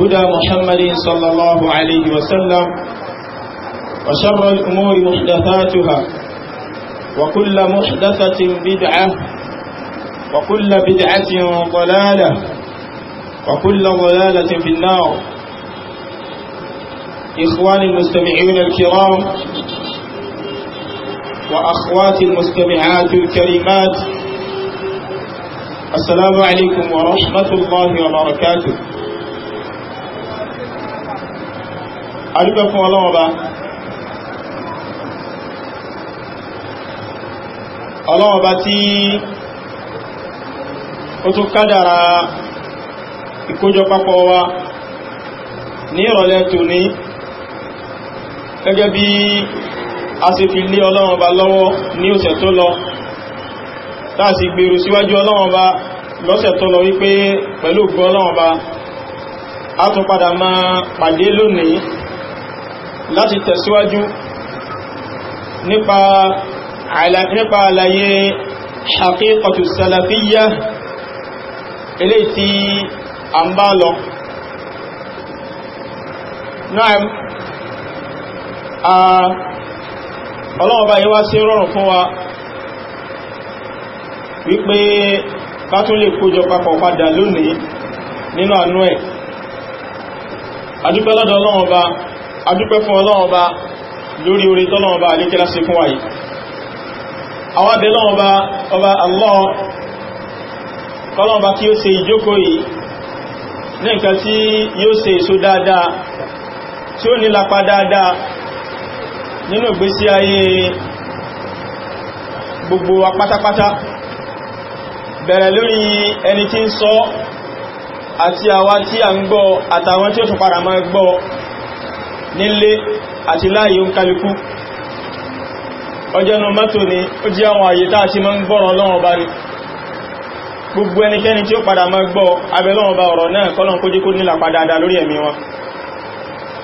هدى محمد صلى الله عليه وسلم وشر الأمور محدثاتها وكل محدثة بدعة وكل بدعة ضلالة وكل ضلالة في النار إخواني المستمعون الكرام وأخواتي المستمعات الكريمات السلام عليكم ورحمة الله وبركاته adúgbẹ́ fún ọlọ́wọ́ bá ọlọ́wọ́ bá tí ó tún kádàrà ìkójọ papọ̀ wa ní ìrọ̀lẹ́ tòní gẹ́gẹ́ bí a sì fi lé ọlọ́wọ́ bá lọ́wọ́ ní ọ̀sẹ̀ tó lọ táà sì gbèrú síwájú ọlọ́wọ́ bá lọ́sẹ̀ tó lọ wípé pẹ̀lú ògbọ́ ọlọ́wọ́ bá a tún padà máa pàdé lónìí láti tẹ̀síwájú nípa àlàyé haqiqatu salafiyya ilé tí a ń bá lọ náà ọlọ́wọ́ báyìí wá sí rọrùn fún wa wípé ká tún lè kójọ papọ̀ padà lónìí nínú àánú ẹ̀ adúgbẹ́lọ́dọ̀ ọlọ́wọ́ bá adúpẹ́ fún Ọlọ́run Ọba lórí orí tọ́lọ́run Ọba alékẹ́lá sí fún wáyé àwọn abẹ́ Ọlọ́run Ọba Ọba Allah Ọlọ́run Ọba kí ó ṣe ìjókòó yìí ní nǹkan tí yóò ṣe èso dáadáa tí ó nílapa dáadáa nínú ìgbésí ayé gbogbo wa pátápátá bẹ̀rẹ̀ lórí ẹni tí ń sọ àti àwa tí a ń gbọ́ àtàwọn tí ó tún padà máa gbọ́ nílé àti láàyè ń kálukú ọjọ́nu mọ́tò ni ó jẹ́ àwọn àyè táà ti máa ń gbọ́rọ̀ lọ́wọ́ bá ní gbogbo ẹnikẹ́ni tí ó padà máa gbọ́ abẹ́lọ́wọ́ bá ọ̀rọ̀ náà kọ́lọ̀n kó jẹ́ kó nílà padà dáadáa lórí ẹ̀mí wọn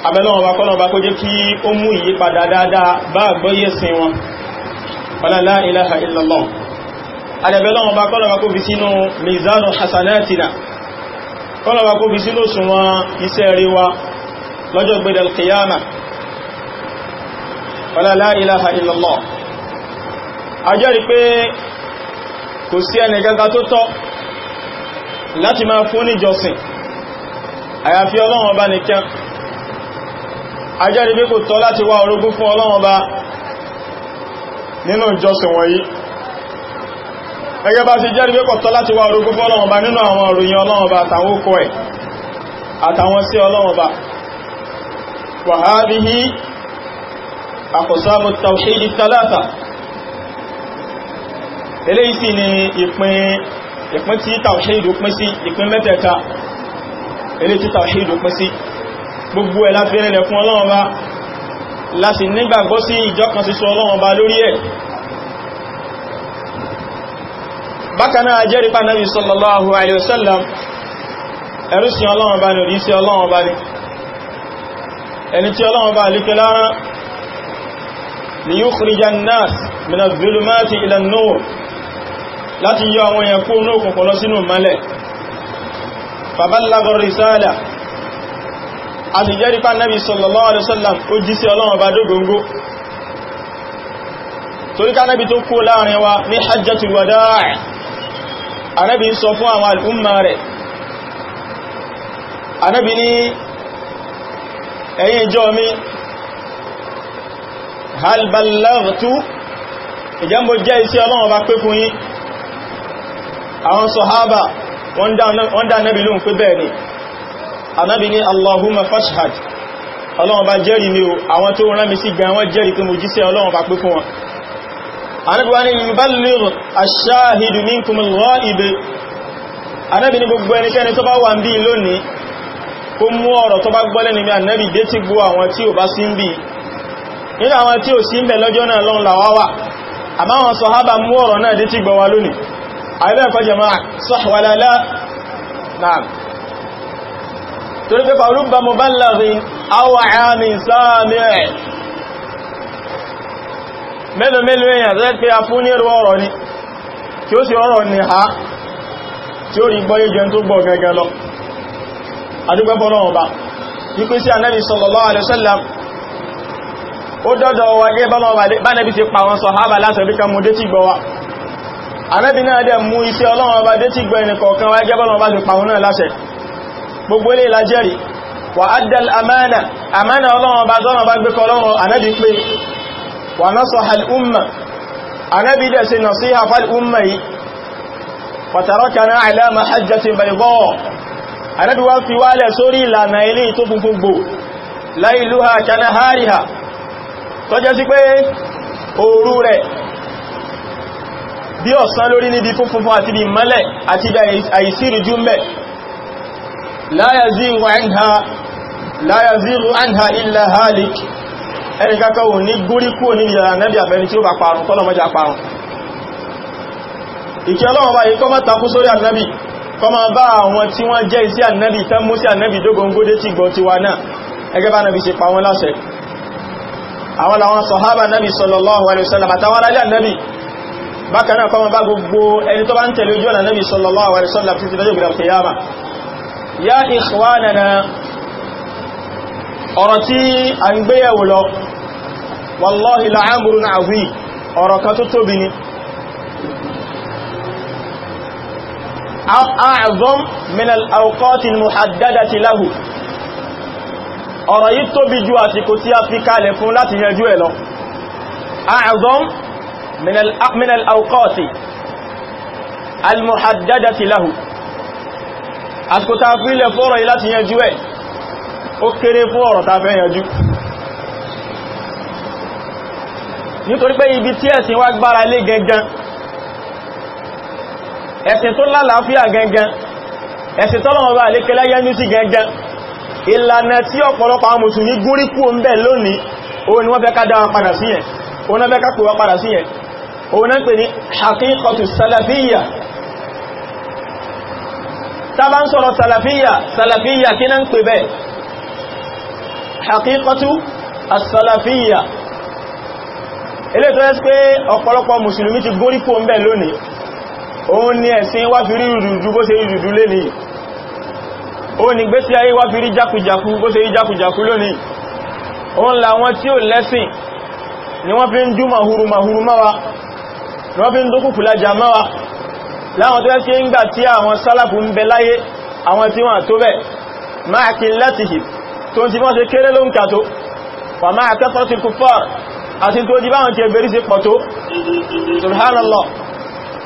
abẹ́lọ́wọ́ bá kọ́lọ̀n bá kó jẹ́ kí ó mú la ilaha illallah adẹ̀bẹ́lọ́wọ́ bá kọ́lọ̀n bá kó fi sínú mizanu hasanatina kọ́lọ̀n bá kó fi sínú òṣùwọ̀n iṣẹ́ rí wa lọ́jọ́ gbẹ̀dẹ̀ alkiyama wala la ilaha illallah a jẹ́rì pé kò sí ẹni gangan tó tọ́ láti máa fún ní jọsìn àyàfi Ọlọ́run Ọba nìkan a jẹ́rì pé kò tọ́ láti wá orogún fún Ọlọ́run Ọba nínú jọsìn wọ̀nyí ẹgẹ́ bá ti jẹ́rì pé kò láti wá orogún fún nínú àwọn òròyìn Ọlọ́run Ọba ẹ̀ àtàwọn sí Ọlọ́run وهذه أقسام التوحيد الثلاثة eléyìí sì ni ìpín tí tàwíṣídù pín sí ìpín mẹ́tẹ̀ẹ̀ta eléyìí tí tàwíṣídù pín sí gbogbo ẹ̀ láti rẹ̀lẹ̀ fún Ọlọ́run Ọba láti nígbàgbọ́ sí ìjọkan sísọ Ọlọ́run Ọba lórí ẹ̀ bákan náà jẹ́rìí pa Nábì sallallahu Ọlọ́run Ọba ni òdí sí Ọlọ́run Ọba ni ẹni tí ọlọ́run bá líkẹ lára li yukhrija an-nas min adh-dhulumati ila an-nur láti yọ àwọn èèyàn kó ní òkùnkùn lọ sínú mọ́lẹ̀ fàbálàgọ́ rìsáàlà a ti jẹ́ rípa nábi sallallahu alaihi wasallam ó jí sí ọlọ́run bá dógóngó torí ká nábi tó ẹ̀yin ìjọ mi hal ballaghtu ìjẹ́mbò jẹ́ iṣẹ́ ọlọ́run ọba pé fún yín àwọn sọ̀hábà wọ́n dá nẹ́bì lóhun pé bẹ́ẹ̀ ni anábi ní allahumma fashhad ọlọ́run bá jẹ́rì ní o àwọn tó rán mi sí gan wọ́n jẹ́rì pé mo jíṣẹ́ ọlọ́run bá pé fún wọn anábi wá ní kó mú ọ̀rọ̀ tó bá gbọ́lẹ̀ níbi ànẹ́bì dé ti gbọ́ àwọn tí ò bá sí ń bí nínú àwọn tí ò sí ń bẹ̀ lọ́jọ́ náà lọ́n làwáwà àmá àwọn sọ̀hábà mú ọ̀rọ̀ náà dé ti gbọ́ wa lónìí àìbẹ́ ẹ̀kọ́ jẹ́ máa sọ́wàlálá náà torí pé pàrún bá mọ̀ bá láàrin àwọ̀ àmì sáàmì ẹ̀ mélòó mélòó èèyàn rẹ̀ pé a fún ní ẹrù ọ̀rọ̀ ni adúgbẹ́fọ́lọ́wọ́ ọba wípé sí anábi sallallahu alaihi wasallam ó dọ́dọ̀ wa gẹ́ bánẹ́bí ti pa wọn sàhábà lásẹ̀ bí kan mú dé ti gbọ́ wa anábi náà dẹ̀ mú iṣẹ́ ọlọ́wọ́ ọba dé ti gbọ́ ẹni kọ̀ọ̀kan wa gẹ́ bọ́lọ́wọ́ bá ti pa wọn náà lásẹ̀ gbogbo ilé ìlàjẹ́rì wà adal amana amana ọlọ́wọ́ bá zọ́nà bá gbé Ànábì wá fi wálẹ̀ sórí ìlànà ilé tó funfun gbò láìlúha kanahariha tó jẹ́ sí pé òru rẹ̀ bí ọ̀sán lórí níbi funfun àti bí mẹ́lẹ̀ àti àìsírí júmẹ́ láyàzíru anha illa halik ẹni kankan ò ní gúrí kúrò níbi Ànábì àfẹ́ni tí ó bá parun kọ́lọ̀mọ́já parun ìkẹ́ ọlọ́wọ́ báyìí kọ́ mọ́ takú sórí Ànábì kọmọ bá àwọn tí wọ́n jẹ́ sí ànábì tán mú sí ànábì dógóngódé tí gbọ́ ti wa náà ẹgẹ́ bá nàbì ṣe pa wọn láṣẹ àwọn làwọn sọ̀hábà nàbì sallallahu alaihi wasallam àtàwọn aráyé ànábì bákan náà kọmọ bá gbogbo ẹni tó bá ń tẹ̀lé ojú ọ̀nà nàbì sallallahu alaihi wasallam títí أعظم من الأوقات المحددة له ọ̀rọ̀ yìí tóbi ju àsìkò tí a fi kalẹ̀ fún láti yanjú ẹ̀ lọ أعظم من الأوقات المحددة له àsìkò ta fi lẹ fọ́rọ̀ yìí láti yanjú ẹ̀ ó kéré fún ọ̀rọ̀ ta fẹ́ yanjú nítorí pé ibi tí ẹ̀sìn wá gbára lé gangan ẹ̀sìn tó lálàáfíà gangan ẹ̀sìn tọ́lọ̀mọba àlékẹ́lá yẹnjú sí gangan ìlànà tí ọ̀pọ̀lọpọ̀ àwọn mùsùlùmí gúrí kú ń bẹ̀ lónìí òun ni wọ́n fẹ́ ká dáwọn padà sí yẹn òun náà fẹ́ ká pè wá padà sí yẹn òun náà pè ní haqiqatu salafiyya tàbá ń sọ̀rọ̀ salafiyya salafiyya kí náà ń pè bẹ́ẹ̀ haqiqatu as-salafiyya ilé tó yẹ́ pé ọ̀pọ̀lọpọ̀ mùsùlùmí ti gúrí kú ń bẹ̀ lónìí òun ni ẹ̀sìn wá fi rí rùdùdù bó ṣe rí rùdù lénìí òun ni gbésí ayé wá fi rí jákujàku bó ṣe rí jákujàku lónìí òun làwọn tí ó lẹ́sìn ni wọ́n fi ń jú mahuru mahuru máwa ni wọ́n fi ń dókùkù lájá máwa láwọn tó ṣe ń gbà tí àwọn sálàfù ń bẹ láyé àwọn tí wọ́n tó bẹ̀ máa kí látìhì tó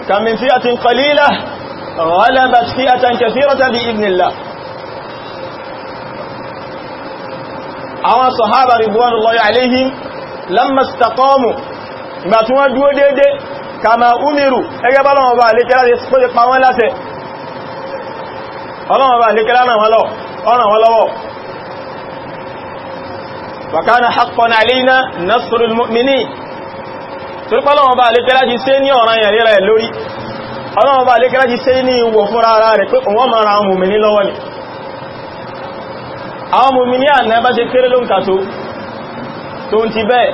كان من فئة قليلة غلبت فئة كثيرة بإذن الله أما صحابة رضوان الله عليهم لما استقاموا ما توا دو ديدي كما امروا اجا بالا ما با لي كلا دي سكو يقما ولا سي الله ما با لي كلا نان هلو انا هلو وكان حقا علينا نصر المؤمنين torí pé ọlọ́run bá alékẹ́lá ti sé ní ọ̀ràn yẹn rẹ̀ lórí ọlọ́run bá alékẹ́lá ti sé ní ìwọ̀ fúnra ara rẹ̀ pé wọ́n mara àwọn mùmìnì lọ́wọ́ ni àwọn mùmìnì àná bá ṣe kéré ló ń kàtó tó ń ti bẹ́ẹ̀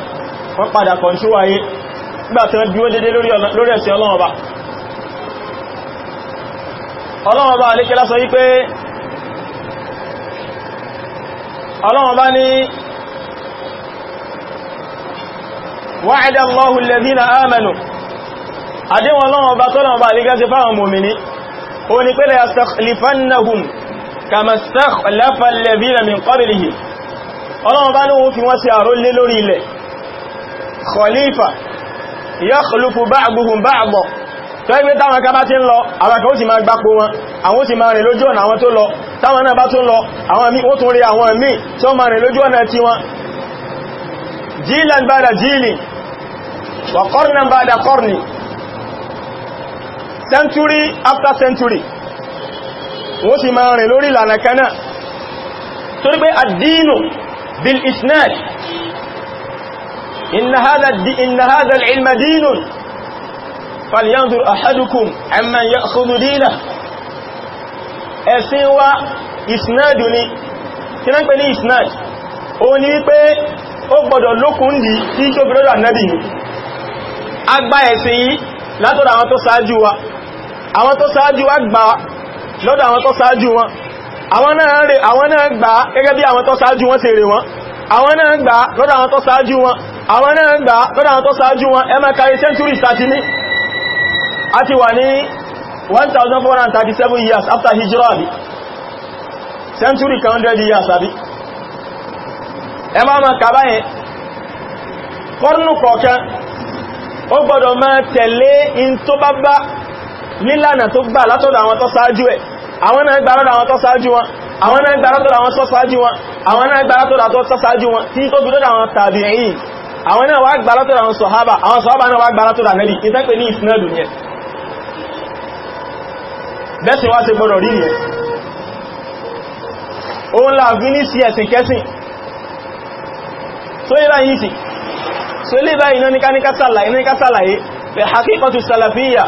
wọ́n padà kọ̀ntú ayé nígbà tí wọ́n dúró dédé lórí ẹ̀sìn ọlọ́run bá ọlọ́run bá alékẹ́lá sọ wípé ọlọ́run bá ní وعد الله الذين آمنوا أدعو الله وبطلهم بألقاء سفاهم مؤمنين ونقول يستخلفنهم كما استخلف الذين من قبلهم الله بانه في وسعر للوريل خليفة يخلف بعضهم بعضا tọ́gbé táwọn ká bá ti ń lọ àwọn kan ó ti máa gbapò wọn àwọn ó ti máa rìn lójú ọ̀nà àwọn tó bá tún lọ àwọn míì ó tún rí àwọn جيلا بعد جيل وقرنا بعد قرن century after century wọ́n sì máa rìn lórí ìlànà kanáà torí pé àdínù bil isnad inna hadha al-ilma dínùn falyanzur ahadukum amman ya'khudhu dínah ẹ̀sìn wa isnadu ni kí náà pẹ̀lú isnad ó ní wípé ó gbọ́dọ̀ lókun dì tí tó fi lọ́dọ̀ ànábì ni a gba ẹ̀sìn yìí látọ̀dọ̀ àwọn tó sáájú wa àwọn tó sáájú wa gbà lọ́dọ̀ àwọn tó sáájú wọn àwọn náà rè àwọn náà gbà gẹ́gẹ́ bí àwọn tó sáájú wọn ṣe rè wọn àwọn náà gbà lọ́dọ̀ àwọn tó sáájú wọn àwọn náà gbà lọ́dọ̀ ẹ years after hijrah century kan 100 years àbí ẹ máa ma kàbá yẹn kọ́rùnù kọ̀ọ̀kan ó gbọ́dọ̀ máa tẹ̀lé in tó bá bá nílànà tó gbà látọ̀dọ̀ àwọn tó sáájú ẹ̀ àwọn náà gbà látọ̀dọ̀ àwọn tó sáájú wọn àwọn náà gbà látọ̀dọ̀ àwọn tó sáájú wọn àwọn náà gbà látọ̀dọ̀ àwọn tó sáájú wọn tí tó gbọ́dọ̀ àwọn tàbíìn àwọn náà wá gbà látọ̀dọ̀ àwọn sọ̀hábà àwọn sọ̀hábà náà wá gbà bẹ́sẹ̀ wá ṣe gbọ́dọ̀ rí yẹn òun láàfin ní sí ẹ̀sìn kẹsìn so yíra yìí sí so ilé báyìí náà ní káníká sàlàyé ní ká sàlàyé pé hakikatu salafiyya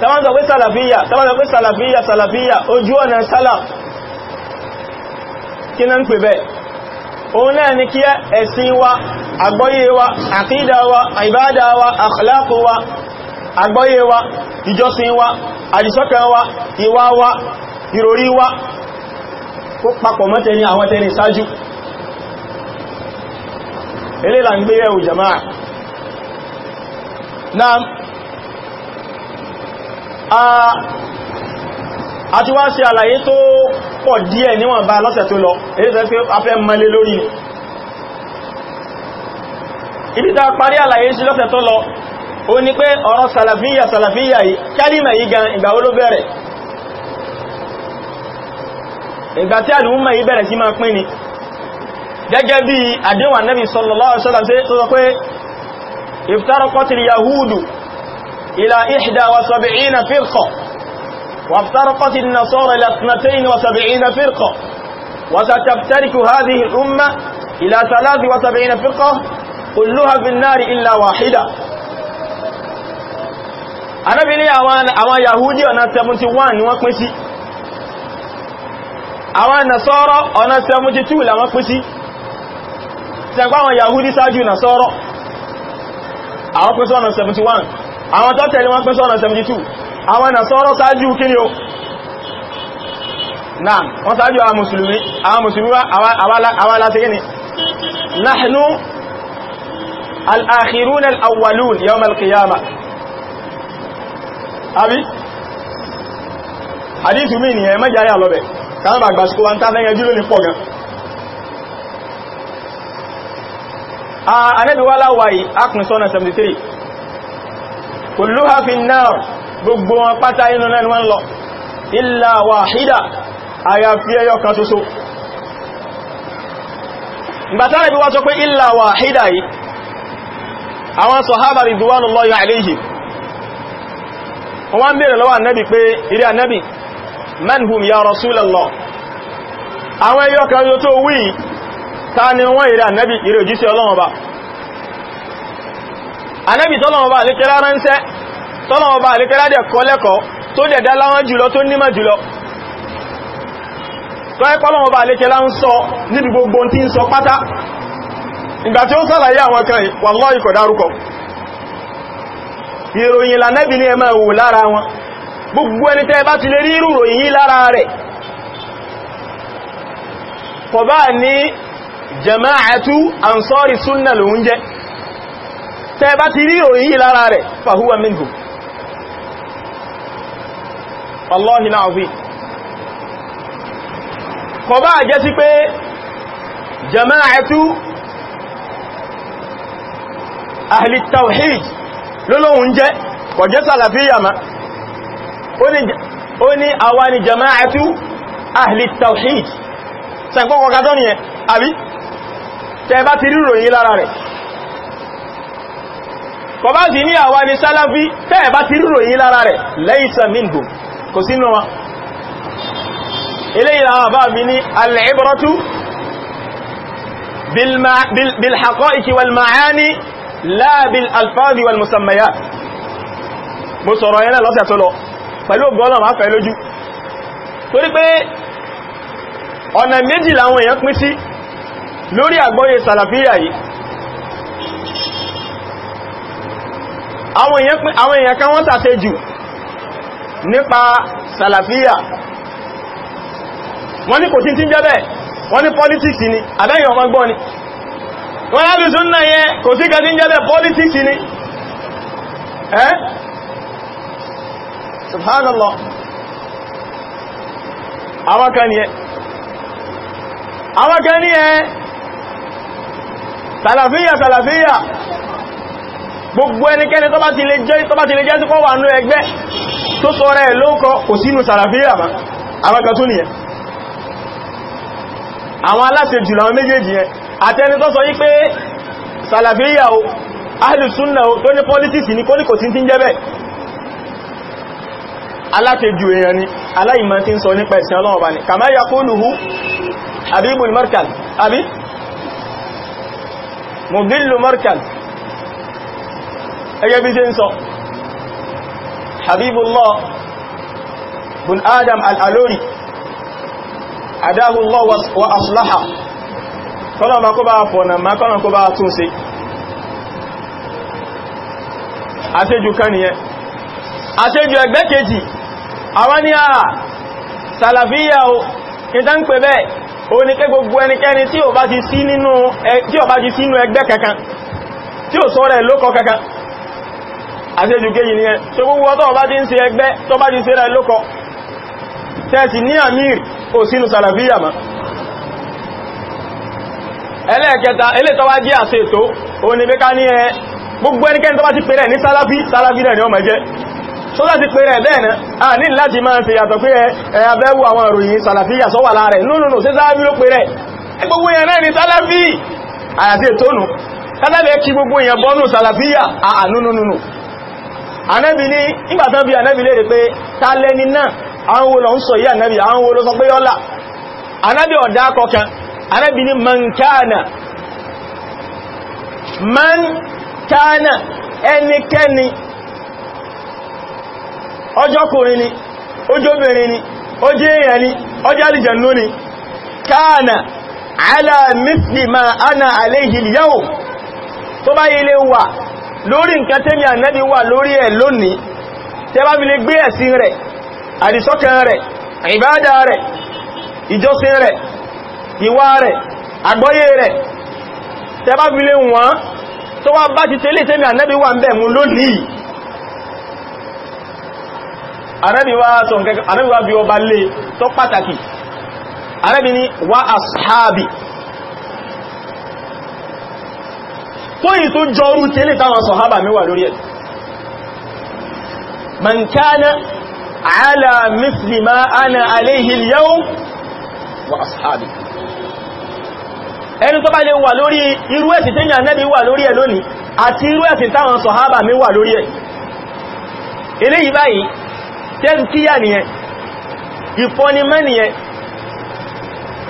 tàbí sọ pé salafiyya tàbí sọ pé salafiyya salafiyya ojú ọ̀nà salaf kí náà òun náà ni kí ẹ̀sìn wa àgbọ́yé wa àkídà wa àìbádà wa àkàlákò wa àgbọ́yé wa ìjọsìn wa àdìsọ́kàn wa ìwà wa ìròrí wa kó papọ̀ mọ́tẹni àwọn tẹni sáájú eléla ń gbé ẹ̀wò jama'a na a ti wá sí àlàyé tó pọ̀ díẹ̀ níwọ̀n bá lọ́sẹ̀ tó lọ èyí tẹ́ pé a fẹ́ mọ́lé lórí ni ibi ta parí àlàyé sí lọ́sẹ̀ tó lọ ó ní pé ọ̀rọ̀ sàlàfíyà sàlàfíyà yìí kálìmà gan ìgbà wo bẹ̀rẹ̀ ìgbà tí àlùmọ̀ yìí bẹ̀rẹ̀ sí máa pín ni gẹ́gẹ́ bí àdéhùn Ànábì sallallahu alaihi wasallam tó sọ pé iftaraqatil yahudu ila ihda wa sab'ina firqa وافترقت النصارى إلى اثنتين وسبعين فرقة وستفترك هذه الأمة إلى ثلاث وسبعين فرقة كلها في النار إلا واحدة أنا بني أوان أوان يهودي أنا سمنت وان وقمسي أوان نصارى أنا سمنت تول وقمسي tẹ̀kọ́ àwọn Yahudi sáájú na sọ́rọ̀ àwọn pín sọ́nà 71 àwọn tó tẹ̀lé wọn pín sọ́nà 72 àwọn na sọ́rọ̀ sáájú kíni o náà wọ́n sáájú àwọn musulmi àwọn musulmi àwọn aláṣẹ́ gini ni Ànábì wá láwàáyí akùn sọ́nà 73 kulluha fin nar gbogbo wọn pátá inú náà wọ́n lọ illa wahida àyàfi ẹyọ kan ṣoṣo ìgbàtà Ànábì wá sọ pé illa wahida yìí àwọn sọ̀hábà ridwanullahi alayhi wọ́n bèèrè lọ́wọ́ Ànábì pé ìrí Ànábì man ya rasulallah àwọn ẹyọ kan yóò tó wíì ta ni wọ́n ìrẹ́ ànábì ìrẹ́ òjíṣẹ́ ọlọ́wọ́n ba ànábì tọ́lọ́wọ́n ba àlékẹ́lá ránṣẹ́ tọ́lọ́wọ́n ba àlékẹ́lá dẹ̀ kọ́ lẹ́kọ̀ọ́ tó dẹ̀ dá láwọn jùlọ tó nímọ̀ jùlọ gbogbo ẹni tẹ́ bá ti lè rí ìròyìn lára rẹ̀ kò ní jama'atu ansari sunna lòun jẹ́ tẹ́ bá ti rí ìròyìn yìí lára rẹ̀ fahuwa minhu Allahi láàfí kọ bá jẹ́ sí pé jama'atu ahli tawhid lọ́lọ́hun jẹ́ kọ̀ jẹ́ sàlàfíyà ma ó ní àwa jama'atu ahli tawhid sẹ́kọ́kọ́ kàtọ́ nìyẹn àbí tẹ bá ti rí ròyìn lára rẹ̀ kọ bá sì ní àwa ni sálàfí tẹ́ bá ti rí ròyìn lára rẹ̀ laysa minhum kò sínú wa ilé ìlànà bá mi ní al-ibratu bil-haqa'iq wal-ma'ani wal-musammayat mo sọ̀rọ̀ yẹn lọ́sẹ̀ ọ̀nà méjì làwọn èèyàn pín sí lórí àgbọ́yé sàlàfíyà yìí àwọn èèyàn kan wọ́n tàṣe jù nípa sàlàfíyà wọ́n ní kò tí tí ń wọ́n ní politics ni àbẹ́yìn ọmọ gbọ́ ni wọ́n lábí súnnà yẹn kò sí kan tí ń jẹ́ politics ni ẹ́ subhanallah àwọn kan ni ẹ àwọn kan ni ẹ sàlàfíyà sàlàfíyà gbogbo ẹnikẹ́ni tó bá ti lè jẹ́ sí kọ́ wà ní ẹgbẹ́ tó sọ rẹ̀ lóòkọ́ kò sínú sàlàfíyà ma àwọn tó nìyẹn àwọn aláṣẹ jùlọ àwọn méjèèjì yẹn àtẹni tó sọ yí pé sàlàfíyà o ahìlùsúnnà o tó ní pọ́lítíìsì ní kóníkò tí ń jẹ́ bẹ́ẹ̀ alátejù èèyàn ni aláìmọ̀ tí ń sọ nípa ìsìn ọlọ́wọ̀ bá ní kàmáyà kó lùhú àbí ibùn markal àbí mudillu markaz ẹgẹ́ bí ṣe ń sọ habibullah bin adam al'alori adahullah wa aslaha kọ́nà ma kó bá fọ̀nà ma kọ́nà kó bá tún sí aṣẹ́jù kan nìyẹn aṣẹ́jù ẹgbẹ́ kejì àwọn ah, ni a salafiya o ìtàn bẹ́ẹ̀ ó ní pé gbogbo ẹnikẹ́ni tí ó bá ti sí nínú ẹgbẹ́ kankan tí ó sọ rẹ̀ lókọ kankan àṣejù kéyì ni ẹ tó gbogbo ọ̀tọ́ bá ti ń ṣe ẹgbẹ́ tó bá ti ṣe rẹ̀ lókọ tẹ́ẹ̀sì ní àmìr ò sínú sàlàfíyà ma ẹlẹ́ẹ̀kẹta elétọ́ wá jẹ́ àṣẹ ni ó máa jẹ́ tó láti pèrè bẹ́ẹ̀ náà ní láti máa fi yàtọ̀ pé ẹ abẹ́wò àwọn ìròyìn sàlàfíyà sọ́wà láàrẹ̀ lónìí sí sáàbí ló pèrè gbogbo èèyàn náà ni sàlàfí àyàtí ètònù tàbí kí gbogbo èèyàn bọ́nù sàlàfíyà àánúnúnù anẹ́bì ní ìgbàtán bí anẹ́bì lè rí pé tàlẹ́ni náà àwọn wo ló ń sọ yí anẹ́bì àwọn wo ló sọ pé yọ́lá anẹ́bì ọ̀dá kọkàn anẹ́bì ní mankana mankana ẹnikẹ́ni ọjọ́kùnrin ni ojóbìnrin ni ojú èèyàn ni ọjọ́ kaana ni káànà ma ana aléhìlì yau tó bá ilé wà lórí nǹkan tẹ́mi ànábi wà lórí ẹ̀ lónìí tẹ́ bá fi lè gbé ẹ̀sìn rẹ̀ àdìsọ́kàn rẹ̀ ìbádà rẹ̀ ìjọsìn rẹ̀ ìwà rẹ̀ àgbọ́yé rẹ̀ tẹ́ bá fi lè wọ́n tó wá bá ti tẹ́lẹ̀ tẹ́mi wà ń bẹ̀ mú anábíwá bí ọba lè tó pàtàkì anábí ni wá ashabi tó yìí tó jọrú tẹ́lẹ̀ táwọn sọ̀hábà mẹ́wàá lórí ẹ̀ man kana ala misli ma ana alayhi al-yawm wa ashabi ẹni tó bá lè wà lórí irú ẹ̀sìn tẹ́yìn ànábì wà lórí ẹ̀ lónìí tẹ́zkíyà nìyẹn ìfọ́nimẹ́ nìyẹn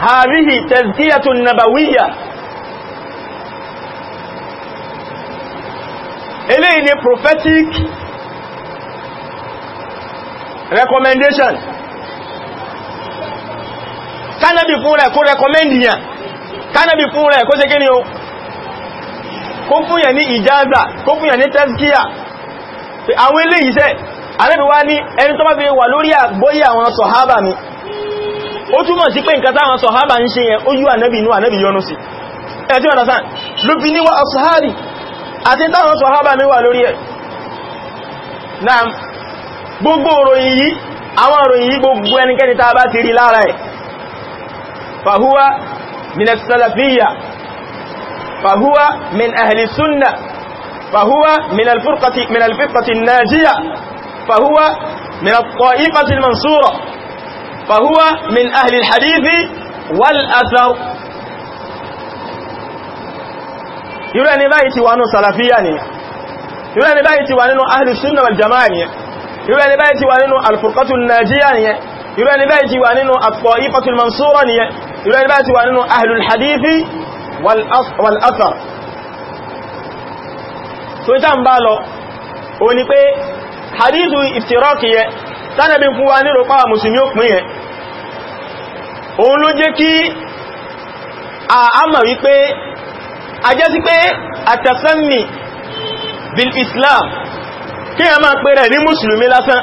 hàríhì tẹ́zkíyà tó nàbàwíyà eléyìí ni prophetic recommendation kánàbì fún rẹ̀ kó recommend yàn kánàbì fún rẹ̀ kó ṣe kí ni o kó fún yàn ní ìjáza kó fún yàn ní tẹ́zkíyà àwọn eléyìí sẹ́ẹ̀ àrẹ́bí wá ní ẹni tó bá fi wà lórí àgbóyí àwọn sọ̀hábà mi ó túnmọ̀ sí pé nǹkan táwọn sọ̀hábà ń ṣe yẹn ó yú ànẹ́bì inú ànẹ́bì yọnu sí ẹ̀tí ọ̀dásán ló fi níwá ọ̀sọ̀hárì àti táwọn sọ̀hábà mi wà lórí ẹ̀ náà gbogbo òròyìn yìí àwọn òròyìn yìí gbogbo ẹnikẹ́ni tá a bá ti rí lára ẹ̀ فهو من الطائفة المنصورة فهو من أهل الحديث والأثر يرى نبايتي وانو سلفياني يرى نبايتي وانو أهل السنة والجماعية يرى نبايتي وانو الفرقة الناجياني، يرى نبايتي وانو الطائفة المنصورة، يرى نبايتي وانو أهل الحديث والأثر سويتان بالو وني hadithu iftiraki yẹ tánàbí fún wa ní rọpá musulmi òpin yẹ òun ló jẹ́ kí àmà wípé ajẹ́sí pé àtàsánmì bil islam kí a máa pẹ̀rẹ̀ ní musulmi lásán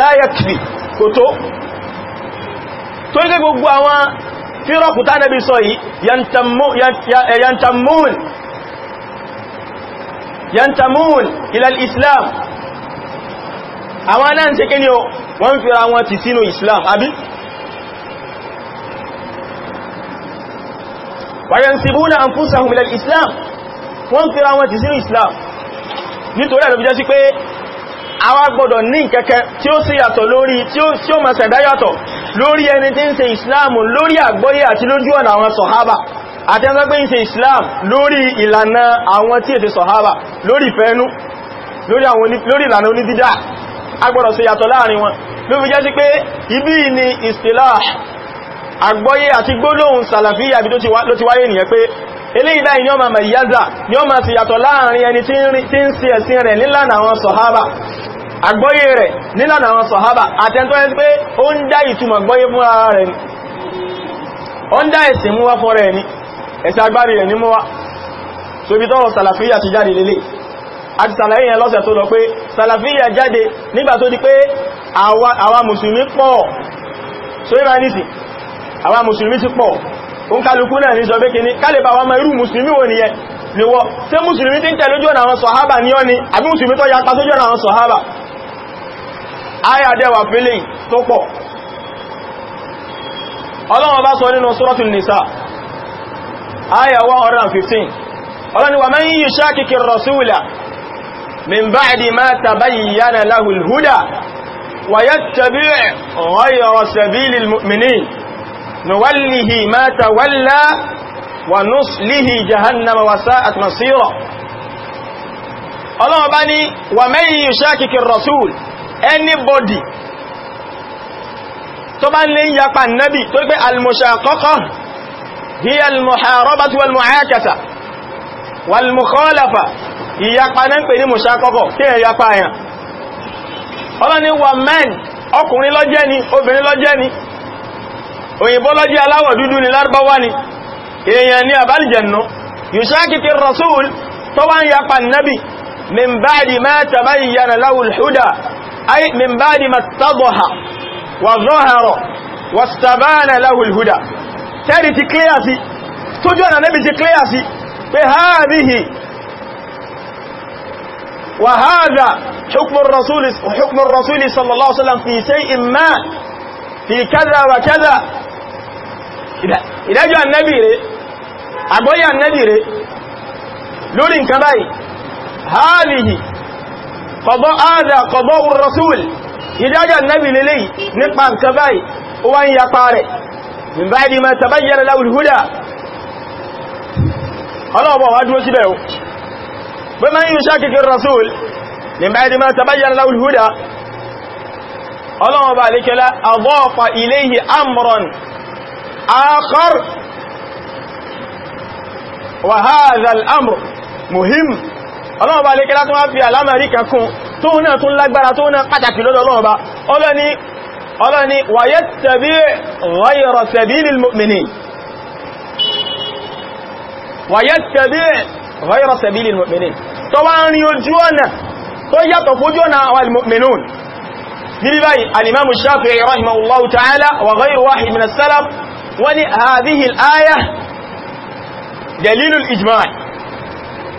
láyàkìrì kò tó tó ní gbogbo àwọn fírọ̀kù tánàbí sọ yìí yantamun ilal islam àwọn náà ń ṣe kíni o wọ́n ń fira wọn ti sínú islam àbí wayansibuna anfusahum ila islam wọ́n ń fira wọn ti sínú islam nítorí àdọ̀bí jẹ́ sí pé àwa gbọ́dọ̀ ní kẹ́kẹ́ tí ó sì yàtọ̀ lórí tí ó ma ṣẹ̀dá yàtọ̀ lórí ẹni tí ń ṣe islam lórí àgbọ́yé àti lójú ọ̀nà àwọn sọ̀hábà àti ẹni pé ń ṣe islam lórí ìlànà àwọn tí èsè agbọ́dọ̀ ṣe yàtọ̀ láàrin wọn ló fi jẹ́ sí pé ibi ni istilah àgbọ́yé àti gbólóhùn sàlàfíyà bí ló ti wáyé nìyẹn pé eléyìí báyìí ni ó máa mẹ̀yáza ni ó máa ṣe yàtọ̀ láàrin ẹni tí ń ṣe ẹ̀sìn rẹ̀ nílànà àwọn sọ̀hábà àgbọ́yé rẹ̀ nílànà àwọn sọ̀hábà àtẹ́ntọ́ ẹ́ pé ó ń dá ìtumọ̀ gbọ́yé fún ara rẹ̀ ni ó ń dá ẹ̀sìn mú wá fún rẹ̀ ni ẹ̀sìn agbárí rẹ̀ ní mú wá so tọ́rọ sàlàfíyà ti jáde lélẹ̀ àti sàlàyé yẹn lọ́sẹ̀ tó lọ pé sàlàfíyà jáde nígbà tó di pé àwa mùsùlùmí pọ̀ so yíba nìsì àwa mùsùlùmí ti pọ̀ òun kálukú náà ní sọ pé kìíní kálẹ̀ bá wa ma irú mùsùlùmí wò nìyẹn ni wọ́ tí mùsùlùmí ti ń tẹ̀lé ojú ọ̀nà àwọn sọ̀hábà ní ọ́ ni àbí mùsùlùmí tó yapa sójú ọ̀nà àwọn sọ̀hábà ayàdẹwà fílẹ̀ tó pọ̀ ọlọ́wọ́ bá sọ nínú suratul nisa ayà 115 ọlọ́ni wa man yushaqiqir rasula من بعد ما تبين له الهدى ويتبع غير سبيل المؤمنين نوله ما تولى ونصله جهنم وساءت مصيرا الله باني ومن يشاكك الرسول anybody طبعا بان لين النبي طبعا طيب، المشاققه هي المحاربه والمعاكسه والمخالفه ìyapa náà ń pè ní mùsákọ́kọ̀ kí ẹ̀ yapa àyàn ọlọ́ni wà mẹ́n ọkùnrin lọ́jẹ́ ni obìnrin lọ́jẹ́ ni òyìnbó lọ́jẹ́ aláwọ̀ dúdú ni lárúbáwá ni èèyàn ni àbálìjẹ̀nà yùsákìtì rasul tó wá ń yapa nábì min báàdì ma tabayyana lahul huda ay min báàdì ma tadhaha wa zahara wa istabana وهذا حكم الرسول حكم الرسول صلى الله عليه وسلم في شيء ما في كذا وكذا إذا جاء النبي ري أبوي النبي ري لولين كباي هذه قضاء هذا قضاء الرسول إذا جاء النبي للي نقبع كباي وأن يطارئ من بعد ما تبين له الهدى هلا أبو أدوى سبعه فمن يشاكك الرسول من بعد ما تبين له الهدى الله بارك لا أضاف إليه أمرا آخر وهذا الأمر مهم الله بعدك لا تنفي على أمريكا كون تونة الأكبر قد كيلو الله بعد أولاني ويتبع غير سبيل المؤمنين ويتبع ghayra sabilil mu'minin tó wá ń rin ojú ọ̀nà tó yàtọ̀ fojú ọ̀nà àwọn al-mu'minun níbi báyìí al-imam shafi'i rahimahullahu ta'ala wa ghayru wahid min as-salaf wani hadhihi al-aya dalilul ijma'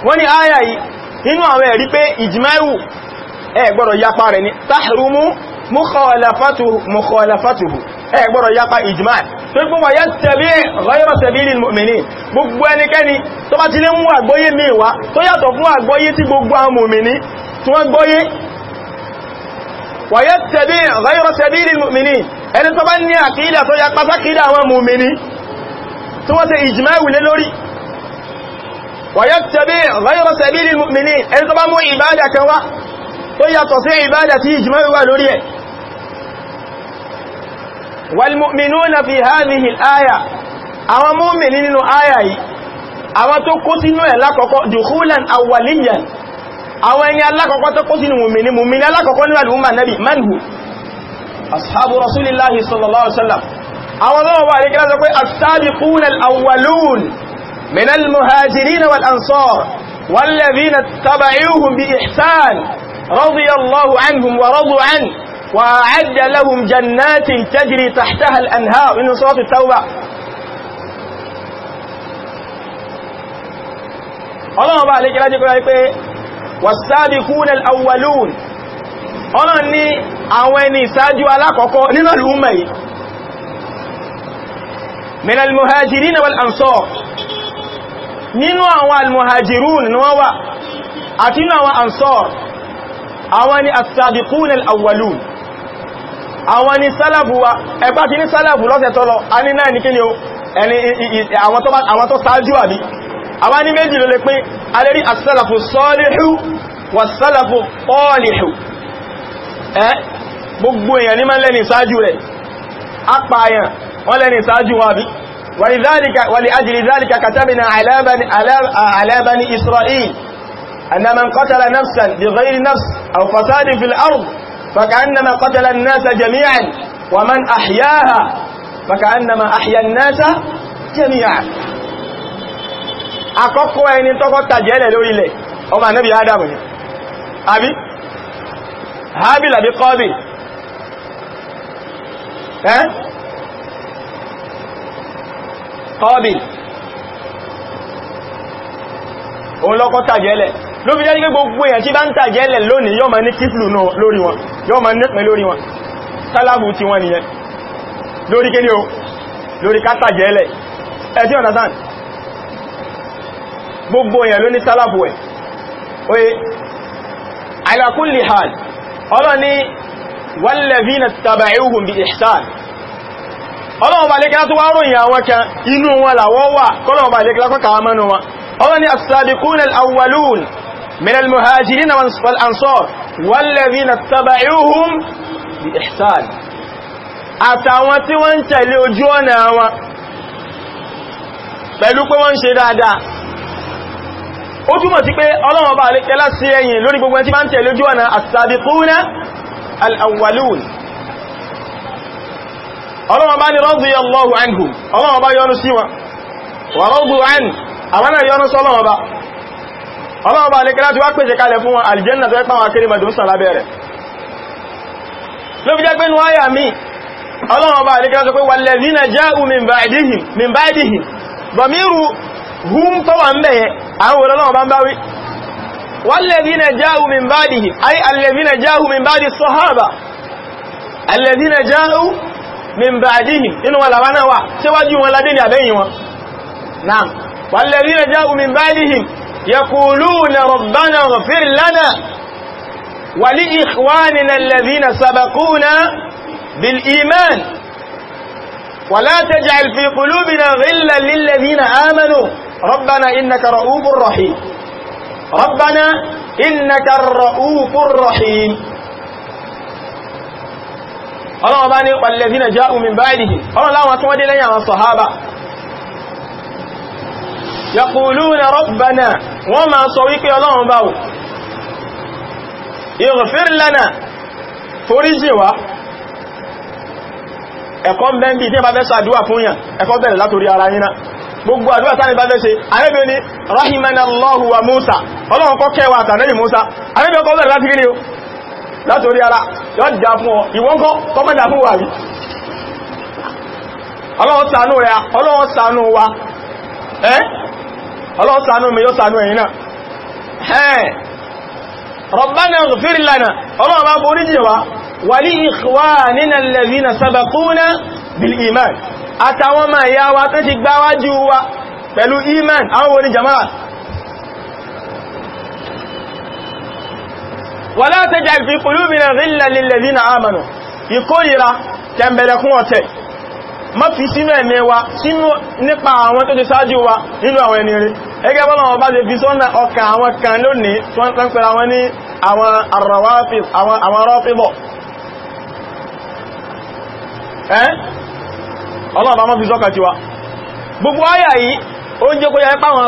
wani aya yìí nínú àwọn ẹ̀rí pé ijma'u ẹ gbọ́dọ̀ yapa rẹ̀ ni tahrumu mukhalafatuhu ẹ gbọ́rọ̀ yapa ijma tó gbọ́ wà yattabi ghayra sabilil mu'minin gbogbo ẹnikẹ́ni tó bá ti lé mú àgbọ́yé mi wá tó yàtọ̀ fún àgbọ́yé tí gbogbo àwọn mùmìnì tí wọ́n gbọ́yé wà yattabi ghayra sabilil mu'minin ẹni tó bá ní àkídà tó yapa sákídà àwọn mùmìnì tí wọ́n ṣe ijma wùlé lórí wà yattabi ghayra yàtọ̀ sí ìbádà tí ijma wà lórí ẹ̀ والمؤمنون في هذه الآية أو مؤمنين آية أو تقسنوا لك دخولا أوليا أو أن لك تقسنوا مؤمنين مؤمنين لك قلنا لهم النبي من هو أصحاب رسول الله صلى الله عليه وسلم أو الله عليك السابقون الأولون من المهاجرين والأنصار والذين اتبعوهم بإحسان رضي الله عنهم ورضوا عنه وأعد لهم جنات تجري تحتها الأنهار من صورة التوبة الله أبا عليك رجل قرأي والسابقون الأولون الله أني أعويني ساجوا على قوكو نينا من المهاجرين والأنصار من أعوى المهاجرون نوى أتينا وأنصار أعواني السابقون الأولون àwọn ni sálàfù wa ẹgbá ti ní sálàfù lọ́sẹ̀ tọ́lọ a ní náà ní kíni o àwọn tó sáájú àbí àwọn ní méjì ló lè pín alérí asálàfù sọ́lìhù wà sálàfù pọ́ọ̀lìhù ẹ́ ولأجل ذلك كتبنا على بني إسرائيل أن من قتل نفسا بغير نفس أو فساد في الأرض فكأنما قتل الناس جميعا ومن أحياها فكأنما أحيا الناس جميعا أقفوا أن تقول تجيلة لولي أما نبي آدم أبي هابل أبي قاضي ها قاضي أولو قتل ló fi jẹ́ gbogbo èèyàn tí bá ń tàjẹ́lẹ̀ lónìí yọ́ ma ní kíflù lórí wọn yọ́ ma nípin lórí wọn tálàbù tí wọ́n nìyẹn lórí kí ní o lórí ká tàjẹ́lẹ̀ ẹ̀tí ọ̀dásán gbogbo èèyàn ló ní tálàbù ẹ̀ oye ala kulli hal ọlọ́ni wallazina taba'uhum bi ihsan ọlọ́wọ́ bá lékẹ́ tó wá من المهاجرين والأنصار والذين اتبعوهم بإحسان àtàwọn tí wọ́n ń tẹ̀lé ojú ọ̀nà wọn pẹ̀lú pé wọ́n ń ṣe dáadáa ó túnmọ̀ sí pé Ọlọ́run bá lè kẹlá sí ẹ̀yìn lórí gbogbo tí bá ń tẹ̀lé ojú ọ̀nà as-sabiquna al-awwalun Ọlọ́run bá ní radiyallahu anhum Ọlọ́run bá yọ́nú sí wọn wa radu anhu àwọn náà yọ́nú sọ́lọ́run bá ọlọ́ọ̀bá alẹ́kẹ́lá ti wá pèsè kalẹ̀ fún wọn aljanna tó ẹ́pàwọn akérèmọ̀dé ń sàn lábẹ́rẹ̀ ló fi jẹ́ pé nù áyà mi ọlọ́ọ̀bá alẹ́kẹ́lá sọ pé walladhina ja'u min ba'dihim min ba'dihim bọ̀míru hum tó wà ń bẹ̀yẹ àwọn olọ́ọ̀bá ń bá wí walladhina ja'u min ba'dihim ay alladhina ja'u min ba'di sahaba alladhina ja'u min ba'dihim inú wọn làwọn náà wà síwájú wọn يقولون ربنا اغفر لنا ولإخواننا الذين سبقونا بالإيمان ولا تجعل في قلوبنا غلا للذين آمنوا ربنا إنك رؤوف رحيم ربنا إنك الرؤوف الرحيم ọlọ́wọ́ bá ní pàlẹ̀lẹ́fínà já omi báyìí ọlọ́láwọn tó wọ́n dé lẹ́yìn àwọn sọ̀hábà na rabbana wọ́n máa sọ wípé ọlọ́run bá wù ighfir lana foríjì ẹ̀kọ́ mẹ́bí tí bá fẹ́ sọ àdúwà fún yàn ẹ̀kọ́ bẹ̀rẹ̀ látorí ara yínà gbogbo àdúwà tánì bá fẹ́ ṣe arẹ́bẹ̀ ni wa musa ọlọ́run kọ́ musa arẹ́bẹ̀ bẹ̀rẹ̀ ọlọ́run ṣàánú mi yóò ṣàánú ẹ̀yin náà Rabbana ighfir lana ọlọ́run bá borí jẹwa wa li ikhwanina alladhina sabaquna bil iman àtàwọn ma yá wa tó ti gbáwájú wa pẹ̀lú iman àwọn orí jama'a wala Ma fi sínú ẹ̀mẹ́ wa sínú nípa àwọn tó ti sáájú wa nínú àwọn ẹni rí ẹgẹ́ bọ́nà ọba ti fi sọ́nà ọkà àwọn kan lónìí tó ń pẹ̀lú àwọn ní àwọn arọ́fíbọ̀ ẹ́ ọlọ́ọ̀bá fi sọ́kà gbogbo ayà yìí ó jẹ́ kó yẹ pàwọn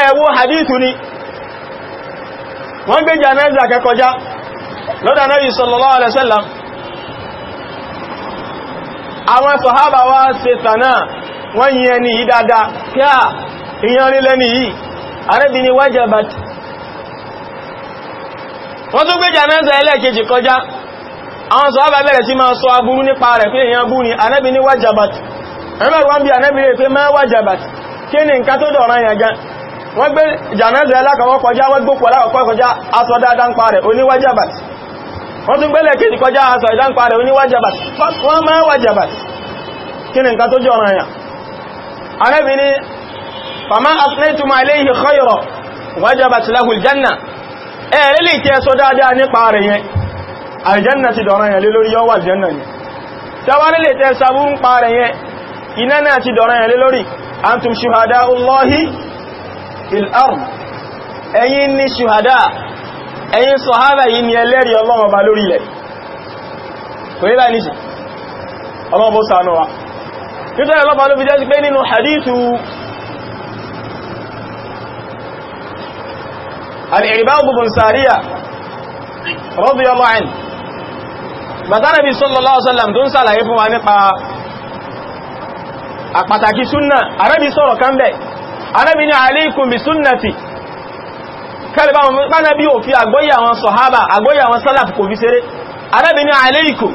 ẹ̀wọ́ hadithu ni wọ́n gbé janaza kẹkọjá lọ́dọ̀ Ànábì sallallahu alaihi àwọn sọ̀hábà wá ṣe tànà wọ́n yí ẹni yìí dáadáa kí à ìyàn rílẹ̀ ni yìí arẹ́bì ni wajabat ele sọ wajabat ẹgbẹ́ bí pé kí nǹkan wọ́n gbé jànáza alákọ̀ọ́kọ́ kọjá wọ́n gbókù alákọ̀ọ́kọ́ kọjá aṣọ dáadáa ń pa rẹ̀ oníwájàbà wọ́n tún gbélẹ̀ kejì kọjá aṣọ ìdánpa rẹ̀ oníwájàbà wọ́n máa wájàbà kí ni nǹkan tó jẹ́ ọ̀rọ̀ àyà arẹ́bì ni fama asnaytum alayhi khayran wajabat lahul janna ẹ̀rẹ́ lè tẹ́ sọ dáadáa nípa rẹ̀ yẹn aljanna ti dọ̀rọ̀ yẹn lé lórí yọ́wà aljanna ìlàrùn ẹ̀yin ní ṣùhádá ẹ̀yin sọ̀hábà yìí ni ẹlẹ́rìí ọlọ́run ọba lórí ilẹ̀ kò ní láì níṣì ọlọ́run bó sànú wa nítorí ọlọ́pàá ló fi jẹ́ sí pé nínú hadithu al-Irbad bin Sariya radiyallahu anhu bàtánàbí sallallahu alaihi wasallam tó ń sàlàyé fún wa nípa àpàtàkì súnnà arábí anábi ní alaykum bí súnnàtì kẹrìbá pánábí ò fi àgbóyà àwọn sọ̀hábà àgbóyà àwọn sálàf kò fi ṣeré anábi ní alaykum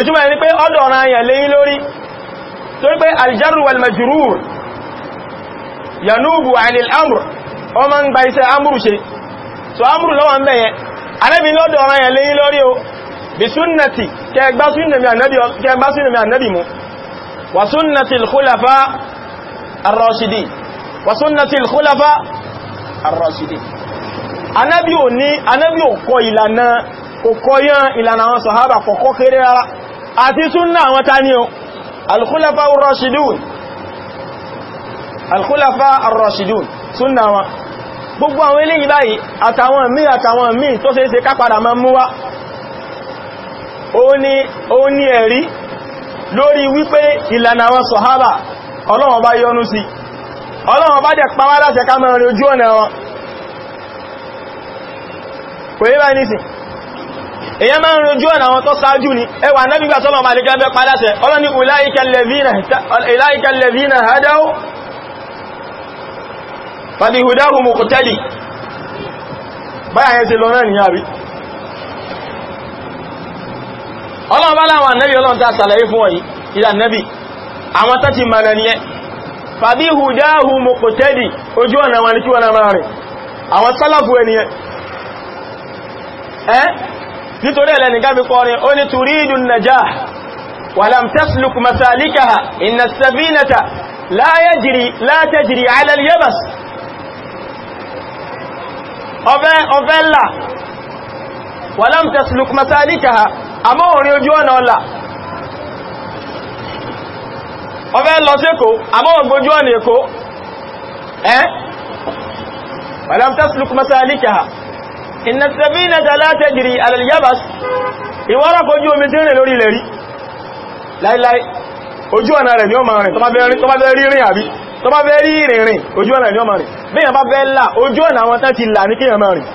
ìtumọ̀ ní pé ọdọ̀ ọ̀rọ̀ ayẹ̀ lẹ́yìn lórí torí pé aljarru wal majrur yanubu anil amr o ma ń gba iṣẹ́ amuru ṣe so amuru lọ́wọ́ ń bẹ̀yẹn anábi lọ́dọ̀ ọ̀rọ̀ ayẹ̀ lẹ́yìn lórí o bí súnnàtì kẹgbá súnnàmì ànábì mu wa súnnàtì al ar-rashidin wa sunnatil khulafa ar-rashidin anábí ò ní anábí ò kọ ìlànà òkọyán ìlànà àwọn sọ̀hábà kọ̀kọ́ kéré rárá àti súnnà àwọn o al-khulafa ar-rashidun al-khulafa ar-rashidun súnnà wọn gbogbo àwọn eléyìí báyìí àtàwọn míì àtàwọn míì tó ṣe é ṣe kápadà máa mú wá ó ní ẹ̀rí lórí wípé ìlànà àwọn sọ̀hábà ọlọ́wọ́n bá yọ́nú sí ọlọ́wọ́n bá dẹ̀ pàwà láti ká máa rí ojú ọ̀nà wọn kò yí bá ní sí èyàn máa rí ojú ọ̀nà wọn tó sáájú ni ẹwà nábígbà tọ́lọ̀wọ́n bá lè gẹ́gẹ́ pàdásẹ̀ ọlọ́ni ìláìkẹ́ lẹ́vínà hádáó fàbí hudáhù mú kòtẹ́lì báyàyẹ́ sí lọ náà nìyà rí ọlọ́wọ́n bá láwọn ànẹ́bí ọlọ́run tá sàlàyé fún ọ̀yí ìlànẹ́bí àwọn tàti mana ni ẹ fàbí hudáhù muqtadi ojú ọ̀nà wọn kí wọ́n máa rìn àwọn sálàfù ẹni ẹ nítorí ẹlẹ́ni gábi kọrin ó ní turidun najah walam tasluk masalikaha inna as-safinata la yajri la tajri ala al ọfẹ́ lọ sí èkó àmọ́wọ̀n gbójú ọ̀nà èkó ẹ́ pẹ̀lú tẹ́sìlùkú mẹ́sàálìkà iná tẹ́bí iná tẹ́látẹ́ jìrì alìyàbás ìwọ́rọ̀ kojú omi tí ń rìn lórí ilẹ̀ rí láíláí ojú ọ̀nà rẹ̀ ni ó máa rìn tó bá fẹ́ rí rìn àbí tó bá fẹ́ rí rìn ojú ọ̀nà ni ó máa rìn bíyàn bá fẹ́ là ojú ọ̀nà àwọn tán ti là ní kíyàn máa rìn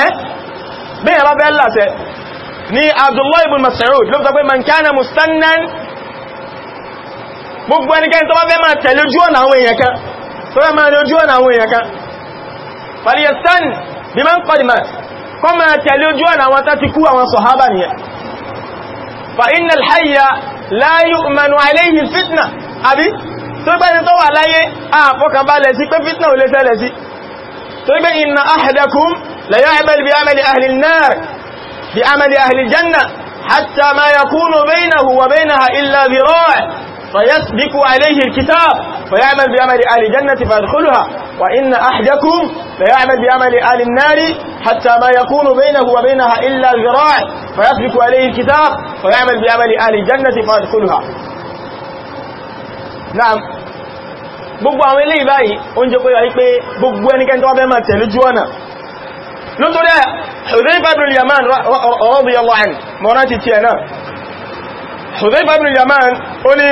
ẹ́ bíyàn bá fẹ́ là sẹ ni Abdullahi ibn Mas'ud ló sọ pé man kana gbogbo ẹnikẹ́ni tó bá fẹ́ máa tẹ̀lé ojú ọ̀nà àwọn èèyàn kan tó fẹ́ máa ní ojú ọ̀nà àwọn èèyàn kan palestine bí máa ń kọ́ dìmọ̀ kọ́ máa tẹ̀lé ojú ọ̀nà àwọn tó ti kú àwọn sọ̀hábà nìyẹn fa inna alhayya la yu'manu alayhi fitna àbí tó gbẹ́ni tó wà láyé àfọkànbalẹ̀ sí pé fitna ò lè ṣẹlẹ̀ sí tó gbẹ́ inna ahadakum la ya'mal bi amali ahli an-nar bi amali ahli al-janna hatta ma yakunu baynahu wa baynaha illa dhira' فيسبق عليه الكتاب فيعمل بعمل أهل الجنة فيدخلها وإن أحدكم فيعمل بعمل أهل النار حتى ما يكون بينه وبينها إلا ذراع فيسبق عليه الكتاب فيعمل بعمل أهل الجنة فيدخلها نعم gbogbo àwọn ilé ìbáyìí oúnjẹ pé wáyé pé gbogbo ẹnikẹ́ni tó wá bẹ́ máa tẹ̀lé jú ọ̀nà lótórí ẹ̀ Hudhayfa ibn al-Yaman radiyallahu anhu mọ́rán ti tí ẹ̀ náà Hudhayfa ibn Yaman ó ní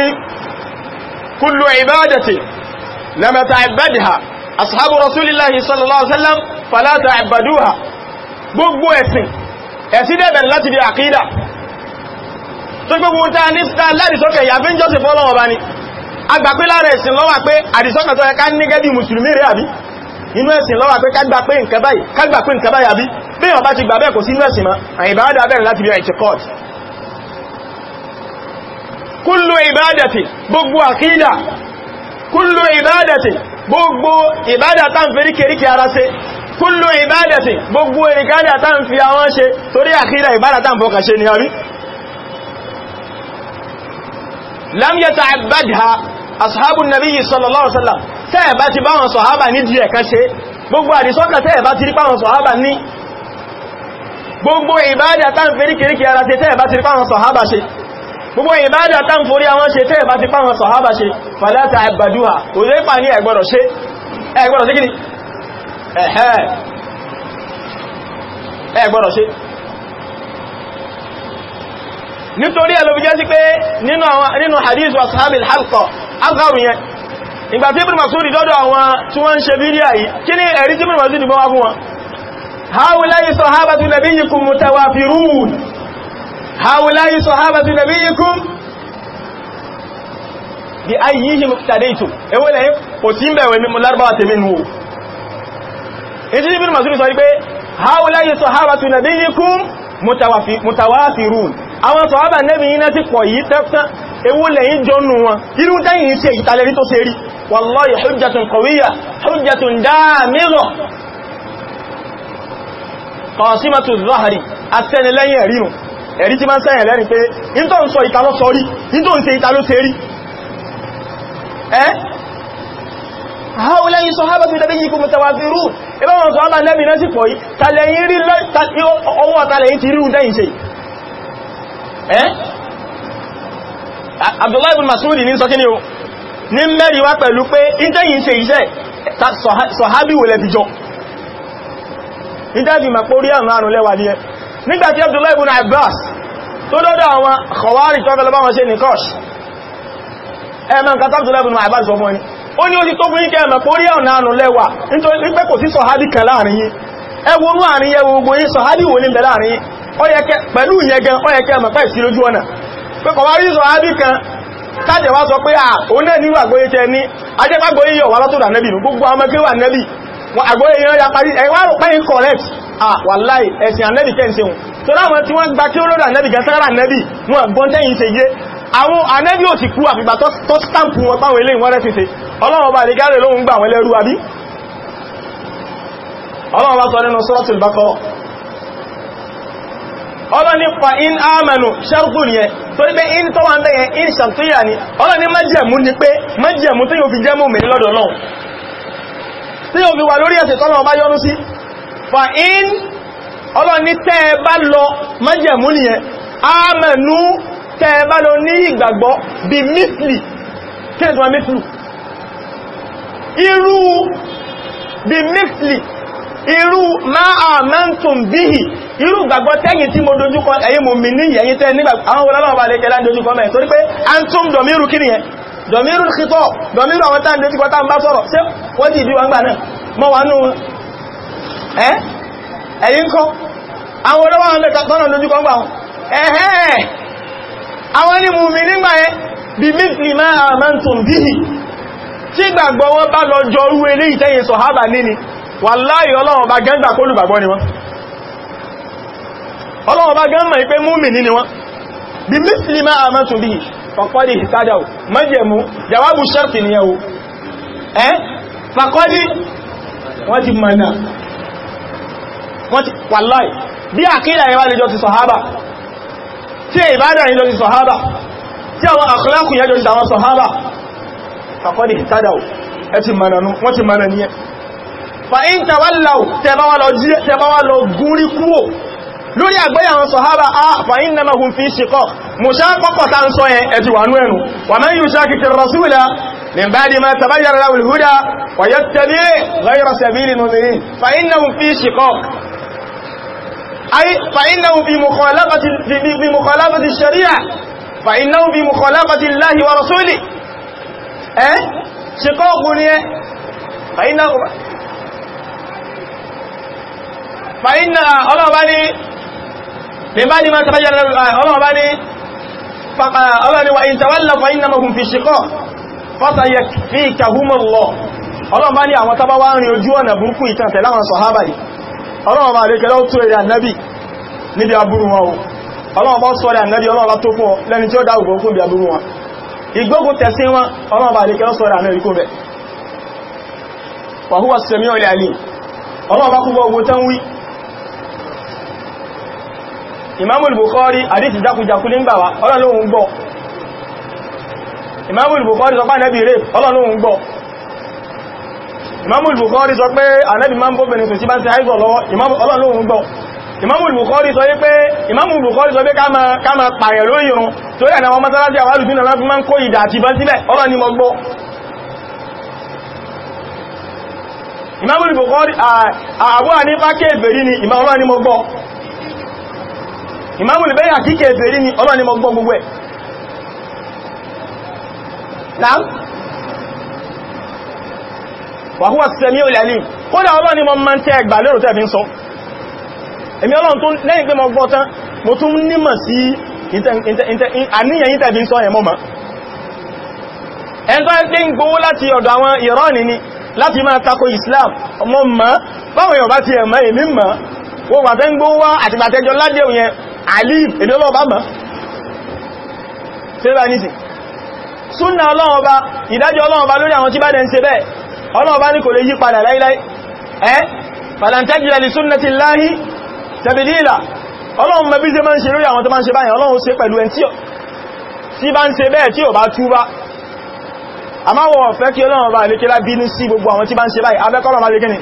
kullu ibadatin lam ta'abbadha ashabu rasulillahi sallallahu alaihi wasallam fala ta'abbaduha gbogbo ẹ̀sìn ẹ̀sìn dẹ̀bẹ̀ láti di àkídà tó gbogbo ta ní ládìsọ́kẹ̀ yà fi ń jọ́sìn fọ́lọ́wọ́ bá ní agbà pé lára ẹ̀sìn lọ́wà pé àdìsọ́kẹ̀ tó yẹ ká ní gẹ́bí mùsùlùmí rẹ̀ àbí inú ẹ̀sìn lọ́wà pé kágbà pé nǹkan báyìí àbí bí wọ́n bá ti gbà bẹ́ẹ̀ kò kúlù ìbádàtì gbogbo àkídà kúlù ìbádàtì gbogbo ìbádàtà ń fi ríkèríkè ara ṣe kúlù ìbádàtì gbogbo ìrìnkádàtà ń fi àwọn ṣe torí àkídà ìbádàtà ń fọkà ṣe ni àrí lam yata'abbadha ashabu nabiyyi sallallahu alaihi wasallam tẹ́ bá ti bá wọn sàhábà ní díẹ̀ kan ṣe gbogbo àdìsọ́kà tẹ́ bá ti rí pàwọn sàhábà ní gbogbo ìbádàtà ń fi ríkèríkè ara ṣe ti rí pàwọn sàhábà ṣe gbogbo ìbádà tán forí àwọn ṣe tẹ́ ìbá ti fáwọn sọ̀hábà ṣe fàlátà àgbàdúhà kò lè pà ní ẹgbọ́dọ̀ ṣe ẹgbọ́dọ̀ ṣe gini ẹ̀hẹ́ ẹgbọ́dọ̀ ṣe nítorí ẹlòbí jẹ́ sí pé nínú hadith wa sahabil halqa agbárùn yẹn ìgbà tí Ibn Mas'ud dọ́dọ̀ àwọn tí wọ́n ń ṣe bídíà yìí kí ni ẹ̀rí tí هؤلاء صحابة نبيكم bí ayíhì mọ̀kítàdéìtò ewé lẹ́yìn kò sí mẹ́wẹ̀ mímú lárúbáwà tèmi nù ìjí ibn Mas'ud sọ wípé haúláyé sọ̀hábàtù nabiyyikum mutawafirun àwọn sọ̀hábà nẹ́bí yína ti pọ̀ yìí tẹ́kùtán ewé lẹ́yìn jọnù wọn irú tẹ́yìn ṣe ìtàlẹ́rí tó ṣe rí wallahi hujjatun qawiyya hujjatun dáàmìrọ̀ qasimatu dhahri asẹ́nilẹ́yìn rírùn ẹ̀rí tí máa ń sẹ́yìn lẹ́rin pé in tó ń sọ ìta ló sọ rí in tó ń ṣe ìta ló ṣe rí ẹ́ àwọn ẹ̀yìn sọ̀hábà tó dẹ̀bí yìí kú mẹ́ta wà fi rú ẹbá wọn sọ̀hábà lẹ́mì náà sì pọ̀ yìí tàlẹ̀yìn rí ọwọ́ tàlẹ̀yìn ti rírun dẹ́yìn ṣe ẹ́ Abdullahi ibn Mas'ud ní sọ kíni o ní mẹ́rin wá pẹ̀lú pé ìtẹ́yìn ṣe iṣẹ́ sọ̀hábì wò lẹ́bìjọ ìtẹ́fì mẹ́pórí àmà àrùn lẹ́wà ní ẹ nígbàtí Abdullahi ibn Abbas tó lọ́dọ̀ àwọn Khawari tó fẹ́lọ bá wọn ṣe nìkọ́ṣ ẹ̀mọ̀ nǹkan Abdullahi ibn Abbas sọ fún ó ní ó ti tó fún yíkẹ́ ẹ̀mọ̀ kó rí ọ̀nà ànù lẹ́wà nítorí pé kò sí sọ̀hádì kan láàrin yín ẹwọ́nú àrin yẹ gbogbo yín sọ̀hádì wò ní bẹ̀ láàrin yín pẹ̀lú ìyẹn gan ó yẹ kẹ́ ẹ̀mọ̀ pẹ̀ sí lójú ọ̀nà pé Khawari sọ̀hádì kan tájẹ̀ wá sọ pé à wọn àgbóyé yẹn ya parí ẹ̀wà rò pé incorrect ah wàláì ẹ̀sìn ànẹ́bì kẹ́ǹsẹ̀ wọn tó láwọn tí wọ́n gba kí ó lọ́dọ̀ ànẹ́bì gẹ́sára ànẹ́bì wọn gbọ́n tẹ́yìn ṣe yé àwọn ànẹ́bì ò ti kú àfìgbà tó stamp wọn páwọn ilé ìwọ́n rẹ́fìsẹ̀ ọlọ́run bá lè gárẹ̀ lóhun gbà wọn lẹ́rú àbí ọlọ́run bá sọ nínú suratul Baqara ọlọ́ni fa in amanu ṣargun yẹn tó ní pé in tó wà ń bẹ̀yẹn in ṣàtúyà ni ọlọ́ni májẹ̀mú ni pé májẹ̀mú tó yóò fi jẹ́ mú mi lọ́dọ̀ náà tí o fi wà lórí ẹ̀sẹ̀ tọ́lọ̀ ọba sí fa in ọlọ́ni tẹ́ lọ májẹ̀mú nìyẹn ámẹ̀nú tẹ́ bá lọ ní ìgbàgbọ́ bí mithli kẹ́ẹ̀tùwà mithlu irú bí mithli irú ma te bihi irú ìgbàgbọ́ tẹ́yìn tí mo dojúkọ ẹ̀yin tẹ́ nígbàgbọ́ àwọn dọ̀míru kìtọ́ dọ̀míru àwọn tàbí tí kọta ń bá sọ̀rọ̀ ṣe wọ́n ti bí wọn gbà náà mọ́ wà nù wọn ẹ́ ẹ̀yìn kọ́ àwọn olówó àwọn mẹ́ta tọ́nà lójú kan gbà wọn ẹ̀hẹ́ àwọn ní mùmí nígbà yẹn bí mítìlì máa àmẹ́ntùn bíhì tí gbàgbọ́ wọn bá lọ jọ rú ilé ìtẹ́yìn sọ̀hábà níni wàláhì ọlọ́wọ̀n fàkọ́dí ìtàdáwò mọ́jẹ̀mú jawabu sharti ni yau ẹ́ fàkọ́dí wọ́n ti mọ̀nà wọ́n ti wàláì bí àkídà yẹn ti sọ̀hábà tí ìbádà yẹn ti sọ̀hábà tí àwọn àkọlákù yẹn lórí àgbẹ́yà wọn sọ̀hábà a fàyín na mahun fi ṣekọ́ mọ̀ṣá pọ́pọ̀ta ń sọ yẹn ẹjì wà núẹ̀nu wà mẹ́ yíò ṣá kìkì rasúlá ní bá di máa tàbáyà rẹ̀ wùlhúdá wà yẹ tẹ̀lé rẹ̀ sẹ̀bílì mọ̀mìnì fàyín na hun fi ṣekọ́ fàyín na hun fi mọ̀kọ̀láfàtì من بعد ما تبين الله بني أولاني وإن تولوا فإنما هم في شقاء فسيكفيكهم الله ọlọ́run bá ní àwọn tàbá wá ń rí ojú ọ̀nà burúkú ìtàn tẹ̀lé àwọn sọ̀hábà yìí ọlọ́run bá bá imamul bukhari àdísì jákújákúlé ń gbà wá ọlọ́lọ́hun gbọ́ imamul bukhari sọ pé ànábì rẹ̀ ọlọ́lọ́hun gbọ́ imamul bukhari sọ pé ànábì máa ń bóbìnrin tó sí bá ń ṣe àìsàn lọ́wọ́ ọlọ́lọ́hun imamul bukhari sọ pé imamul bukhari sọ pé ká máa pààyàn lórí irun tó yẹ̀ náà wọ́n mọ́sálásí àwọn alùsùn náà fi máa ń kó ìdà àti ìbọn sílẹ̀ ọlọ́ni mo gbọ́ imamul bukhari àbúrà ní pákẹ́ ìbèrí ni imamul ni mo gbọ́ ìmáàmù ìbẹ́yà kíkẹ́ èfèrí ni ọlọ́ ni mo gbọ́ gbogbo ẹ̀ náà wàhúwà sẹ́mí olẹ́lì kódà ọlọ́ ni mo máa ń tẹ́ ẹgbà lérò tẹ́ fi ń sọ èmi ọlọ́run tó lẹ́yìn pé mo gbọ́ tán mo tún nímọ̀ sí àníyàn yín tẹ́ fi ń sọ ẹ̀ mọ́ ma ẹ̀ntọ́ ẹ̀ pé ń ni láti máa Islam ọmọ mọ́ báwọn èèyàn bá ti ẹ̀mọ́ èmi mọ́ wọ́n wà alif èdè ọlọ́wọ́ bá mọ́ fẹ́rẹ́ nìsì súnà ọlọ́wọ́ bá ìdájọ́ ọlọ́wọ́ bá lórí àwọn tí bá dẹ̀ ń ṣe bẹ́ẹ̀ ọlọ́wọ́ bá ní kò lè yí padà láíláí ẹ́ falantajira li sunnati llahi tabdila ọlọ́run se máa ń ṣe lórí àwọn tó máa ń ṣe báyìí ọlọ́run ṣe pẹ̀lú ẹn tí bá ń ṣe bẹ́ẹ̀ tí ò bá túbá a máa wọ̀ fẹ́ kí ọlọ́run bá lékelá bínú sí gbogbo àwọn tí bá ń ṣe báyìí abẹ́kọ́lọ̀ máa lékíní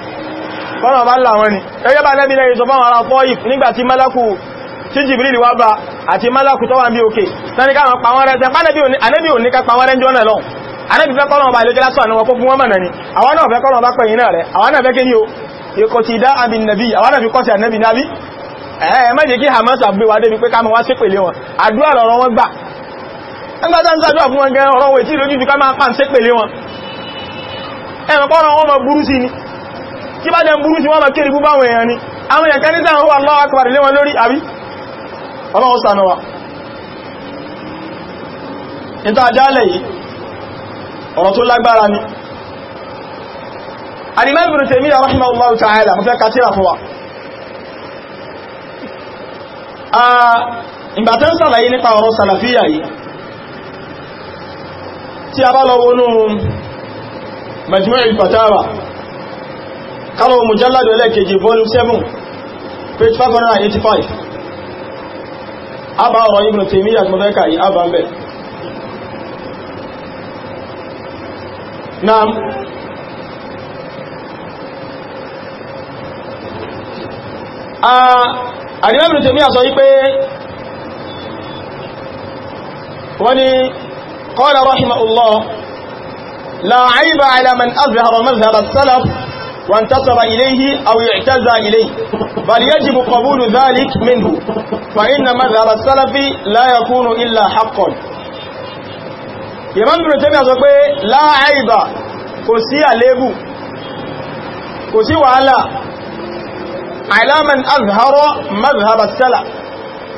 kọ́lọ̀ bá láwọn ẹgbẹ́ bá lẹ́bí lẹ́yìn sọ fáwọn ará fọ́ ìf nígbàtí mẹ́lẹ́kù tí jìbìrìlì wá bá àti málàkù tó wà ní òkè tánì káwọn pàwọn rẹ̀ tẹ́ anẹ́bí ò ní sọ àwọn fún wọn mọ̀nà ni àwọn náà fẹ́ kọ́lọ̀ ọba pẹ̀yìn náà rẹ̀ àwọn náà fẹ́ kí ni o ikọ̀ ti dá àbí nàbí àwọn náà fi kọ́ sí ànẹ́bí nábí ẹ̀ẹ́ mẹ́jẹ̀ kí Hamas àgbé wa débi pé káàmù wá sí pèlé wọn àdúrà lọ́rọ̀ wọn gbà ẹgbà tá ń sàdúrà fún wọn gẹ̀rẹ̀ ọ̀rọ̀ wẹ̀ tí lójú ju ká máa ni kí bá jẹ́ burú sí wọn mọ̀ kéré bú báwọn èèyàn ni àwọn èèyàn kẹ́ ní sáà ń hó lórí àbí ọlọ́wọ́ sànúwà ìta àjálẹ̀ yìí ọ̀rọ̀ tó lágbára ni Al-Imam Ibn Taymiyyah rahimahullahu ta'ala mo fẹ́ kàtíra fún wa ìgbàtẹ́ sàlàyé nípa ọ̀rọ̀ sàlàfíyà yìí tí a bá lọ wọnú Majmu'ul Fatawa kálọ̀ mujalladu ẹlẹ́kejì volume 7 page 585 a bá ọ̀rọ̀ Ibn Taymiyyah tó fẹ́ kàyí a bá ń bẹ̀ náà àdìmọ́ Ibn Taymiyyah sọ wípé wọ́n ni qala rahimahullah la aiba ala man azhara mazhar as-salaf وانتصر إليه أو اعتزى إليه بل يجب قبول ذلك منه فإن مذهب السلف لا يكون إلا حقا Imam Ibn Taymiyyah sọ pé la aiba kò sí àlébù kò sí wàhálà ala man azhara madhhab as-salaf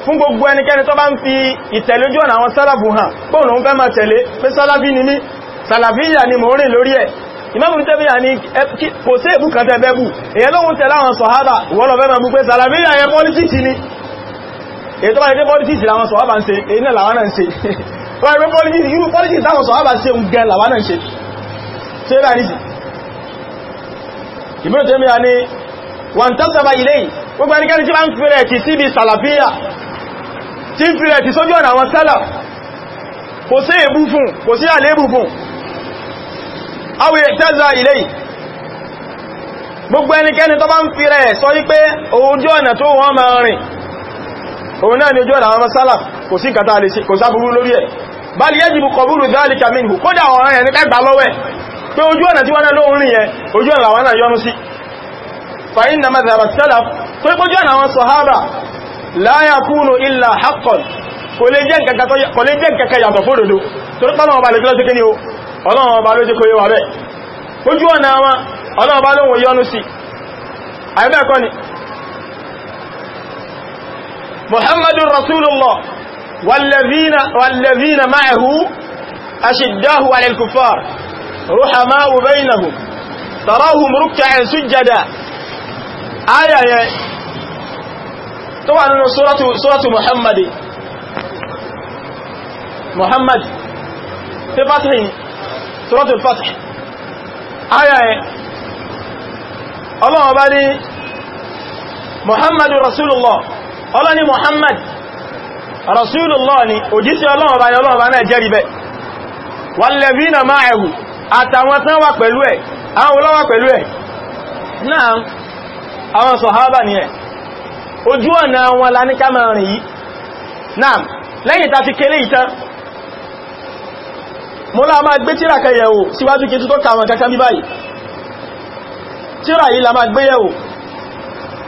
fún gbogbo ẹnikẹ́ni tó bá ń fi ìtẹ̀lójú ọ̀nà àwọn sálàfù hàn pọ̀nà ń fẹ́ máa tẹ̀lé pé sálàfí ni mí sàlàfíyà ni mò ń rìn lórí ẹ̀ Imam Ibn Taymiyyah ni kò sí èbù kan èyẹ lóhun tẹ̀lá àwọn sọ̀hábà wọ́lọ̀fẹ́ máa bú pé sàlàfíyà yẹ pọ́lítíkì ni èyí tó bá yẹ politics làwọn sọ̀hábà ń ṣe èyí náà làwọn náà ń ṣe wọ́n yẹ politics irú politics táwọn sọ̀hábà ṣe ń gẹ làwọn náà ń ṣe ṣe rà nìsí ìbúrò tẹ́mí ya ní wọ́n tẹ́sàbà ilé gbogbo ẹnikẹ́ni tí bá ń fìrẹ̀ ti síbi sàlàfíà tí ń fìrẹ̀ ti sójú ọ̀nà àwọn sálà kò sí èbú fún kò sí àlébù fún awẹ̀ tẹ́sà ilé gbogbo ẹnikẹ́ni tó bá ń fìrẹ̀ sọ wípé ojú ọ̀nà tó wọ́n máa rìn òun náà ni ojú ọ̀nà àwọn sálà kò sí nǹkan tàà lè sí kò sáburú lórí ẹ̀ bá lè yẹ́jì kọbúrú dáàlìkà mìírù kódà ọ̀rọ̀ ẹ̀ ní pẹ́gbà lọ́wẹ́ pé ojú ọ̀nà tí wọ́n náà lóhun rìn yẹn ojú ọ̀nà àwọn náà yọnu sí fàyín na mazhab salaf tó ipò ojú ọ̀nà àwọn sọ̀hábà la yakunu illa haqqan kò lè jẹ́ nǹkan kan yàtọ̀ fódòdó tó rí pálọ̀ ọba lè gílọ́ sí kí ni o ọlọ́run ọba ló jẹ́ kó yé wa bẹ́ẹ̀ ojú ọ̀nà àwọn ọlọ́run ọba lóhun yọnu sí àìbẹ́ẹ̀kọ́ ni محمد رسول الله والذين, والذين معه أشده على الكفار رحماء بينهم تراهم ركعا سجدا آية طبعا سورة, سورة محمد محمد في فتح سورة الفتح آية الله أبالي محمد رسول الله ọlọ́ni Muhammad Rasulullah ni òjísí ọlọ́ọ̀bá ni ọlọ́ọ̀bá náà jẹ́ ríbẹ̀ wal-ladhina ma'ahu àtàwọn tán wà pẹ̀lú ẹ̀ àwọn olówà pẹ̀lú ẹ̀ náà àwọn sọ̀hábà ni ẹ̀ ojú ọ̀nà wọn la ní yìí náà lẹ́yìn ta fi kéré ìtàn mo lá máa gbé tíra kẹyẹ̀wò síwájú kí tó kàwọn kankan bí tíra yìí la máa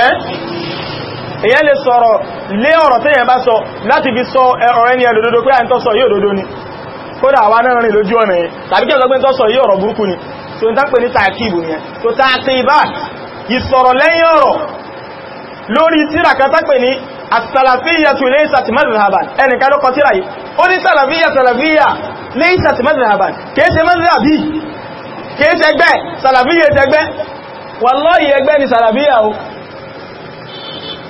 èyàn eh? lè sọ̀rọ̀ lé ọ̀rọ̀ tí èyàn bá sọ láti fi sọ ọ̀rọ̀ ẹni ẹlòdodo pé àìntọ́ sọ yóò dodo ni kódà àwa náà rìn lójú ọ̀nà yẹn tàbí kí ọ̀sọ́gbé tọ́ sọ yóò ọ̀rọ̀ burúkú ni tó ń tápẹ́ ní tàkìbù yẹn tó tàkìbà ìsọ̀rọ̀ lẹ́yìn ọ̀rọ̀ lórí tíra kan tápẹ́ ní asàlàfíyàtù laysat madhhaban ẹnìkan ló kọ tíra yìí ó ní sàlàfíyà sàlàfíyà laysat madhhaban kìí ṣe madhhabi ni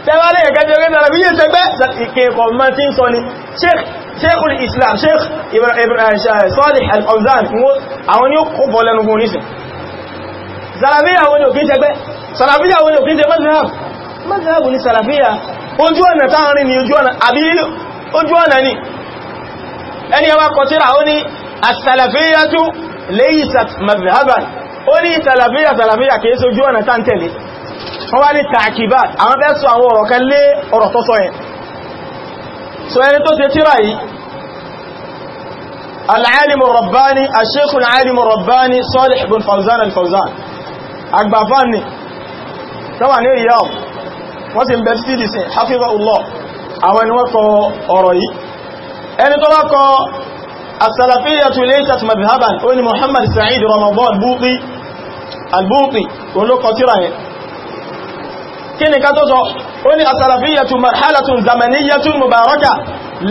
tẹ́wàlẹ̀ ẹ̀kẹ́jẹ́ orí ìdàrà yíò tẹgbẹ́ ìkẹ́kọ̀ ma ti ń sọ ni Sheikhul Islam Sheikh eh, Salih Al-Fawzan àwọn ni ó kó bọ́ lẹ́nu gún nísìn Salafiyya àwọn ni òfin tẹgbẹ́ ni òfin tẹ mazhab ni Salafiyya ojú ọ̀nà táàrin ni ojú ọ̀nà àbí ni ẹni ọba kọtíra ó ní as-Salafiyyatu laysat madhhaban ó ní Salafiyya Salafiyya wọ́n wá ní tààkìbá àwọn fẹ́ sọ àwọn ọ̀rọ̀ kan lé ọ̀rọ̀ tó sọ yẹn so ẹni tó ṣe tírà yìí al-alimu rabbani al-sheikh al-alimu rabbani Salih ibn Fawzan al-Fawzan agbàfán ni tọ́wà ní Riyadh wọ́n sì ń bẹ̀ títí dìsìn hafizahullah àwọn ẹni wọ́n kọ ọ̀rọ̀ yìí kí ni ká tó sọ ó ní asàràfíyàtù marhalatun zamaniyyatun mubaraka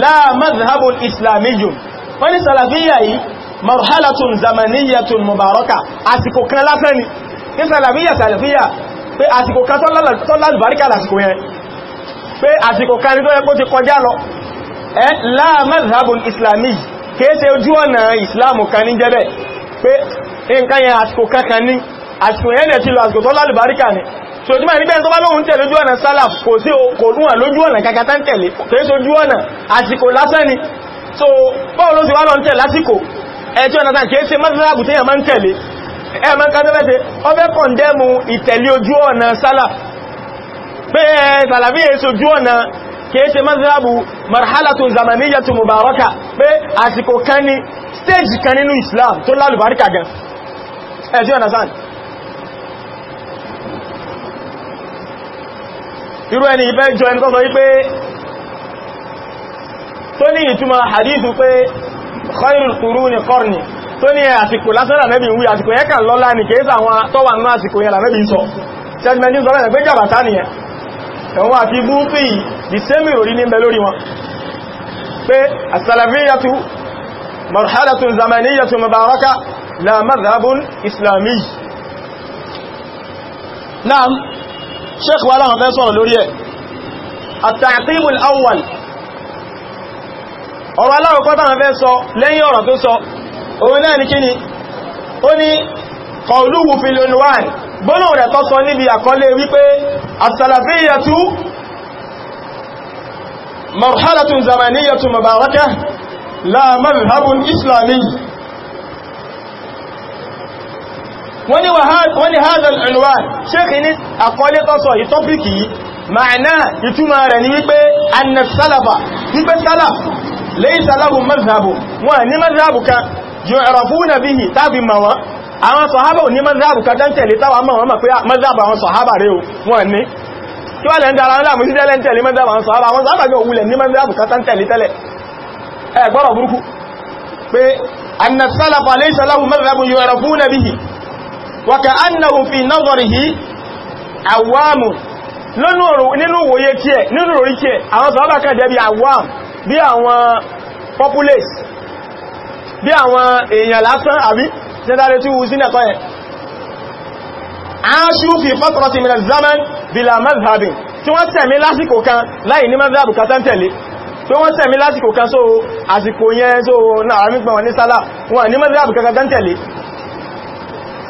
la mazhabun islamiyyun wọ́n ní sàràfíyà yìí marhalatun zamaniyyatun mubaraka àsìkò kan lásán ni ní sàràfíyà sàràfíyà pé àsìkò kan tọ́lá àlùbáríkà lásìkò yẹn pé àsìkò kan ní tó yẹ la mazhabun islamiyyun kéèsè ojú ọ̀nà ìsìlámù kan ní jẹ́bẹ̀ pé nǹkan yẹn àsìkò àsìkò yẹn lọ àsìkò tó lálùbáríkà ni so tí ma ní bẹ́ẹ̀ tó bá lóhun tẹ̀lé ojú ọ̀nà sálàf kò sí kò rún à lójú ọ̀nà kakata ń tẹ̀lé kìí sojú ọ̀nà àsìkò lásán ni so bọ́ọ̀ ló sì wá lọ ń tẹ̀lé lásìkò ẹ̀tí ọ̀nà tàn kìí ṣe mọ́sánláàbù tí yàmá ń tẹ̀lé ẹ̀mọ́ kátẹ́lẹ́tẹ́ ọbẹ̀ kọ̀ndẹ́mù ìtẹ̀lé ojú ọ̀nà sálàf pé sàlàfí èso ojú ọ̀nà kìí ṣe mọ́sánláàbù marhalatun zamaniyatun stage kan nínú Islam tó lálùbáríkà gan ẹ̀tí ọ̀nà sáà irú ẹni ìfẹ́ jọ ẹni kọ́sọ̀ wípé tó ní ìtumọ̀ hadithu pé khairul quruni qarni tó ní àsìkò lásánà nẹ́bí wí àsìkò yẹ́ kàn lọ́lá ní kéèsà àwọn tọ́wà nínú àsìkò yẹ́ lànẹ́bí sọ sẹ́gbẹ̀ẹ́jú sọ lẹ́nà pé jàbàtá nìyẹn ẹ̀wọ́n àti búfì di sẹ́mì rò rí ní mẹ́lórí wọn pé as-salafiyatu naam sheikh wa láwọn fẹ́ sọ̀rọ̀ lórí ẹ̀ at-ta'qimul awwal ọ̀rọ̀ aláwọ̀kọ́ tàwọn fẹ́ sọ lẹ́yìn ọ̀rọ̀ tó sọ òun náà ní kíni ó ní qawluhu fil unwan gbónà rẹ̀ tó sọ níbi àkọlé wípé as wọ́n ni hazal alwan ṣékì ní àkọlé tọ́sọ̀ ìtọ́pìkì yìí ma'ana ìtumà rẹ̀ ni wípé anna salafa wípé salaf laysa lahum mazhabu wọ́n ní mazhabu kan yu'rafuna bihi tàbí mawa àwọn sọ̀hábà ní mazhabu kan tán tẹ̀lé táwà mọ̀ wọ́n pé mazhabu àwọn sọ̀hábà rẹ̀ wọ́n وكأنه في نظره عوام nínú òwòye tí ẹ̀ nínú orí tí ẹ̀ àwọn sọ́bà kan jẹ́ bí àwam bí àwọn populace bí àwọn èèyàn lásán àbí jẹ́dáre tí wù sí nẹ̀kọ́ ẹ̀ aṣú zaman bila mazhabin tí wọ́n tẹ̀mí lásìkò kan láì ní mazhabu kan tẹ̀lé pé wọ́n tẹ̀mí lásìkò kan so àsìkò yẹn so náà àmì gbọ̀n wọn ní sálà wọn ní mazhabu kan tẹ̀lé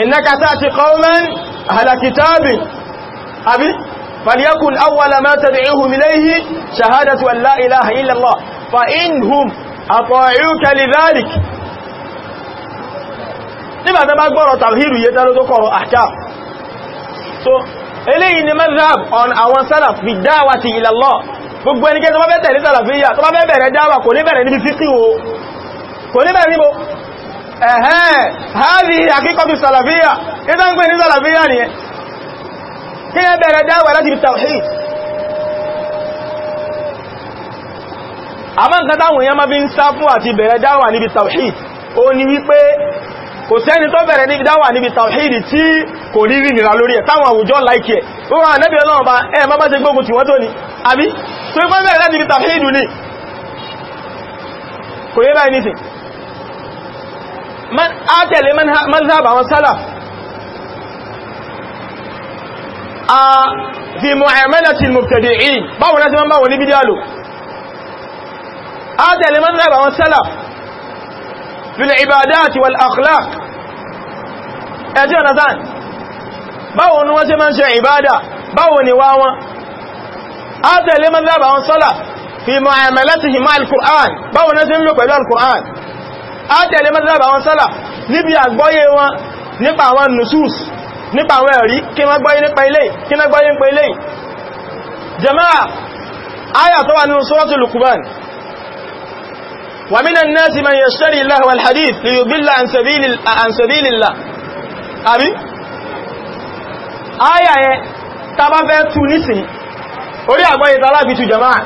innaka ta'ti qauman ahla kitabi abi falyakun awwala ma tad'uhum ilayhi shahadatu an la ilaha illa allah fa inhum ata'uka lidhalik nígbà tẹ́ bá gbọ́rọ̀ tàbíhìrù yẹ tẹ́lú tó kọ̀rọ̀ ahkam so eléyìí ni mazhab on àwọn salaf fi da'wati ila allah gbogbo ẹnikẹ́ tó bá fẹ́ tẹ̀lé salafiyya tó bá fẹ́ bẹ̀rẹ̀ dáwà kò ní bẹ̀rẹ̀ níbi fíkí o kò ní bẹ̀rẹ̀ níbo ẹ̀hẹ́ hádì àkíkọ́tù sàlàfíà ìdá nkwenye pè ní sàlàfíà nìyẹn kí ẹ bẹ̀rẹ̀ dáwà láti fi tawhid àmá nǹkan táwọn má fi ń sá fún àti bẹ̀rẹ̀ dáwà níbi tawhid ó ní wípé kò sẹ́ni tó bẹ̀rẹ̀ níbi dáwà níbi tawhid tí kò ní rí nìra lórí ẹ̀ táwọn àwùjọ láìkẹ̀ á tẹ̀lé mazhab àwọn salaf a fi mu'amalati al-mubtadi'in báwọn láti máa báwọn ní bídí àlò á tẹ̀lé mazhab àwọn salaf fi al-ibadati wal-akhlaq ẹjọ́ nazan báwọn wọ́n ṣe máa ń ṣe ìbádà báwọn ni wá wọn á tẹ̀lé mazhab àwọn salaf fi mu'amalatihim ma'al-Qur'an báwọn láti ń lò pẹ̀lú al-Qur'an á tẹ̀lé mẹ́tẹ́lẹ́bà àwọn sálà níbi àgbọ́yé wọn nípa àwọn nusus nípa àwọn ẹ̀rí kí wọ́n gbọ́yé nípa ilé kí wọ́n gbọ́yé nípa ilé jama'a aya tó wà nínú suratul Luqman wa minan nasi man yashtari lahwa al-hadith liyudilla an sabilil jama'a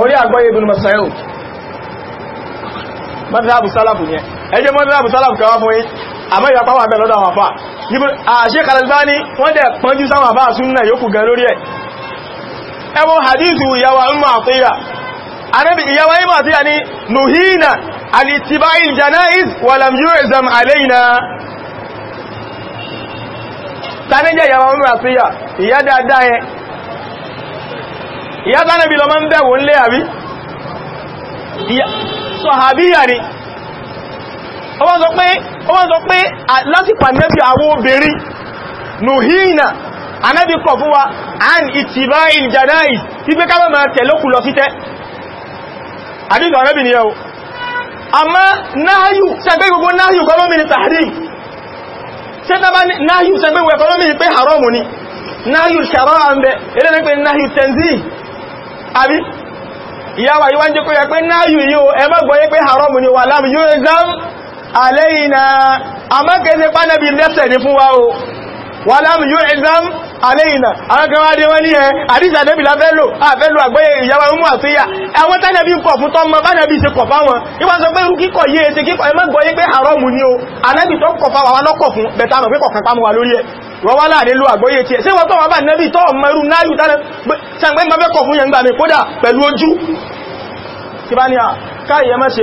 orí àgbọ́yé ibn Mas'ud mọ́díláàbù sálàfù yẹn ẹjẹ́ mọ́díláàbù sálàfù kẹwàá fún yín àmọ́ ìyapa wà bẹ́ẹ̀ lọ́dọ̀ àwọn àfà Sheikh Al-Albani wọ́n dẹ̀ pọ́njú sáwọn àfà súnnà yókù gan lórí ẹ̀ ẹwọ́n hadithu ìyàwó Ummu Atiyya anábi ìyàwó Ummu Atiyya ni nuhina alitibai janaiz walam yu'zam alaina tánẹ́jẹ́ ìyàwó Ummu Atiyya ìyá dáadáa yẹn ìyá tánẹ́bí lọ mọ́ ń bẹ̀wò ń lé àbí sọ̀hábíyà ni ó wọ́n sọ pé lásìkò ànẹ́bí àwọn obìnrin nùhíìnà ànẹ́bí kọ̀ fún wa an ìtìbá ìjànáì tí pé ká máa tẹ̀lókù lọ títẹ́ àdíjọ ànẹ́bí ni yẹ́o àmá náàyù sẹ́gbẹ́ gbogbo náàyù kọlọ́mì ni tàhàrí sẹ́tàbá náàyù sẹ́gbẹ́ gbogbo kọlọ́mì ni pé haramu ni náàyù sàrọ́ àmbẹ̀ erẹ́ ìyáwà yíwá ń jẹ́ kó yẹ pé náàyù yíò ẹmọ́ gbọ́yé pé haramu ni wà láàmù yóò zám àlẹ́yìn náà àmọ́kẹ́ sí pánẹ́bì lẹ́sẹ̀ ní fún wa o wà láàmù yóò ẹ̀zám aléìnà àwọn kan wá dé wọ́n ní ẹ àdísà nẹ́bìlá fẹ́lò àfẹ́lò àgbẹ́yẹ ìyàwó mú àfíyà àwọn tánàbí ń kọ̀ fún tọ́mọ bánàbí ṣe kọ̀ fáwọn ìwọ́n sọ pé irú kíkọ̀ yé ṣe kíkọ̀ ẹmọ́ gbọ́ pé àrọ́mù ni o ànábì tó kọ̀ fáwọn lọ́kọ̀ fún bẹ̀ta mọ̀ pé kọ̀kan pàmọ́ wà lórí ẹ̀ wọ́n wá láàrin ló àgbóyé tí ẹ̀ sí wọ́n tó wà bá nẹ́bì tó ọmọ irú náà yù tánà sàgbẹ́ mọ́ mẹ́kọ̀ fún yẹn gbà mí kódà pẹ̀lú ojú kí bá ní à káì ẹ má ṣe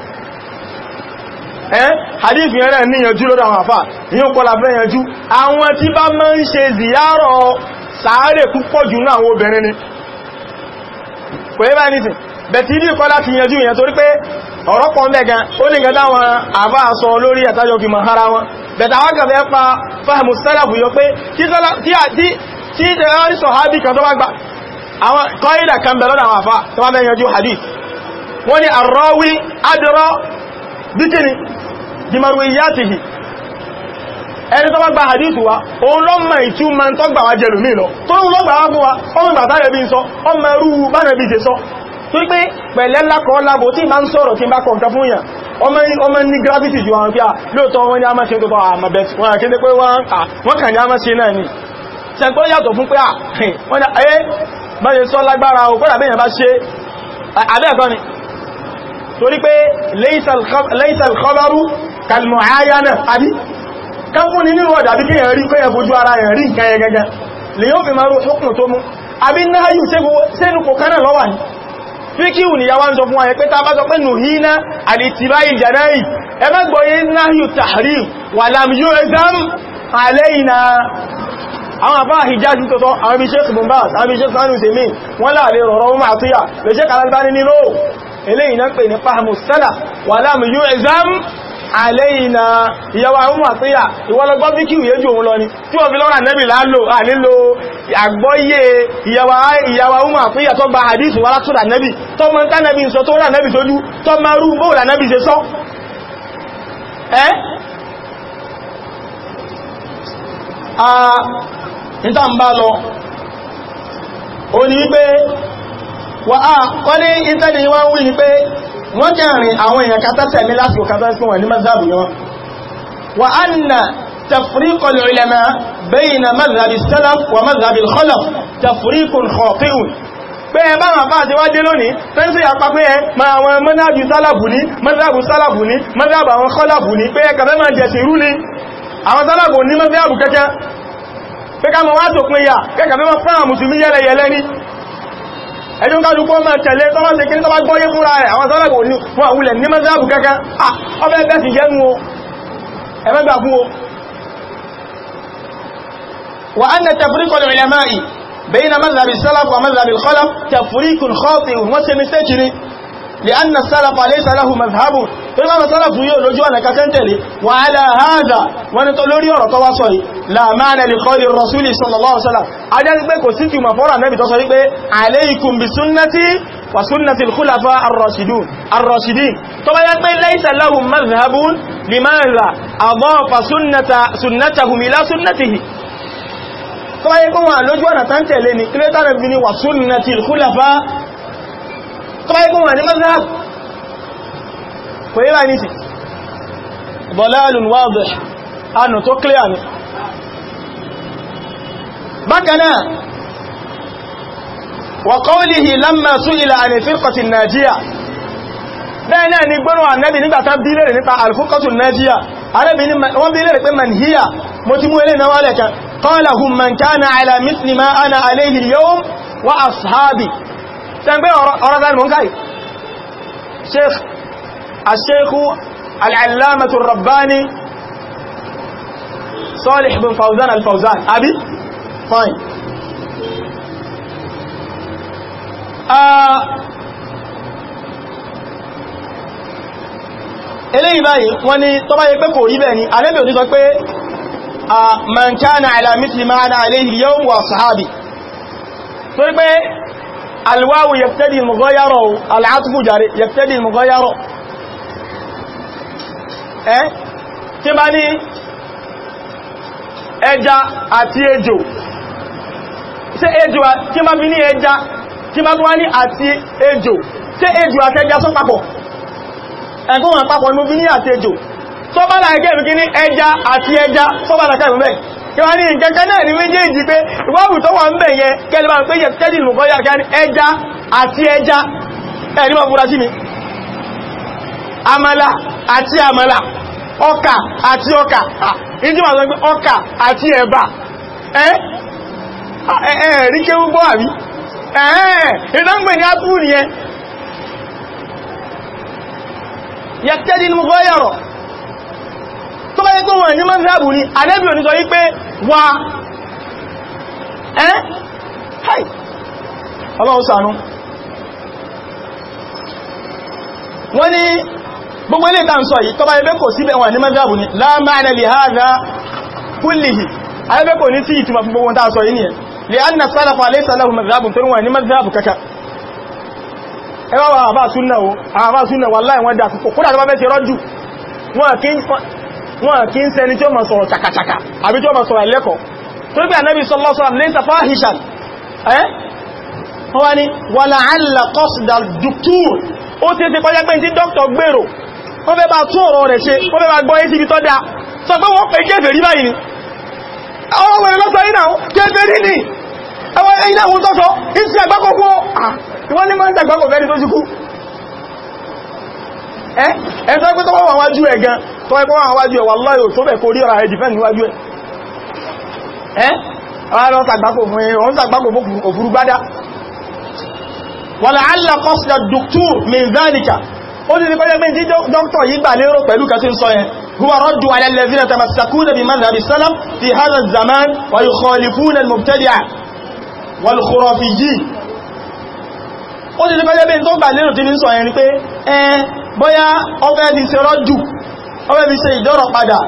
Eh, hadith yẹn rẹ̀ níyànjú lọ́dọ̀ àwọn àfà yíò kọ́lá fẹ́ yànjú àwọn tí bá máa ń ṣe ziyarọ̀ sàárè púpọ̀ jù náà ni kò yẹ́ bá nìsìn bẹ̀tí ní ìkọ́lá ti yànjú yẹn torí pé ọ̀rọ̀ pọ̀ mẹ́gan ó ní gẹ̀dá wọn àbá sọ lórí ẹ̀tájọ́ fi mọ̀ ara wọn bẹ̀tà wọ́n gẹ̀fẹ́ pa fáhàmù sẹ́lẹ̀bù pé tí kan tó àwọn kọ́ìdà kan àwọn tó bimarwiyatihi ẹni tó bá gba hadithu wa òun lọ mọ̀ ìtú ma ń tọ́gbà wa jẹlù mí lọ tó ń lọ́gbà wá fún wa ọmọ ìgbàtà rẹ̀ bí ń sọ ọmọ ẹrú bánàbí ṣe sọ tó pé pẹ̀lẹ́ lákọ̀ọ́ lábò tí ma ń sọ̀rọ̀ kí n bá kọ̀ǹkà fún yàn ọmọ ní gravity ju àwọn pé à lóòtọ́ wọn ni a máa ṣe tó tọ́ àmàbẹ̀ wọn àkéde pé wọ́n ni ṣẹ̀gbọ́n yàtọ̀ fún pé à wọ́n ni ayé bá ṣe sọ lágbára ò gbọ́dà bẹ́yàn bá ṣe àbẹ́ torí pé laysal khabaru kal muayana àbí ká fún ní nínú ọ̀dà bí kí èyàn rí pé ẹ̀bójú ara èyàn rí nǹkan ẹgẹgẹ lè yóò fi marú ọkùn tó mú àbí náà yìí sẹ́nu kò kánà lọ́wà ní fíkíù ni yàwá ń sọ fún wa yẹ pé tàbá sọ pé nùhínà àdìtìbá ìjànáì ẹgbẹ́gbọ́yé náà yìí tàhrí wà láàmì yóò ẹzám àlẹ́yìnà àwọn àbá hijazi tó tọ́ àwọn ibi sheikh bumbas àwọn ibi sheikh sanu wọ́n láàrin rọ̀rọ̀ ohun àtúyà lè sheikh alalbani nílò eléyìí náà pè ní fahmu sálà wà láàmù yóò exam àlẹ́yìnà ìyàwó àwọn àtíyà ìwọ́lọ́gbọ́ bí kí ìyẹ́jú òun lọ ni tí wọ́n fi lọ́rà nẹ́bì lálò ànílò àgbọ́yé ìyàwó àwọn àtíyà tó gba hadith wà látúrà nẹ́bì tó mọ́ tá nẹ́bì wà á wọ́n ní ìtẹ́lẹ̀ wọ́n wí ní pé wọ́n kẹrin àwọn èèyàn kátà tẹ̀lé lásìkò kátà sí wọn ní mazhabu yẹn wà á nà تفريق العلماء بين مذهب السلف ومذهب الخلف تفريق خاطئ pé ẹ báwọn àpá àti wájé lónìí tẹ́sí àpá pé ẹ ma àwọn mọ́nàbí sálàbù ní mọ́nàbù sálàbù ní mọ́nàbù àwọn kọ́làbù ní pé ẹkàfẹ́ máa jẹ̀ sí rú ní àwọn sálàbù ní mọ́nàbù kẹ́kẹ́ pé ká mọ́ wá sòpin yà kẹ́kàfẹ́ máa fún àmùsùn yẹ́lẹ̀yẹ̀lẹ́ ní ẹjọ́ kálukú ọmọ tẹ̀lé tọ́bá ṣe kí ní tọ́bá gbọ́yé fúnra ẹ̀ àwọn sọ́lẹ̀bù ní wọn àwulẹ̀ ní mọ́sáàbù kankan ọmọ ẹgbẹ́ sì jẹ́nu o ẹ̀mẹ́gbà fún o wà á nẹ tẹ̀fúríkọ̀ lè rẹ̀ máa لأن السلف ليس له مذهب إذا السلف يولجوا أنك كنتلي وعلى هذا ونطلوري ورطواصي لا معنى لقول الرسول صلى الله عليه وسلم أجل بك وسيتي مفورا النبي تصريق عليكم بسنتي وسنة الخلفاء الراشدون الراشدين طبعا يقول ليس لهم مذهب لماذا أضاف سنة سنتهم إلى سنته طبعا يقول لجوانا تنتلي كريتا ربني وسنة الخلفاء tó bá ikú wà ní mazhab kò yí bá ní sí bọ̀láàlùn wáàbẹ̀ anù tó clear ni bákanáà wa qawlihi lamma su'ila 'an al-firqati an-najiyah bẹ́ẹ̀ náà ni gbọ́nà ànẹ́bì nígbàtá bí lẹ́rẹ̀ nípa al-firqatu an-najiyah wọ́n bí lẹ́rẹ̀ pé man hiya mo ti mú ilé náwà lẹ́kan qala sẹ́gbẹ́ ọ̀rọ̀ tàbí mọ́ káì sheikh al-sheikh al-allamatu rabbani salih bin fauzan al-fauzan abi fine uh, eléyìí báyìí wọ́n ní tó bá yẹ pé kò rí bẹ́ẹ̀ ni alẹ́bẹ̀ òní sọ pé a man kana ala mithli ma ana alayhi al-yawm wa sahabi torí pé الواو يبتدي المغايرة العطف جاري يبتدي المغايرة eh tí bá ní ẹja àti ejò ejo! ejò tí bá bí ní ẹja tí bá tó wá ní àti ejò ṣe ejò àti ẹja sọ papọ̀ ẹgbọ́n papọ̀ ní bí ní àti kí wá ní ìkẹ́kẹ́ náà ní méjèèjì pé ìwọ́wù tó wà ń bẹ̀ yẹn kẹlẹ̀bà pé yẹ tẹ́lì mọ̀kọ́ yà kẹ́ ẹja àti ẹja ẹ̀rí mọ̀ fúra sí mi amala àti amala ọkà àti ọkà ìdí wà sọ pé ọkà àti ẹba ẹ̀ẹ̀rí kéwú àrí tó bá yẹ pé wọ́n ní mọ́sáàbù ni ànábì ò ní sọ wípé wà ẹ́ hai ọlọ́run ṣàánú wọ́n ní gbogbo ilé ìta ń sọ yìí tó bá yẹ pé kò síbẹ̀ wọ́n ní mọ́sáàbù ni la ma'na li hadha kullihi ayẹ́bẹ́ kò ní sí ìtumọ̀ fún gbogbo ta sọ yìí ni ẹ̀ lè an na sálàfà lè sálàfà mazhabu tó níwọ̀n ní mazhabu kaka ẹwà wà bá súnnà wà láì wọ́n dá púpọ̀ kúrò àtàbà mẹ́sẹ̀ rọ́jù wọ́n kí wọn kí ń sẹni tí ó máa sọ̀rọ̀ chakachaka àbí tí ó máa sọ̀rọ̀ ẹlẹ́kọ̀ọ́ tó gbé ànábì sallallahu alaihi wasallam ní ìsàfá hìṣàn ẹ́ wọ́n ni wà láàrínlá kọ́sìdà dùkúrù ó ti ti kọjá pé tí dókítà gbèrò wọ́n fẹ́ bá tún ọ̀rọ̀ rẹ̀ ṣe wọ́n fẹ́ bá gbọ́ ẹ́sì ibi tọ́ dá sọ pé wọ́n pè kèfèrí báyìí ni àwọn ọmọ ẹ̀rọ sọ ìnáwó kèfèrí ni ẹwọ́n ẹ̀yìn àwọn tọ́sọ ìsìn àgbákòókò ẹ̀ẹ́sọ́ pé tó wọ́n wájú ẹ̀ gan tó ẹ̀kọ́ wọ́n wájú ẹ̀ wallahi tó bẹ̀ kó rí ọ̀rọ̀ ẹ̀dìfẹ́ níwájú ẹ̀ ara tàgbàkò fún ẹ̀ wọ́n tàgbàkò fún òfurú gbádá wala'alla qasda ad-doktor min dhalika ó ti kọjá pé tí dókítọ̀ yìí gbà lérò pẹ̀lú kẹsí ń sọ yẹn huwa raddu ala alladhina tamassakuna bi madhhab ó ti lè fẹ́ jẹ́bí tó gbà lérò tí ní sọ ẹ̀rin pé ẹn bóyá ọfẹ́ fi ṣe rọ́jù ọfẹ́ fi ṣe ìdọ́rọ̀ padà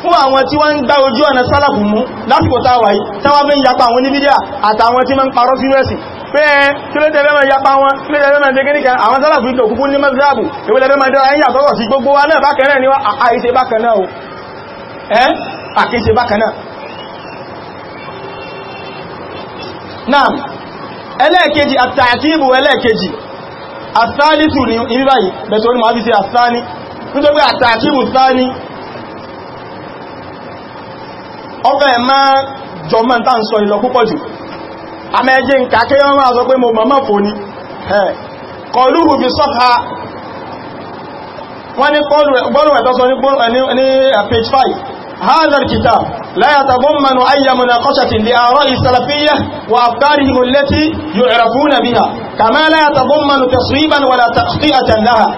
fún àwọn tí wọ́n ń gbá ojú ọ̀nà sálàkù mú lásìkò táwà yìí táwà fi ń yapa àwọn oníbídíà àtàwọn tí máa ń parọ́ sínú ẹ̀sìn pé ẹn kí ló tẹ́fẹ́ máa yapa wọn kí ló tẹ́fẹ́ máa tẹ́kẹ́ nìkan àwọn sálàkù ìlò kúkú ní mẹ́sìláàbù èwo lẹ́fẹ́ máa dára yíyà tọ́rọ̀ sí gbogbo wa náà bákan náà ni wọ́n àìṣe bákan náà o ẹ́ àkíṣe bákan náà ẹlẹ́ẹ̀kejì àtàkíbù ẹlẹ́ẹ̀kejì àtàlítù ní ibi báyìí bẹ̀tọ̀ ní ma fi ṣe àtàní nítorí àtàkíbù sáni ọkọ̀ ẹ̀ máa jọmọ́ ń tàn sọ ìlọ púpọ̀ jù àmẹ́jẹ́ ń uh, page 5 هذا الكتاب لا يتضمن أي مناقشة لآراء السلفية وأفكارهم التي يعرفون بها كما لا يتضمن تصويبا ولا تخطئة لها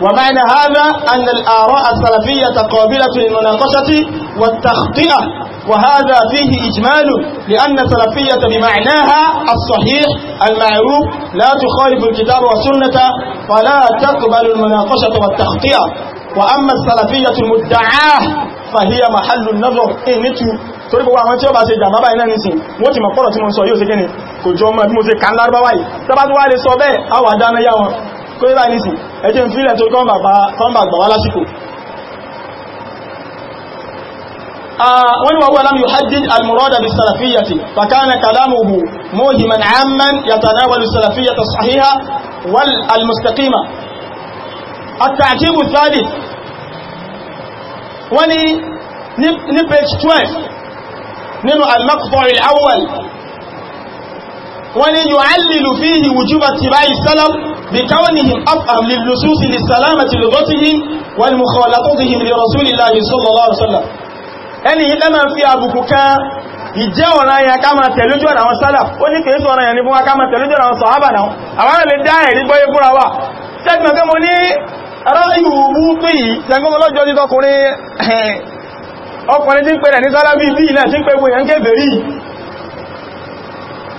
ومعنى هذا أن الآراء السلفية قابلة للمناقشة والتخطئة وهذا فيه إجمال لأن السلفية بمعناها الصحيح المعروف لا تخالف الكتاب والسنة فلا تقبل المناقشة والتخطئة وأما السلفية المدعاة فهي محل النظر إنتو torí gbogbo àwọn tí ó bá ṣe jàmbá báyìí náà nìsìn wọ́n ti mọ̀ pọ̀rọ̀ tí mo sọ yóò ṣe kíni kò jọ mọ̀ bí mo ṣe kàn lárúbá báyìí tọ́bá tó wá lè sọ bẹ́ẹ̀ àwà dáná yá wọn kó yíba nìsìn ẹjẹ́ ń fílẹ̀ tó kọ́mbà gbà wá lásìkò wọ́n ni wọ́n wọ́n lámù hajjid al-murada bi salafiyyati fakana kalamuhu muhiman amman yatanawalu salafiyyata sahiha wal al àtàkíwù sáàdì wọ́n ni ní page 12 nínú al-maqta' al-awwal wọ́n ni yu'allilu fihi wujuba tibai salam bi kawnihim afham lil nusus li salamati lughatihim wal mukhalatatihim li rasulillahi sallallahu alaihi wasallam ẹni yìí lẹ́mà fi àbùkù kan ìjẹ́ ọ̀nà ya ká máa tẹ̀lójú ọ̀nà àwọn sálà ó ní kèé sọ̀rọ̀ yẹn ní fún wa ká máa tẹ̀lójú ọ̀nà àwọn sọ̀hábà náà àwọn ẹ̀lẹ́ ráyù búkú yìí tẹgbọ́mọlọ́jọ́ ní tọkùnrin ọkùnrin tí ń pẹ̀rẹ̀ ní sálábí bí ilẹ̀ tí ń pẹ̀gbò yẹn kèfèrí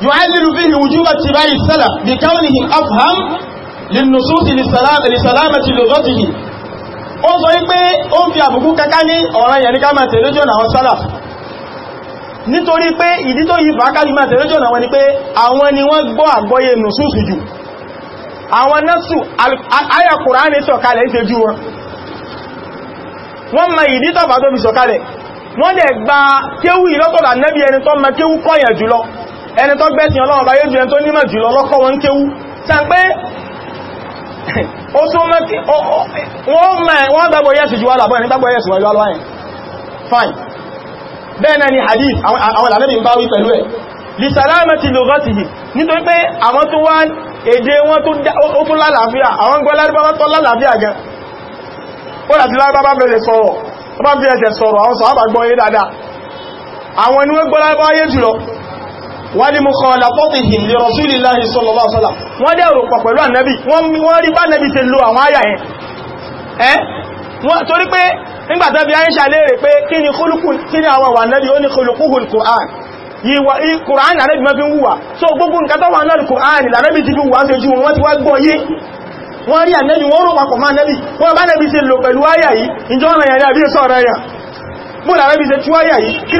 يعلل فيه وجوب اتباع السلف بكونه أفهم للنصوص لسلامة لغته ó sọ wípé ó ń fi àbùkù kẹká ní ọ̀rọ̀ yẹn ní ká máa tẹ̀lé jọ́nà àwọn sálà nítorí pé ìdí tó yí fàákàlì máa tẹ̀lé jọ́nà wọn ni pé àwọn ni wọ́n gbọ́ àgbọ́yé nùsùsù jù àwọn násù àyà kùránì sọ̀kalẹ̀ ìṣẹ́jú wọn wọ́n ma ìdí tọ́fà tó fi sọ̀kalẹ̀ wọ́n dẹ̀ gba kéwú ìlọ́tọ̀dà nẹ́bí ẹni tó ma kéwú kọ́yàn jùlọ ẹni tó gbẹ́sìn ọlọ́run bá yéjú ẹni tó nímọ̀ jùlọ lọ́kọ́ wọn kéwú sàn pé wọ́n gbàgbọ́ yẹ́sù jù wà lábọ́ ẹni gbàgbọ́ fine bẹ́ẹ̀ náà ni hadith àwọn àlẹ́bìn bá wí pẹ̀lú ẹ̀ lìsàlámẹ́ ti lọ́gọ́sì yìí nítorí pé àwọn tó wá èdè wọn tó tún lálàáfíà àwọn gbọ́ lárúbáwá tó lálàáfíà gan ó láti lárúbáwá bẹ̀rẹ̀ sọ̀rọ̀ tó bá fi ẹsẹ̀ sọ̀rọ̀ àwọn sọ̀hábà gbọ́ yé dáadáa àwọn ni wọ́n gbọ́ lárúbáwá yé jùlọ wọ́n ni mukhalatatihim li rasulillahi sallallahu alaihi wasallam wọ́n dẹ̀ rò pọ̀ pẹ̀lú ànábì wọ́n rí bá ànábì ṣe lo àwọn àyà yẹn ẹ́ wọ́n torí yíwa kùránì àrẹ́bì mẹ́fí ń wùwà so gbogbo nǹkan tó wà náà kùránì àrẹ́bì ti fi wùwà sí ojú wọn ti wá gbọ́ yé wọ́n rí ànẹ́bì wọ́n rọ̀wà kọ̀ máa nẹ́bì wọ́n bá nẹ́bì ṣe lò pẹ̀lú àyà yìí ìjọ ọ̀rọ̀ yẹn àbí ìsọ̀ ọ̀rọ̀ yẹn bó làrẹ́bì ṣe tú àyà yìí kí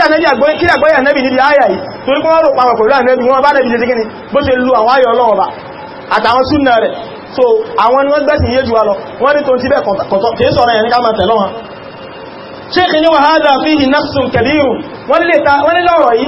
àgbọ́yà nẹ́bì níbi àyà yìí torí kí wọ́n rò pàwọ̀ pẹ̀lú ànẹ́bì wọ́n bá nẹ́bì ṣe kíni bó ṣe lu àwọn ayọ̀ so àwọn ni wọ́n gbẹ́sìn yé jù wa lọ wọ́n ní tó ti bẹ́ kọ̀tọ̀ kìí sọ̀rọ̀ yẹn ní ká máa tẹ̀lọ́ wọn ṣéèkì ní wọ́n lè lọ́rọ̀ yìí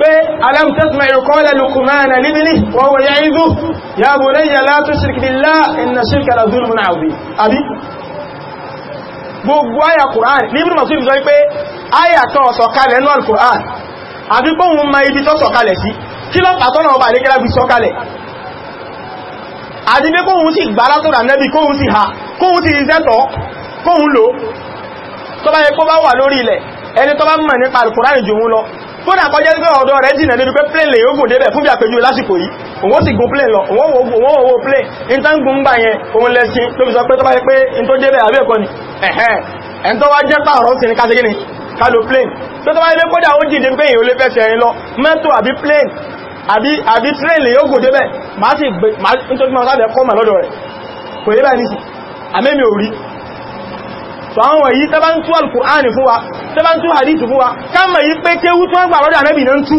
pé alam tasma'u qala Luqman libni wa huwa ya'idhu ya bunayya la tushrik billah inna shirka la dhulmun 'adhim àbí gbogbo àyà Qur'an ní Ibn Mas'ud sọ pé àyà kan sọ̀kalẹ̀ nínú Qur'an àbí bóhun ma ibi bá wà lórí ilẹ̀ ẹni tó mọ̀ nípa Al-Qur'an lọ kódà kọjá sí pé ọ̀dọ̀ rẹ̀ jìnà débi pé plane lè yóò débẹ̀ fún bí àpèjú lásìkò yìí òun sì gun plane lọ òun owó plane in tán gun gbà yẹn òun lẹ́sìn tó fi sọ pé tó bá yẹ pé in tó débẹ̀ àbí ẹ̀kọ́ ni ẹ̀hẹ́n ẹ̀ tó wá jẹ́ pààrọ̀ sí ní kásígínì kálò plane tó tó bá yẹ kódà ó jìdí pé èyàn lè fẹ́ fẹ́ lọ mẹ́tò àbí plane àbí àbí train lè yóò gùn débẹ̀ máa sì gbé nítorí máa sábẹ̀ kọ́ mà lọ́dọ̀ rẹ̀ kò yẹ báyìí nísì àmẹ́mi ò rí so àwọn wọ̀nyí tẹ́bá ń tú alkùránì fún wa tẹ́bá ń tú hadith fún wa ká mọ̀ yí pé kéwú tí wọ́n gbà lọ́dọ̀ ànábì náà ń tú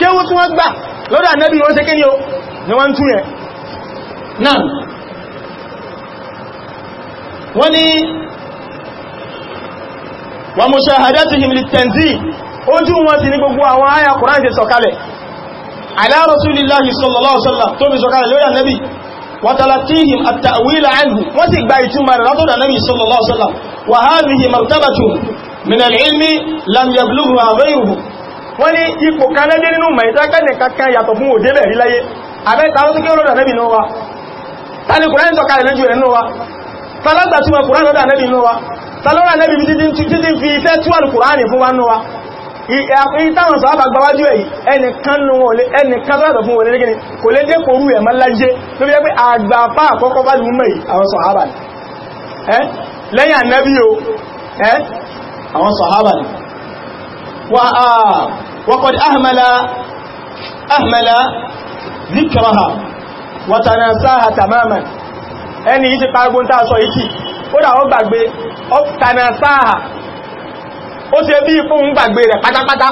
kéwú tí wọ́n gbà lọ́dọ̀ wọ́n ṣe kíni o ni wọ́n tú yẹn náà wọ́n ni wa mushahadatihim sọ̀kalẹ̀ وتلقيهم التأويل عنه وتقبعتما رضنا النبي صلى الله عليه وسلم وهذه مرتبة من العلم لم يبلغها غيره wọ́n ní ipò kanẹ́dé nínú mẹ́ìtẹ́kẹ́ni kankan yàtọ̀ fún òdébẹ̀ rí láyé àbẹ́ta ó tó kí ọlọ́dà nẹ́bì náà wá tàbí kùránì tọ́ka ìlẹ́jù rẹ̀ náà wá tàbí ìtàwọn sọ àbà gbáwájú ẹ̀yí ẹnìkan sọ́rọ̀ fún wọlé gẹ́gẹ́ kò lé dé kòrú ẹ̀ má láyé tó bí pé àgbàfà àkọ́kọ́ bá jùmọ́ yìí àwọn sọ̀hábà ni lẹ́yìn ànábí o àwọn sọ̀hábà ni waqad ahmala ha ó dà ó gbàgbé ha. ó ṣe bí ipò ń gbàgbé rẹ̀ pátápátá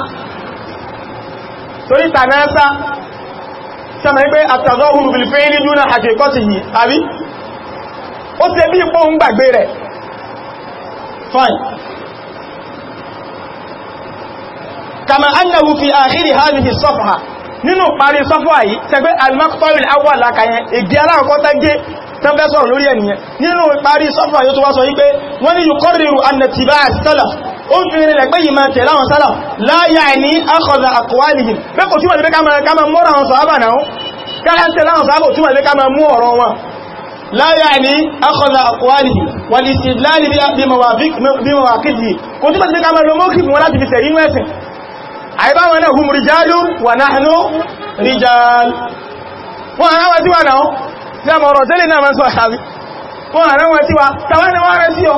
torí tànásá sẹ́mọ̀ pé àtàzọ́hùrù bilfẹ́lì dúnà àkẹ́kọ́sì yìí àbí ó ṣe bí ipò ń gbàgbé rẹ̀ fine kama annahu fi akhiri hadhihi safha nínú parí safha yìí tẹgbẹ́ al-maqta'il awwal lákàyẹn ìgbé aláàkọ́ta gé tán fẹ́ sọ̀rọ̀ lórí ẹ̀nìyàn nínú parí safha yóò tó wá sọ yí pé wọ́n ni yuqarriru annatiba'a salaf ó ń fi rìnlẹ̀ pé yìí máa tẹ̀lá wọn sálà láyà ní akọ̀dà àkọwàlìyìn mẹ́kò túnmà lè ká máa mọ́ra wọn sọ̀hábà náà kára ń tẹ̀lá wọn sọ̀hábà túnmà lè ká máa mú ọ̀rọ̀ wọn láyà ní akọ̀dà àkọwàlìyìn wàlìsì láàrin bí mawàkìdì kò túnmà lè ká máa lọ mọ́kì fún wọn láti fi sẹ̀rí mẹ́sìn àìbá wọn náà hùmù rìjálù wà náà rìjálù wọn àwọn tí wà àwọn tí wà tàwọn ni wọ́n rẹ̀ sí ọ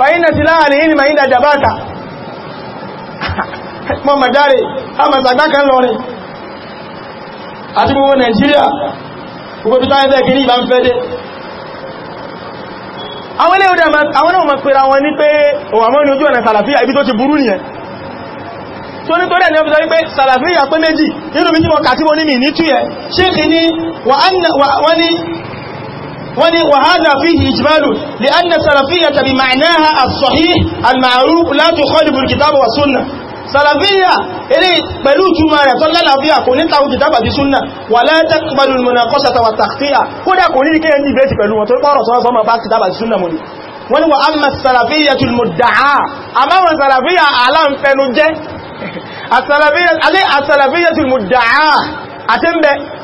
fàyínà ti láàrin ìlú màá ìdá jàbáta mọ́ màjáre a mọ̀ sàgbá kan lọrin àti gbogbo Nàìjíríà gbogbo tó sáyẹ́ fẹ́ kiri ìbá ń fẹ́ dé àwọn ilé ìwòdà àwọn náà mọ̀ pèrà wọn ní pé òwà mọ́ ní ojú ọ̀nà sàlàfíà ibi tó ti pé méjì nínú méjì mọ̀ kàtí mo ní mi ní tú yẹ ṣéèkì ní wà ní wọ́n ni wàhádà fi ìjìmálù lè an na sàràfíyà tàbí ma'anáha àsọ̀hí al-ma'ruf la tukhalifu al-kitab wa sunna sàràfíyà ilé pẹ̀lú túnmà rẹ̀ tó lálàáfíà kò ní tàbí kìtàbà bí súnnà wà látàkùbàlù al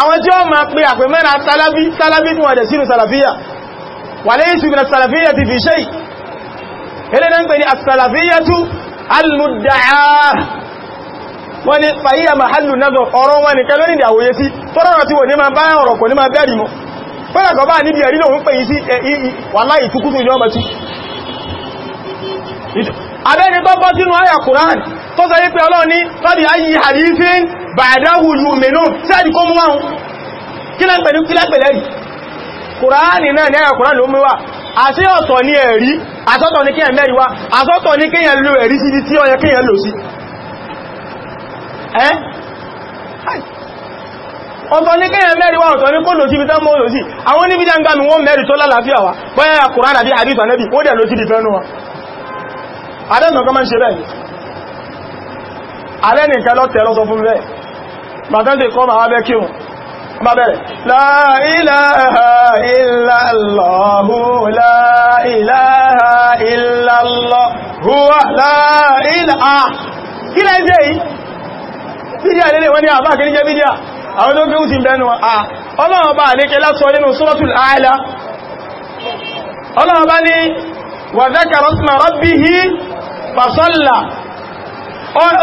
àwọn tí ó ma pè àpè mẹ́ra sálábí sálábí fún ọ̀dẹ̀ sínú sàlàfíyà wà lẹ́yìn ṣùgbọ́n sàlàfíyà ti fi ṣe ilé náà ń pè ní àsàlàfíyà tú alùdáà ni fàyíyà mahallu náà ni kẹlẹ́ nìdí àwòye sí tọ́rọ̀rọ̀ tí wọ́n ní ma bá ọ̀rọ̀ kò ní ma bẹ́rì abẹ́ni tó bọ́ sínú àyà Kùránì tó sọ yí pé Ọlọ́run ní fábí ayé àrífín bàdáhù yùmínú sáàdì kó mú wọn kí lẹ́pẹ̀lú kí lẹ́pẹ̀lẹ́ rí Kùránì náà ní àyà Kùránì ló mú wá àti ọ̀tọ̀ ní ẹ̀rí àsọ́tọ̀ ní kíyàn mẹ́rin wá àsọ́tọ̀ ní kíyàn lo ẹ̀rí sí tí ọyẹ kíyàn lò sí ẹ́ ọ̀tọ̀ ní kíyàn mẹ́rin wá ọ̀tọ̀ ní kó lò sí ibi tán mọ́ lò sí àwọn oníbídá ń gbá mi wọ́n mẹ́rin tó lálàáfíà wá bọ́yá Kùránì àti àdìsànẹ́bì ó dẹ̀ lò sí ibi fẹ́nu wa ààrẹ nìkan máa ń ṣe bẹ́ẹ̀ ààrẹ nìkan lọ́tẹ̀ lọ́sọ fún bẹ́ẹ̀ bàtẹ́ntẹ̀ kọ́ máa bẹ́ kírùn bá bẹ̀rẹ̀ la ilaha illallah la ilaha illallah huwa la ilaha kí lẹ́ jẹ́ yìí bídíà lélẹ̀ fàṣọ́lá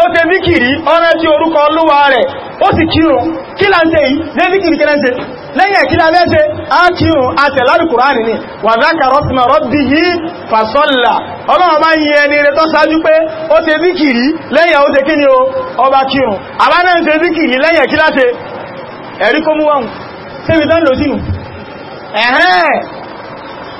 ó tẹ zikiri ọ̀rẹ́ tí orúkọ olúwa rẹ̀ ó sì kírun kí là ń tẹ yìí lé zikiri kẹrẹ́ ṣe lẹ́yìn ẹ̀kí la mẹ́ṣe á kírun àtẹ̀lárù kùránì ní wàzáka rọ́sìmà rọ́bì yìí fàṣọ́lá ọlọ́wọ́ bá yẹ ẹni rẹ̀ tó sáájú pé ó tẹ zikiri lẹ́yìn ó tẹ kí ni ó bá kírun àbá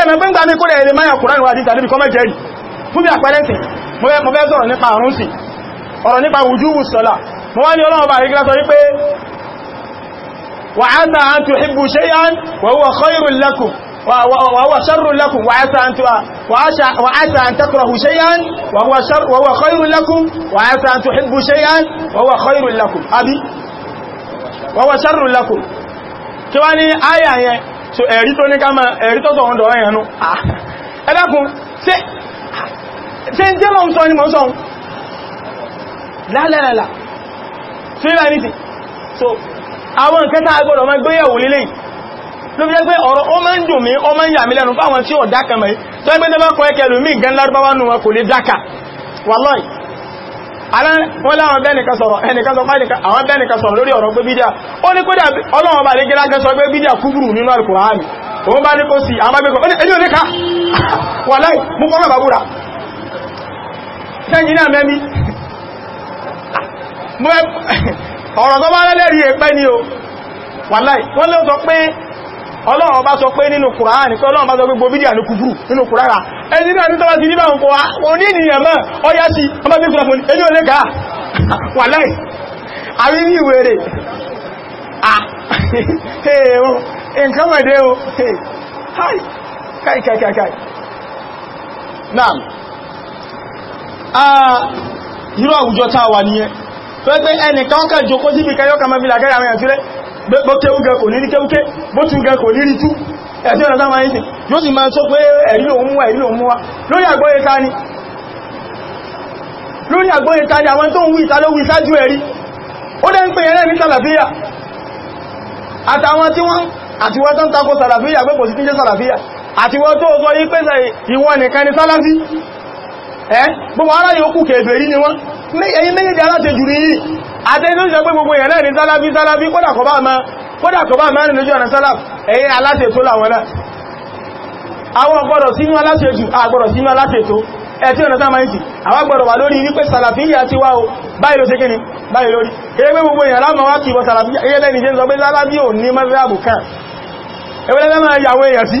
ẹ̀mẹ̀ fún gbàmí kó lẹ́ẹ̀lẹ́ máyà kùránì wà títà níbi kọmọ jẹ́rì fún bí àpẹẹrẹsì mo fẹ́ sọ̀rọ̀ nípa àrùn sí ọ̀rọ̀ nípa wùjúwù sọ́lá mo wá ní ọlọ́wọ́ bá rí gílá sọ wípé wa asa an tuhibbu shay'an wa huwa khayrun lakum wa huwa sharrun lakum wa asa an wa asa an takrahu shay'an wa huwa sharr wa huwa khayrun abi wa huwa kí wá ní áyà so ẹ̀rí tó ní ká máa ẹ̀rí tó sọ ọ̀dọ̀ ẹ̀yànú ẹ̀dàkùn ṣe ń jẹ́ lọ́n sọ ní mọ́ sọ́un lálẹ́lẹ́lá so ilá ní ti so àwọn nǹkan tá agbọ́dọ̀ máa gbéyàwó lílé ló fi jẹ́ pé ọ̀rọ̀ ó máa ń dùn mí ó máa ń yà mí lẹ́nu fáwọn tí ó dákà mẹ́ tó ẹgbẹ́ tó bá kọ ẹkẹlù mí gan lárúbáwá nù wọn kò wọ́n láwọn bẹ́nìkan sọ̀rọ̀ ẹnìkan sọ pẹ́nìkan àwọn bẹ́nìkan sọ̀rọ̀ lórí ọ̀rọ̀ pé bídíà ó ní kódà ọlọ́wọ́n bá lè gẹ́lá gẹ́ sọ pé bídíà kúfùrù nínú alkùránì òun bá ní kó sí àwọn abẹ́kọ̀ọ́ ẹni oníka wà láì mú kọ́rọ̀ bàbúrà tẹ́jì náà mẹ́mí ọ̀rọ̀ tó bá lẹ́lẹ́rìí ẹ̀pẹ́ ni o wà láì wọ́n lọ́ sọ pé ọlọ́run bá sọ pé nínú kùránì pé ọlọ́run bá sọ pé gbogbo bídíà ní kúfúrú nínú kùránà ẹni náà ní tọ́wà ti níbà ń kọ́ wá oní ènìyàn mọ́ ọya sí ọmọ bí kùránì ẹni olè ká wà láì àrí ní ìwé rẹ̀ nǹkan mọ̀dé o káìkàìkàì náà irú àwùjọ táà wà nìyẹn tó bó kéwú gan kò ní rí kéwúké bó tún gan kò ní rí tú ẹ̀sìn ọ̀nà sáwọn ìsìn yóò sì máa sọ pé ẹ̀rí lòun mú ẹ̀rí lòun mú wá lórí àgbóyé ká ní lórí àgbóyé ká ní àwọn tó ń wí ìta ló wí sájú ẹ̀rí ó dẹ́ ń pè ẹ̀rẹ́ ní sàlàfíà àtàwọn tí wọ́n àti wọ́n tó ń takò sàlàfíà pé kò sí tí ń jẹ́ sàlàfíà àti wọ́n tó sọ yí pé ìwọ̀n nìkan ni sàlàfí ẹ́ gbogbo ara yóò kù kèfèrí ni wọ́n ẹ̀yìn méjèèjì aláṣejù rí yìí àtẹ́jú ìjọ pé gbogbo èèyàn ni ní sálábí sálábí kódà kò bá máa kódà kò bá máa nìlójú ọ̀nà sálàf ẹ̀yẹ aláṣètò làwọn náà àwọn ọgbọ́dọ̀ sínú aláṣètò àgbọ́dọ̀ sínú aláṣètò ẹ̀tí ọ̀nà sáà máa ń sì àwọn agbọ́dọ̀ wà lórí wípé sàlàfíyà ti wá o báyìí ló ṣe kíni báyìí lórí kéré gbogbo èèyàn láàmà wá kìí sàlàfíyà eré lẹ́ni jẹ́ sọ pé lálábí ò ní mẹ́rẹ́bù kan ewé lẹ́mà yàwó èèyàn sí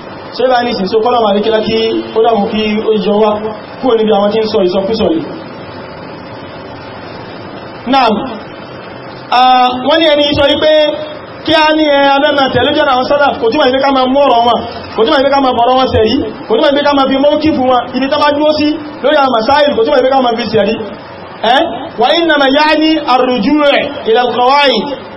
ṣe bá ní ìsìnkú kọ́lọ̀mà ní kílá kí ó dámù kí ó jọ wá kúrò níbi àwọn tí ń sọ ìsọkúsọ̀lẹ̀ náà wọ́n ní ẹni sọ wípé kí a ní abẹ́mà tẹ̀lójọ́ àwọn sálàf kò túnmà ìbíká ma mọ́rọ̀ wọn kò túnmà ya'ni ar ila al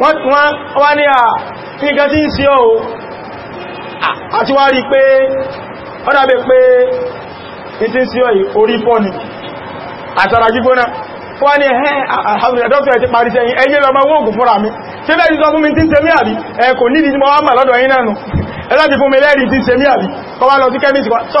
wọ́n wá ní à nǹkan tí a sí ọ́ àti wá rí pé ó dábẹ̀ pé ìtí sí orí ni àtàrà gbígbóná wọ́n ní ẹ́ àhàbìnà dọ́kítọ̀ ti parí sẹ́yìn ẹyẹ lọ máa wọ́gùn fúnra mi tí bẹ́ẹ̀ ti sọ fún mi tí ń se mí àbí ẹ kò nídìí tí mo wá mà lọ́dọ̀ yín náà ẹláti fún mi lẹ́rìí tí ń se mí àbí kọ wá lọ sí kẹ́mìsì wá sọ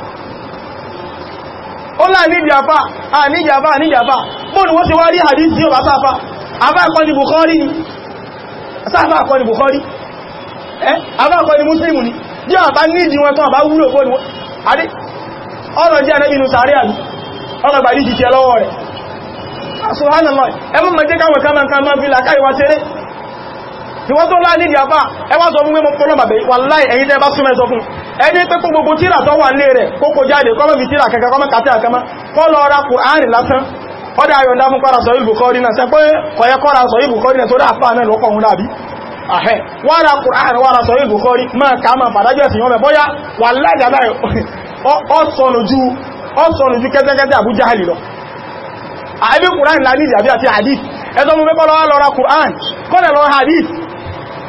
ó láà ní ìjàfà àní ìjàfà àní ìjàfà bó ni wọ́n ṣe wá rí hadith yóò bá sáfà àbá kọ́ ni Bukhari ni sáfà kọ́ ni Bukhari eh àbá kọ́ ni Muslim ni bí wọ́n bá nídi wọn tán àbá wúlò fún ni adé ọ̀rọ̀ jẹ́ ẹ̀nà inú sàárẹ́ àbí ọ̀rọ̀ bàdí jìjẹ lọ́wọ́ rẹ̀ subhanallah ẹmọ́ mẹ́jẹ́ káwọn káwọn kan máa fi làkáìwá ṣeré ìwọ́n tó láà nídi àfà ẹwà sọ fún mẹ́mọ́ pọ́lọ́ bàbẹ̀ wà láì ẹ̀yí tẹ́ bá súnmẹ́ sọ fún ẹni pé kó gbogbo tíra tó wà nílé rẹ̀ kó kó jáde kọ́mọ̀ fi tíra kankan kọ́mọ̀ kàtí àkama kọ́ lọ ra Kùránì lásán ọdá ayọ̀ndá fún kọ́ra sọ ìbùkọ́rí náà sẹ pé kọ̀yẹ kọ́ra sọ ìbùkọ́rí náà tó dá àpá náà lọ́kọ̀ òun dàbí àhẹ́ wára Kùránì wára sọ ìbùkọ́rí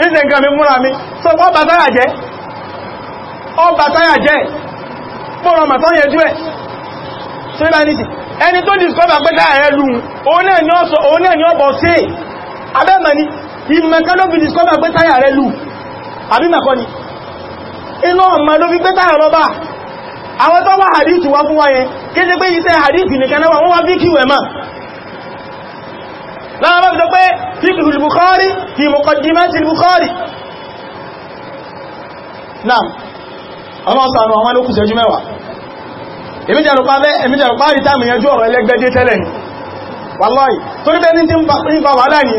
níṣẹ́ nǹkan mi múra mi so ọba táyà jẹ́ ọba táyà jẹ́ fọ́rọ̀ màtọ́ yẹjú ẹ̀ so ibá nìtì ẹni tó discover pé táyà rẹ̀ lù òun náà ni ọbọ̀ sí abẹ́mà ni ló fi discover pé táyà rẹ̀ lù àbí mẹ́kọ́ ni inú ọmọ ló fi pé táyà àwọn tó wá hadith wá fún láwọn bá fi sọ pé fíkùsù Bukhari fi muqaddimati Bukhari náà ọlọ́sànà àwọn olókù sẹ́jú mẹ́wàá èmìjàrùpá rí táàmì yẹjú ọ̀rọ̀ ẹlẹ́gbẹ́dé tẹ́lẹ̀ ni wàláì tó ní bẹ́ni tí ń bá wà láì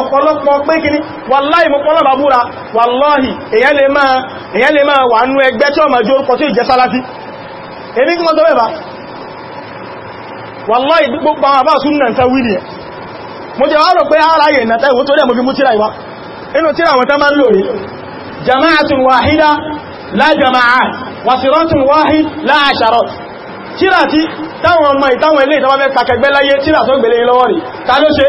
ọ̀pọ̀lọpọ̀ pé kí ní wàláì mọ́ pọ́lọ̀ bàbúra wàláì èyàn lè máa wà nú ẹgbẹ́ tí ọmọ jókọ tí ìjẹ́ sáláfí èmi kí mọ́ gbogbo àwọn àbá ń tẹ́ ẹ̀ mo jẹ wá rò pé ara yẹ̀ nàtà ìwò tó rẹ̀ mo fi mú tíra ìwá inú tíra wọn tán máa ń lò rí jama'atun wahida la jama'a wasiratun wahid la asharat tíra tí táwọn ọmọ ìtàwọn ilé ìtàwọn fẹ́ takẹgbẹ́ láyé tíra tó gbèlè lọ́wọ́ rí ta ló ṣe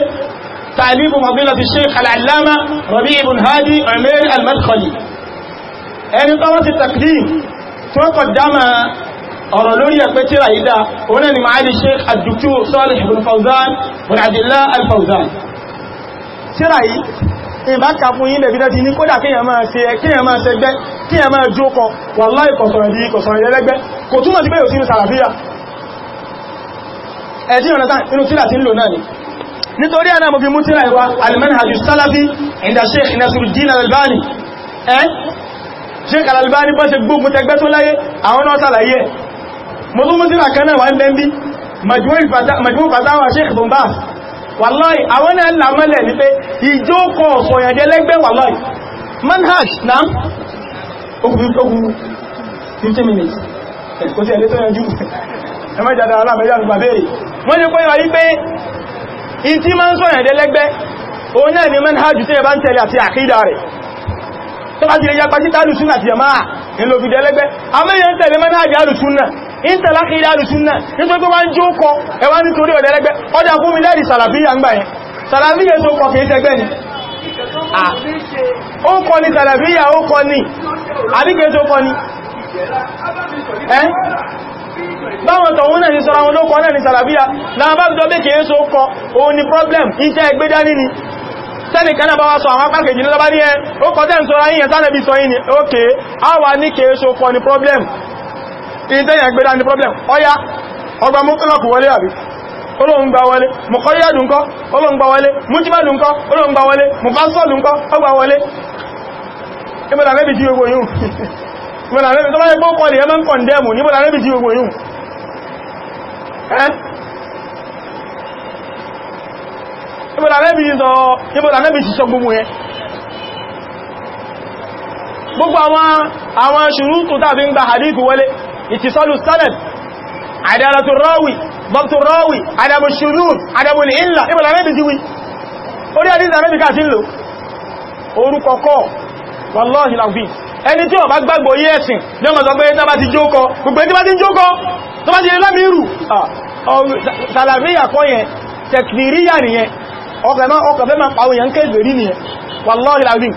تعليم فضيلة الشيخ العلامة ربيع بن هادي عمير المدخلي يعني طبعا التقديم تقدم ọ̀rọ̀ lórí ẹ̀pẹ́ tí ra ìdá oní ni ma'ali sheikh adùkú Salih bin Fawzan bin Abdillah al-Fawzan tí ra yìí ìbá ka fún yín lẹ̀bí dájí ní kódà kíyàn máa ṣe kíyàn máa ṣẹgbẹ́ kíyàn máa jókọ wallahi kọ̀sọ̀rọ̀ di kọ̀sọ̀rọ̀ ìrẹ́lẹ́gbẹ́ kò túnmọ̀ sí pé yóò sínú sàràfíà ẹ̀tí ọ̀nà tán inú tíra sí ń lò náà ni nítorí ẹ̀nà mo fi mú tíra ìwá bọ́ ṣe gbógun tẹgbẹ́ tó láyé àwọn náà sàlàyé mo tún mú sí àkánà wà ń bẹ́ ń bí majmú fatawa sheikh bin baz wallahi àwọn náà lámọ́lẹ̀ ní pé ìjó kan ọ̀sọ̀yànjẹ́ lẹ́gbẹ́ wallahi manhaj náà okùn okùn 15 minutes kò sí ẹ̀lẹ́tọ́ yanjú ẹmọ́jàdà alámẹ́jà ń gbàbẹ̀rẹ̀ wọ́n ni kó yọ ni manhaj tí ẹ bá ń tẹ̀lé àti àkídà rẹ̀ tó bá ti lè yapa sí tààlù súnà ti yàmáà ń ìntàlákì ilẹ̀ alùsúnnà nítorí tó bá ń jókọ ẹwà nítorí ọ̀dẹ̀lẹ́gbẹ́ ọdá fún mi lẹ́rì sàlàfíyà ń gbà yẹn sàlàfíyà tó kọ kìí tẹgbẹ́ ni ó kọ ní sàlàfíyà ó kọ ni problem ni tẹ́lì kan bá wá sọ àwọn apákejì ní lọ́bá ní ẹ ó kọ́ tẹ́ ń sọ yìí ni ókè á wà ní ṣokọ ìtẹ́yàn gbé dání problem ọya ọgbà mọ́kànlọ́kù wọlé àbí olóhun gba wọlé mọ̀kọ́yádùn kọ́ olóhun gba wọlé mújímẹ́dùn kọ́ olóhun gba wọlé mọ̀kásọ́lùn kọ́ ọgbà wọlé ìbọ̀lá rẹ́bì jí ogun yìí ìbọ̀lá rẹ́bì tó bá yẹ gbọ́kọ́ lè ẹmọ́ kọ̀ndẹ́mù ní ìbọ̀lá rẹ́bì jí ogun yìí ìbọ̀lá rẹ́bì jí sọ gbogbo yẹn gbogbo àwọn ṣùrútù tàbí ń gba hadith wọlé اتصال السند عدالة الراوي ضبط الراوي عدم الشذوذ عدم العلة إبا العمام الزوي orí àdíz àmẹ́bí káà tí ń lò orúkọ kọ́ wàláhì láàbí ẹni tí wọ́n bá gbàgbọ́ yí ẹ̀sìn ní ọmọ sọgbé tàbá ti jókọ gbogbo tí bá ti jókọ tó bá ti rí lámìírù sàlàfíyà kọ́ yẹn tẹ̀kìríyà nìyẹn ọkọ̀fẹ́ ma pàwọ̀ yẹn kẹ́gbèrí nìyẹn wàláhì láàbí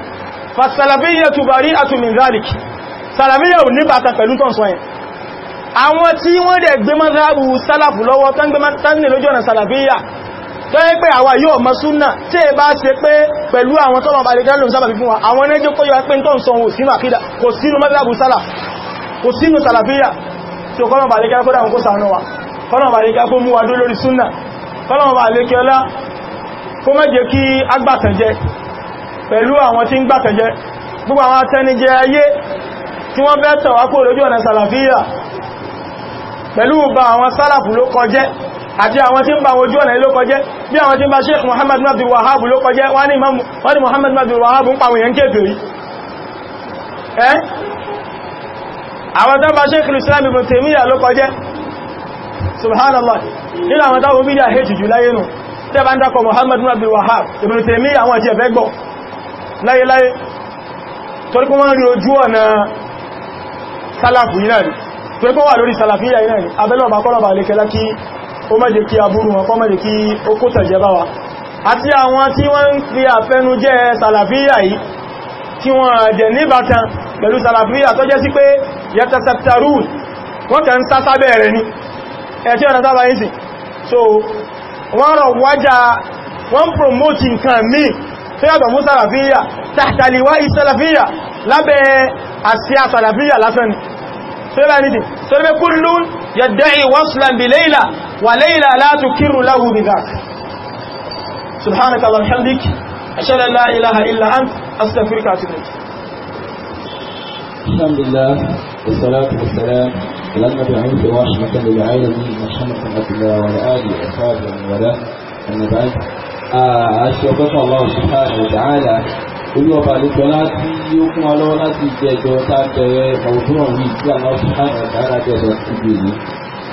àwọn tí wọ́n dẹ̀ gbé mọ́sáàbù sálàfù lọ́wọ́ tánlè lójú ọ̀nà sàlàfíyà tó yẹ pé àwa yóò mọ̀ súnnà tí è bá ṣe pé pẹ̀lú àwọn tọ́lọ̀ bá wa àwọn ẹnẹ́jẹ́ kó yíwa pé tó ń sọ ohun sínú àkídà kò sínú mọ́sáàbù sálàfù kò sínú sàlàfíyà tí ó kọ́nà bá lè kẹ́ kó dáhùn kó sàánú wa kọ́nà bá lè kẹ́ kó mú wa dó lórí súnnà kọ́nà bá lè kẹ́ ọlá kó má jẹ́ kí agbàtànjẹ pẹ̀lú àwọn tí ń ayé tí wọ́n bẹ́ẹ̀ tọ̀ kó lójú ọ̀nà sàlàfíyà pẹ̀lú bá àwọn sálàfù ló kọjẹ́ àti àwọn tí ń bá ojú ọ̀nà ló kọjẹ́ bí àwọn tí ń bá sheikh muhammad abdul wahab ló kọjẹ́ wọ́n ni muhammad abdul wahab ń pàwọn èèyàn kéfèrí ẹ́ àwọn tó bá sheikh islam ibn taymiyyah ló kọjẹ́ subhanallah nínú àwọn táwọn bídá hejì jù láyé nù tẹ́ bá tó ẹgbọ́ wà lórí sàlàfíyà iná ni abẹ́lọ́ba kọ́lọ̀bà alékẹ́lá kí ó má jẹ́ kí aburú wọn kọ́ má jẹ́ kí ó kó tẹ̀jẹ́ bá wa àti àwọn tí wọ́n ń fi àfẹnu jẹ́ sàlàfíyà yìí tí wọ́n jẹ́ níbàtàn pẹ̀lú sàlàfíyà tó jẹ́ sí pé yatasattarun ni ẹ̀tí ọ̀nà tábà so wọ́n rọ̀ wájá wọ́n promote nǹkan mí tó yàtọ̀ mú sàlàfíyà tàtàlíwá ìsàlàfíyà lábẹ́ so ba nisin so be kullun yadda'i waslan bi layla wa layla la tukiru lahu bi dhak subhanaka allahumma hamdik ashhadu an la ilaha illa ant astaghfiruka wa atubu ilayk alhamdulillah wassalatu wassalam على النبي عليه رحمة للعالمين محمد بن عبد الله وعلى آله وأصحابه ومن والاه أما بعد أشكرك الله سبحانه وتعالى olú ọba àlejò láti yóò fún wa lọ́wọ́ láti jẹjọ tá a bẹ̀rẹ̀ àwòrán yìí tí àwọn sùhánù ọ̀tàrà jẹjọ ti gbè yìí.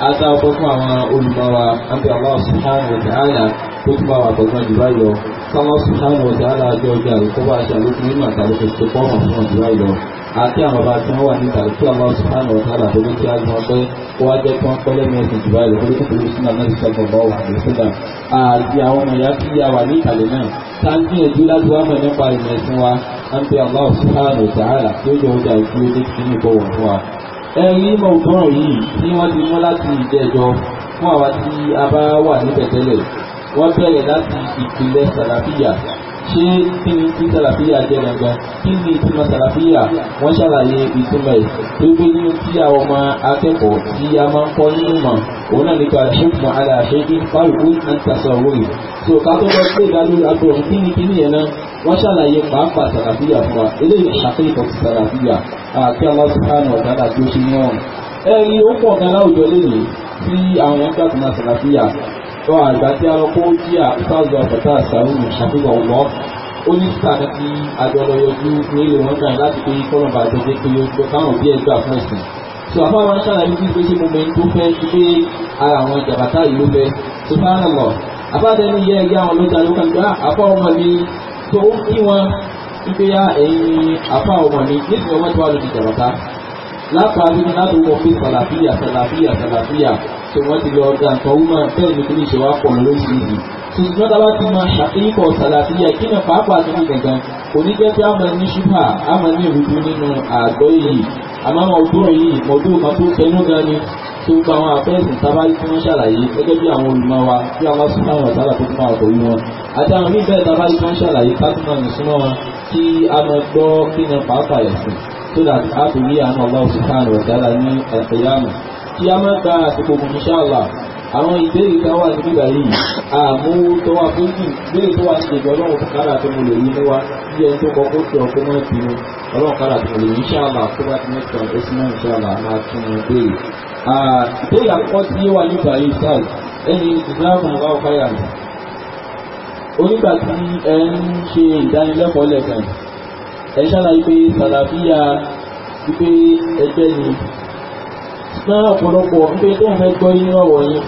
a dá ọgbọ́n fún àwọn olùmọ̀wá àti àwọn sùhánù ọ̀tàrà tó tún bá wà gbọ̀ngàn jù báyọ̀ sáwọn sùhánù ọ̀tàrà jọjọ àrùkọ́wọ́ àṣà lókun nínú àtàlẹ́kẹ̀ẹ́ àti àwọn ọba tí wọ́n wà níta tí àwọn sùpánù ọ̀tá àbàtò ní kí á gbọ́n pé ó wá jẹ́ kán pẹ́lẹ́ ní ẹ̀sìn jù báyìí lórí kòkòrò sínú àmọ́ ìṣẹ́gun ọba wà ní sídà àti àwọn ọmọ ìyá tí a wà ní ìkàlẹ̀ náà tá ń gbìyànjú láti wá mọ̀ nípa ìmọ̀ ẹ̀sìn wa ń pe àwọn sùpánù ọ̀tá àrà tí ọjà ìdúró ní kíní ìbọ̀wọ̀ fún wa. ẹ̀rí mọ̀ ògbọ́n yìí tí wọ́n ṣé kí ni tí sàlàfíà jẹ́ gangan kí ni ìtumọ̀ sàlàfíà wọ́n ṣàlàyé ìtumọ̀ ẹ̀ tó gbé nínú tí àwọn ọmọ akẹ́kọ̀ọ́ tí a máa ń kọ́ nínú mọ̀ òun náà nípa ṣùgbọ́n ara àṣẹ́jú fáwọn àǹtàṣà òwúrì tó ká tó lọ sí ìdádúró agbóhùn kí ni kí ni yẹn náà wọ́n ṣàlàyé pàápàá sàlàfíà fún wa eléyìí ṣàkóso ti sàlàfíà àti àwọn sùpánù ọ̀dàdà tó ṣe náà ẹ̀rí ó pọ̀ gan láwùjọ lónìí tí àwọn yẹn gbàgbọ́n sàlàfíà wọn àgbà tí a lọ kó jí àtàzọ àtàtà àṣàrù ìṣàfihàn ọmọ ó ní sàdá tí àjọlọ yọjú ní ilé wọn gbà láti pé kọ́nà bàjẹ́ jẹ́ pé oṣù káwọn bí ẹgbẹ́ àfẹ́sìn tí wàá máa ń ṣàlàyé bí pé ṣé mo mọ tó fẹ́ ti pé ara àwọn jàbátá yìí ló fẹ́ tó bá rẹ̀ lọ abáàdẹ́nu yẹ ẹgbẹ́ àwọn lóta ló kàn gbá ah, àpá ọmọ mi tó kí wọn wípé yá ah, ẹ̀yin àpá ọmọ mi nítorí ọmọ tó wà lóde jàbátá látàrí láti wọ pé sàlàfíà sàlàfíà sàlàfíà tó wọ́n ti lọ ọ̀gá nǹkan wúmọ̀ bẹ́ẹ̀ ni kìíní ìṣòwò pọ̀ lóríṣiríṣi ṣùgbọ́n dábàá ti máa ṣàkíyíkọ̀ sàlàfíà kí náà pàápàá ti ní gangan kò ní jẹ́ pé a máa ní ṣúpà a máa ní ìrújú nínú àgọ́ yìí àmọ́ àwọn òdúrọ̀ yìí mọ̀dún kan tó tẹnu gan ni tó gba àwọn àfẹ́sìn sábàrí tí wọ́n ṣàlàyé gẹ́gẹ́ bí àwọn olùmọ̀ wa tí a máa súnmọ́ àwọn sábà tó fún àwọn òbí wọn àti àwọn míì bẹ́ẹ̀ sábàrí tí wọ́n ṣàlàyé ká tún máa nì súnmọ́ wọn kí a máa gbọ́ kí náà pàápàá ẹ̀sìn so that a fi rí àwọn Allah subhanahu wa ta'ala ní al-qiyamah kí a máa gba àsìkò mọ̀ inshallah àwọn ìbéèrè kan wà ní bíbá yìí àmú tó wà fún jù béèrè tó wà sí ìjọ ọlọ́run kára tó mo lè rí níwá bí ẹni tó kọ́kọ́ tó ọkọ́ mọ́ ìpinnu ọlọ́run kára tó mo lè rí inshallah tó bá ti mẹ́ta ẹsìn náà inshallah máa tún un béèrè. ìbéèrè àkọ́kọ́ tí wà ní yìí sáà ẹni ìsìláàmù wa ọ̀káyà onígbà tí ẹ ń ṣe ìdánilẹ́kọ̀ọ́ lẹ́kàn ẹ̀ ṣàlàyé pé sàlàfíà wípé ẹgbẹ́ ni ṣùgbọ́n ọ̀pọ̀lọpọ̀ wípé tó ń fẹ́ gbọ́ nínú ọ̀rọ̀ yìí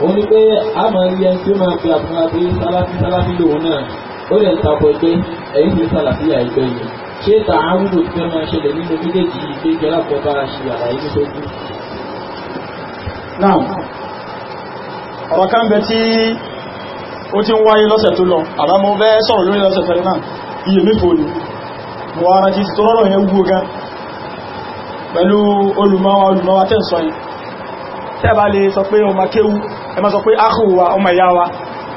òun ni pé a máa rí ẹni tí ó máa pe àbúrò pé sàlàfí sàlàfí lòun náà ó lè tapọ̀ ẹgbẹ́ ẹ̀yìn ní sàlàfíà ẹgbẹ́ yìí ṣé tààrùbù tí wọ́n máa ṣẹlẹ̀ nínú méjèèjì yìí pé jẹ́ lápọ̀tà ṣe àlàyé tó tóbi. now ọ̀rọ̀ kan bẹ tí ó ti ń wọ́n ara jí tọ́rọ̀ yẹn wúwo gan pẹ̀lú olùmọ́wà olùmọ́wà tẹ́ sọ yìí tẹ́ bá lè sọ pé ọmọ kéwú ẹ sọ pé áhùwà ọmọ ìyá wa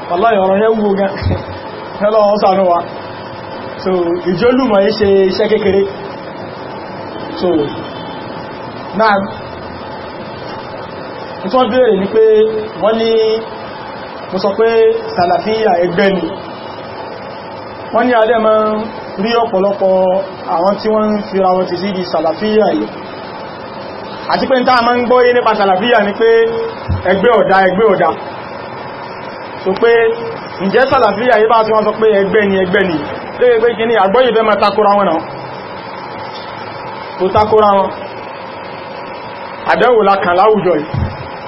so ìjólùmọ̀ yìí ṣe iṣẹ́ kékeré so mo sọ pé sàlàfíyà ẹgbẹ́ ni wọ́n ní adẹ́ rí ọ̀pọ̀lọpọ̀ àwọn tí wọ́n ń fira wọn ti sí di sàlàfíyà yìí àti pé táà máa ń gbọ́ yé nípa sàlàfíyà ni pé ẹgbẹ́ ọ̀dá ẹgbẹ́ ọ̀dá so pé ǹjẹ́ sàlàfíyà yìí bá tí wọ́n sọ pé ẹgbẹ́ ni ẹgbẹ́ ni léè pé kí ni àgbọ́yè fẹ́ máa la kàn láwùjọ yìí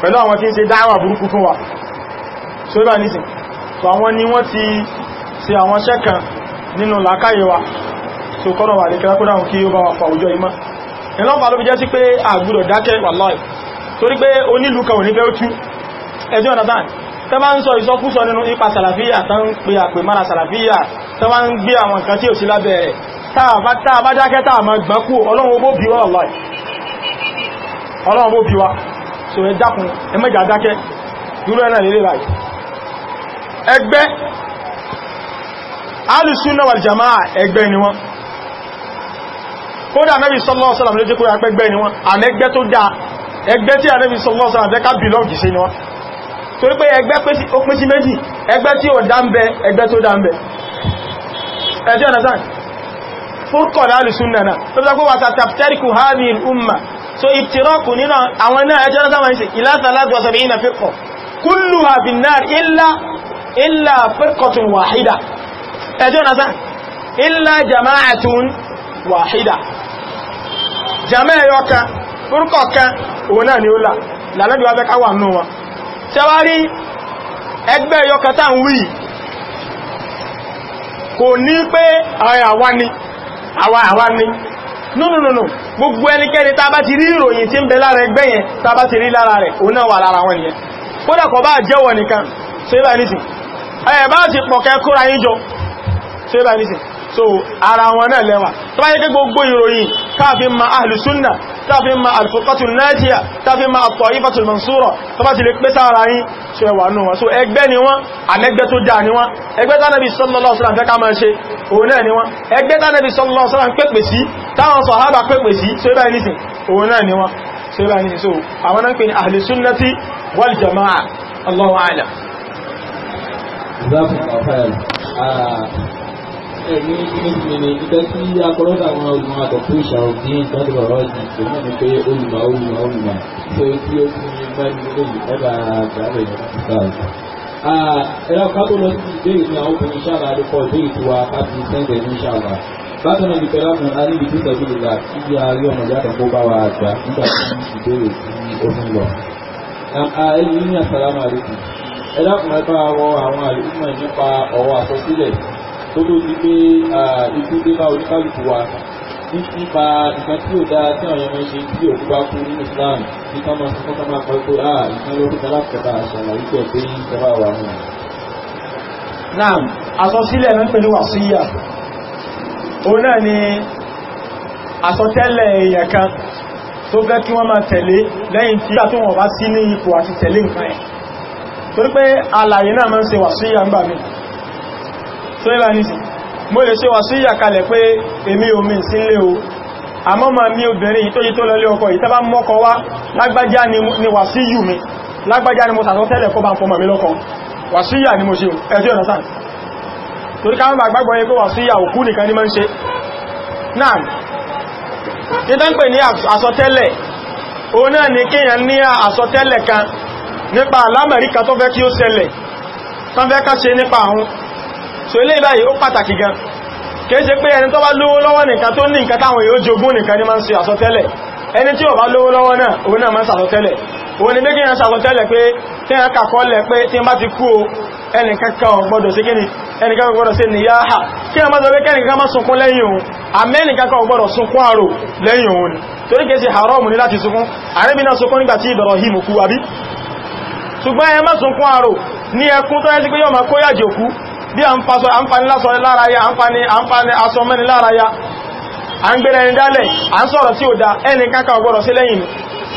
pẹ̀lú àwọn tí ń ṣe dáwà burúkú fún wa so nínú làákàyè wa so kọ́nà wà ní kí lákúrà kí ó bá wà fà òjò imá ìlọ́pàá ló fi jẹ́ sí pé àgbúrò dákẹ́ wàláì torí pé onílù kan ò ní fẹ́ ó tú ẹjọ́ ọ̀nàdán tẹ́ bá ń sọ ìsọkúsọ nínú ipa sàlàfíyà tán ń pe àpè mára sàlàfíyà tẹ́ bá ń gbé àwọn nǹkan tí ò sí lábẹ́ rẹ̀ táà bá dákẹ́ táà máa ẹgbẹ́ alùsúnà wal jama'a ẹgbẹ́ ni wọ́n kódà Ànábì sallallahu alaihi wasallam ló jẹ́ kó yàpẹ́ ẹgbẹ́ ni wọ́n àmẹ́gbẹ́ tó dáa ẹgbẹ́ tí Ànábì sallallahu alaihi wasallam ẹgbẹ́ tí ó dá ń bẹ ẹgbẹ́ tó dá ń bẹ ẹjọ́ ẹjọ́ na sáà jama'atun wahida jama'a yọ kan orúkọ kan òun náà ni ó là lànàbí wa fẹ́ ká nù wọn ṣẹwárí ẹgbẹ́ yọ kan tá wí kò ní pé ni ni gbogbo ẹnikẹ́ni tá bá ti rí ìròyìn tí ń bẹ lára ẹgbẹ́ yẹn ti rí lára rẹ̀ òun náà wà lára wọn bá jẹ́wọ̀ nìkan ti pọ̀kẹ́ ṣe bá ní sí so ara wọn náà lẹ́wà tó bá yẹ kí gbogbo ìròyìn káàfin ma ahlùsúnnà káàfin ma alfukatun nájíyà káàfin ma at-taifatul mansura tó bá ti lè pẹ́sà ara yìí ṣe wà nù wọn so ẹgbẹ́ ni wọ́n àmẹ́gbẹ́ tó dáa ni wọ́n ẹgbẹ́ tánàbí sallallahu alaihi wasallam fẹ́ ká máa ṣe òun náà ni wọ́n ẹgbẹ́ tánàbí sallallahu alaihi wasallam pẹ́pẹ̀ sí táwọn sàhábà pẹ́pẹ̀ sí ṣe so àwọn náà pè ní ahlùsúnnati wal jama'a ẹ̀mí ìgbìmọ̀ ní ìgbẹ́ tí akọ́lọ́dà àwọn olùmọ̀ àtọ̀kú ìṣàòdí ìgbàdùn ọ̀rọ̀ yìí tó náà ni pé olùmọ̀ olùmọ̀ olùmọ̀ tó tí ó ti mẹ́rin lórí ẹ̀dà àgbàlẹ̀ ní ìgbàlẹ̀. ẹ̀rọ kábò lọ sí ìbéèrè ní àwọn obìnrin ṣáàlà àdúkọ ìbéèrè tí wa káàbì sẹ́ńdẹ̀ ní ṣáàlà. bákan náà ìfẹ́ lámù alíbi tí sẹ́bí lè là kí bí arí ọmọ ìyá àtọ̀kọ́ bá wa àgbà nígbà tí ìbéèrè tí ó ń lọ. ẹ̀yin ní àsàlámù àlékún ẹ̀dá kùnrin bá wọ àwọn àlùkùnrin nípa ọ̀rọ̀ àkọsílẹ̀ tó ló di pé ikú dé bá oníkálùkù wa títí ba nǹkan tí ò dáa tí àwọn ọmọ ṣe tí òkú bá kú nínú Islam ní ká máa sọ fọ́nká máa pẹ́ pé à ìkan ló kúta lápẹ̀ta àṣàlàyé pẹ̀ pé ìjọba wà nù. Naam, àsọsílẹ̀ náà pẹ̀lú wàsíyà. Ó náà ni àsọtẹ́lẹ̀ èèyàn kan tó fẹ́ kí wọ́n máa tẹ̀lé lẹ́yìn tí ìgbà tó wọ́n bá sí ní ipò àti tẹ̀lé nǹkan ẹ̀. Torí pé alàyè náà máa ń ṣe wàsíyà ń bà mí so ìlà nìsí mo lè ṣe wà sí ìyàkalẹ̀ pé èmi omi sí o àmọ́ ma mi obìnrin tó yí tó lọ lé ọkọ yìí tẹ́bá wá lágbájá ni wà sí yù mi lágbájá ni mo sàtọ́ tẹ́lẹ̀ kó bá ń fọmọ̀ mi lọ́kọ wà sí ìyà ni mo ṣe ẹjọ́ ọ̀nà torí ká mọ́ gbàgbọ́ yẹ pé wà sí ìyà òkú nìkan ní mọ́ ń ṣe náà so ilé ìbáyìí ó pàtàkì gan kìí ṣe pé ẹni tó bá lówó lọ́wọ́ nìkan tó ní nǹkan táwọn èèyàn jogún nìkan ní máa ń ṣe àsọtẹ́lẹ̀ ẹni tí ò bá lówó lọ́wọ́ náà òun náà máa ń sàsọtẹ́lẹ̀ òun ni méjì yẹn sàsọtẹ́lẹ̀ pé tí wọ́n kàkọ́lẹ̀ pé tí wọ́n bá ti kú o ẹnìkankan gbọ́dọ̀ sí kíni ẹnìkankan gbọ́dọ̀ sí níyáhà kí wọ́n máa sọ pé kẹ́nìkan máa sunkún lẹ́yìn òun àmẹ́nìkankan gbọ́dọ̀ sunkún àrò lẹ́yìn òun torí kìí ṣe haram ní láti sunkún àrẹ́bí náà sunkún nígbà tí Ibrahim kú àbí ṣùgbọ́n ẹ má sunkún àrò ní ẹkún tó yẹ sí pé yóò máa kóyàjò kú bí àǹfàní lásọ̀rọ̀ lára ya àǹfàní asọmẹ́ni lára ya a ń gbẹ̀rẹ̀ ẹni dálẹ̀ a ń sọ̀rọ̀ tí ó dá ẹni kankan ọgbọ̀rọ̀ sí lẹ́yìn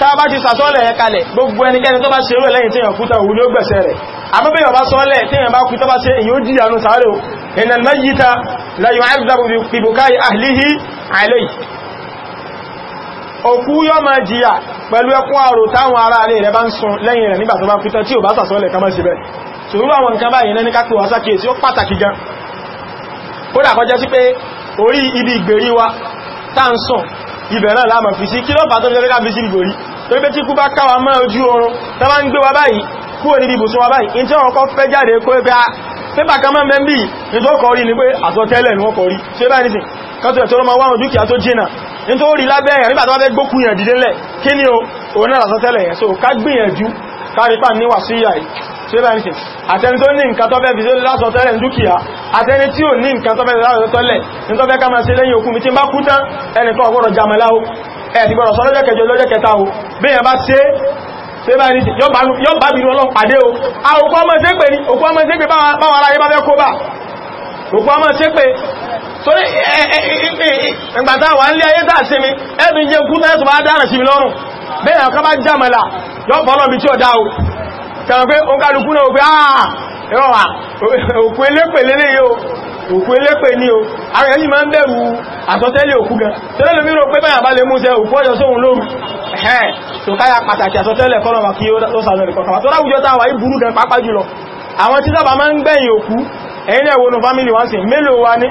tàbá ti sàsọ́lẹ̀ ẹ̀ kalẹ̀ gbogbo ẹnikẹ́ni tó bá ṣe rẹ̀ lẹ́yìn tí èyàn kúta òun ló gbẹ̀sẹ̀ rẹ̀ àmọ́bẹ̀yàn bá sọ́lẹ̀ tó bá ṣe la yu'adhabu bi bukai ahlihi alayhi òkú yóò máa jìyà pẹ̀lú ẹkún àrò táwọn ará rẹ̀ bá ń sun lẹ́yìn rẹ̀ nígbà tó bá kú sòrò àwọn nǹkan báyìí náà ní kápẹ̀ wà sákè sí ó pàtàkì gan kódà kọjá sí pé orí ibi ìgbèrí wa táǹsàn ibẹ̀ náà láàmà fi sí kí ló bá tó fi ká fi sí ìgbèrí tó pé tí kú bá káwà mọ́ ojú oorun tó bá ń gbé wa báyìí kúrò níbi ibùsùn wa báyìí in tí wọ́n kọ́ fẹ́ jáde kó ẹgbẹ́ ah, pépà kan mọ́ rí ni pé níwà sí yàí ṣébẹ̀rìṣìn àtẹni tó ní nǹkan tọ́fẹ́ fi lásọ tẹ́lẹ̀ dúkìá àtẹni tí ò ní nǹkan tọ́fẹ́ lásọ tẹ́lẹ̀ ní tọ́fẹ́ ká máa ṣe lẹ́yìn okùn mi tí bá kú tán ẹnìkan ọgbọ́rọ̀ jamaláwó ẹ̀ẹ̀dì gbọ́rọ̀ sọ́lọ́jẹ́ kẹjọ lọ́jẹ́ kẹta o bí yẹn bá ṣe yọ́ bá bìí ọlọ́ pàdé o a òkú ọmọ ṣe pé ní òkú ọmọ ṣe pé báwọn aráyé bá fẹ́ kó bá òkú ọmọ ṣe pé torí ẹgbàtà wà nílé ayé tàà sí mi ẹbí jẹ kú kàwọn pé o kàlùkú náà pé àà ah, ẹ̀rọ̀wà òkú elépè lélé yóò òkú elépè ní o àwọn èyí máa ń bẹ̀rù àsọtẹ́lẹ̀ òkú gan tẹ́lẹ̀ lómi rò pé báyà bá lè mú sẹ òkú ọjọ́ sóhun lóru ẹ̀hẹ́ tó káyà pàtàkì àsọtẹ́lẹ̀ kọ́lọ̀wà kí ó sàlọ̀ ìkọ̀kọ̀wà tó ráwùjọ táwà ìbúrú gan pápá jùlọ àwọn tí sábà máa ń gbẹ̀yìn òkú ẹ̀yìn ẹ̀wọ̀nù fámílì wá sí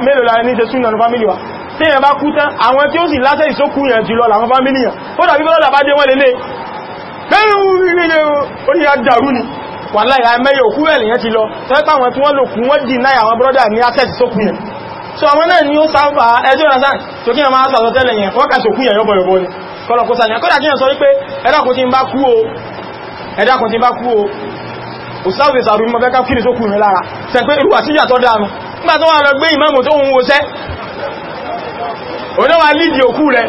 mélòó la ní ṣe súnà ní wa tí èyàn bá kú tán àwọn tí ó sì lásẹ̀ ìsókú yẹn jùlọ làwọn fámílì yẹn ẹ̀rùn-ún so àwọn náà ni ó sáfà ẹjọ́ ìrànṣà tí ó kí ẹmà sàtọ̀ tẹ́lẹ̀ yẹn wọ́n kà sókún yẹn yọ́bọ̀yọ̀bọ̀ ni kọlọ̀kọ́sà ni akọ́dà kí ẹ̀ sọ wípé ẹ̀dàkùn ti ń bá kú o ẹ̀dàkùn ti ń bá kú o òsáwẹ̀ ìsàrù mọ́ fẹ́ká kí ní tó kù rẹ̀ lára tẹ̀pẹ́ ìrù àtíjà tọ́ dánu nígbà tó wà lọ gbé ìmáàmù tó ń wọ́sẹ́ oníwà lídìí òkú rẹ̀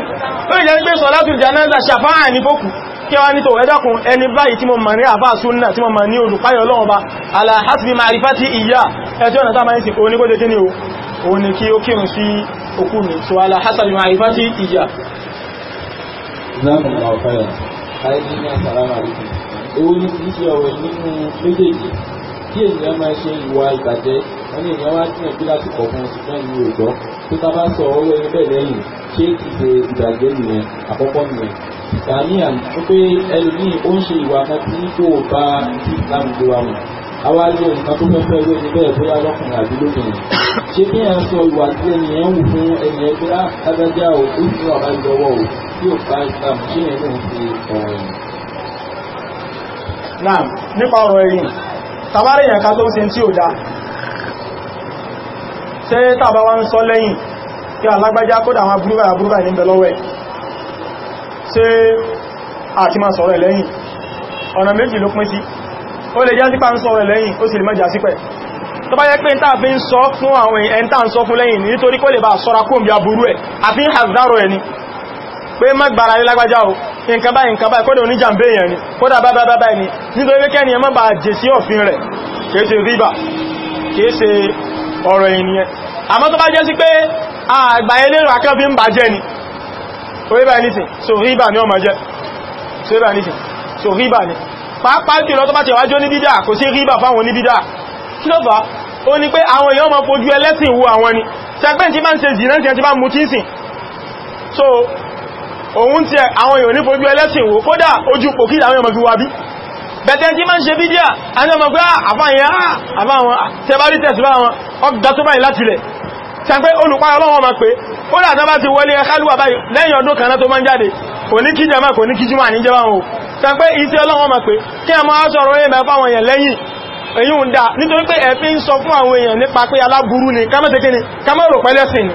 ó ìjẹ́ ń gbé sọ látùrù jẹ́ náà ṣàfáà ní fókù kí wá nítò ẹ̀dàkùn ẹni báyìí tí mo mọ̀ ní àbá súnnà tí mo mọ̀ ní olùpáyọ̀ Ọlọ́run bá ala hasbi ma'rifati ìyá ẹjọ́ ọ̀nà tàbí sí oníkóde kí ni o òun ni kí ó kírùn sí òkú mi so ala hasbi ma'rifati ìyá Ìjọba kí ènìyàn máa ṣe ìwà ìbàjẹ́ wọn ní ènìyàn wá tìǹbù láti kọ̀ọ̀kan ṣùgbọ́n ìlú ògbọ́ tó tá bá sọ ọwọ́ ẹni bẹ́ẹ̀ lẹ́yìn ṣé ti ṣe ìbàjẹ́ nìyẹn àkọ́kọ́ nìyẹn. sàmíàn ó pé ẹlòmíì ó ń ṣe ìwà kan tí kò bá ti Islam gbé wa mọ̀ àwa lè nǹkan tó fẹ́fẹ́ ló ní bẹ́ẹ̀ bóyá lọ́kùnrin àbí lóbìnrin ṣé kí èèyàn sọ ìwà tí ènìyàn wù fún ènìyàn pé ah, o ó sì wà o tí ò bá Islam nípa ọ̀rọ̀ ẹ̀yìn tàbárí ìyànká tó ń se tí ó dá ṣe tàbá wá ń sọ lẹ́yìn kí alágbájá kódà àwọn burúkà burúkà ní belọ́wẹ́ ṣe àti máa sọ̀rọ̀ lẹ́yìn ọ̀nà méjì ló pín sí ó lè já sípa ń sọ̀rọ̀ lẹ́yìn ó sì lè mẹ́jà sípẹ̀ tó bá yẹ pé ta fi ń sọ fún àwọn ẹn tàà ń sọ fún lẹ́yìn nítorí kó lè bá sọ́ra kóòmù bí aburú ẹ̀ àfi ń ẹni pé má gbára o nǹkan báyìí nǹkan báyìí kódà oníjàmbé èèyàn ni kódà bábábábá ni nítorí pé ni ẹmọ́ bá jẹ sí òfin rẹ̀ kìí ṣe ríbà kìí ṣe ọ̀rọ̀ ènìyàn àmọ́ tó bá jẹ́ sí pé àgbà elérò so ríbà ni ọmọ so ríbà nìsìn so ríbà ni pàápàá jùlọ tó bá ti wájú ní bídà kò sí ríbà fáwọn ní bídà kí ló fà ni sẹgbẹ́ tí bá ń ṣe zìnà so òun tí àwọn èèyàn nífojú ẹlẹ́sìn wò kódà ojú pòkí àwọn ọmọ fi wà bí bẹ̀tẹ̀ tí máa ń ṣe bídíà anọ́mọ̀gbá àfáàyàn àfáàwọn tẹbárí tẹ̀síbá wọn ah, ọgbà tó báyìí látilẹ̀ tàbí olùpáyà ọlọ́wọ́ ma pé ó dà tán bá ti wọlé ẹkálùwà báyìí lẹ́yìn ọdún kan náà tó máa ń jáde kò ní kí jàmá kò ní èyí ń dá nítorí pé ẹ̀fí ń sọ fún àwọn èèyàn nípa pé aláburú ni ká má ṣe pẹ́lẹ́sìn ni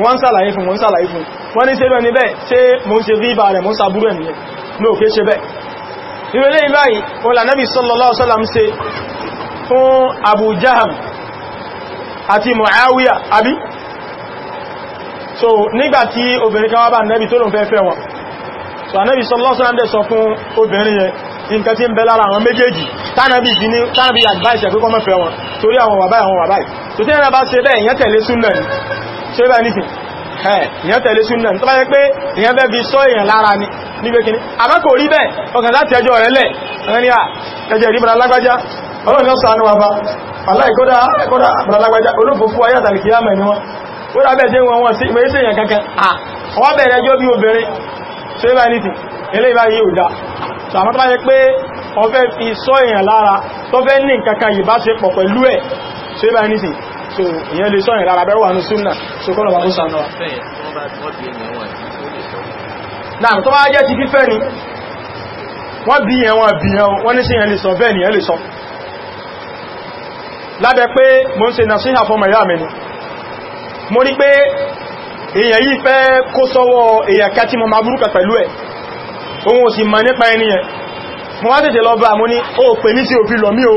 wọ́n sàlàyé fún wọ́n sàlàyé fún wọ́n ní sẹ́bẹ̀ níbẹ̀ ṣe mo ń ṣe rí ibà rẹ̀ mo ń sàbúrú ẹ̀mí ẹ̀ ní òkè ṣe bẹ́ ìrẹ́lẹ́ ìbáyìí wọ́n lànàbì sallallahu sallam ṣe fún Abu Jahm àti Muawiya àbí so nígbàtí obìnrin kan wá bá nẹ́bì tó lòun fẹ́ fẹ́ wọn so ànẹ́bì sallallahu sallam dẹ̀ sọ fún obìnrin yẹn nǹkan tí ń bẹ lára àwọn méjèèjì tánàbì advice ẹ̀ pé kó má fẹ́ wọn torí àwọn wàbáyì àwọn wàbáyì so tí ẹ̀nà bá ṣe bẹ́ẹ̀ ìyẹn tẹ̀lé súnà ní ṣe bá nìsìn ìyẹn tẹ̀lé súnà ní tó bá yẹ pé ìyẹn fẹ́ fi sọ èèyàn lára ní nígbé kìíní àmọ́ kò rí bẹ́ẹ̀ ọkàn láti ẹjọ́ rẹ̀ lẹ̀ ẹni à ẹjẹ́ ìrí bọ̀rọ̀ alágbájá ọlọ́run ló ṣàánú wa bá aláìkọ́dá aláìkọ́dá bọ̀rọ̀ alágbájá olófòfó ayé àtàlìkì yá mẹ́ni wọn ó rà bẹ́ẹ̀ jẹ́ wọn wọn sí ìmọ̀ èèyàn kankan à wọ́n bẹ̀rẹ̀ ẹjọ́ bí obìnrin ṣe bá nìsìn eléyìí bá yí ò dá sàmọ́tọ́ bá yẹ pé wọ́n fẹ́ fi sọ èèyàn lára tó fẹ́ ní nǹkan kan yìí bá ṣe pọ̀ pẹ̀lú ẹ̀ so ibà ní sin so ìyẹn lè sọ́yìn lára bẹ́rù wà ní súnnà so kọ́nà wà fún sànà náà tó bá jẹ́ ti fífẹ́ ni wọ́n bí yẹn wọ́n bí yẹn wọ́n ní sí yẹn lè sọ bẹ́ẹ̀ ni yẹn lè sọ lábẹ́ pé mo ń ṣe nà síhà fún mẹ́yà mẹ́ni mo rí pé èyàn yìí fẹ́ kó sọ́wọ́ èyàn ká tí mo ma burúkà pẹ̀lú ẹ̀ ohun òsì mọ̀ nípa ẹni yẹn mo wá tètè lọ bá mo ní ó pè ní sí òfin lọ mí o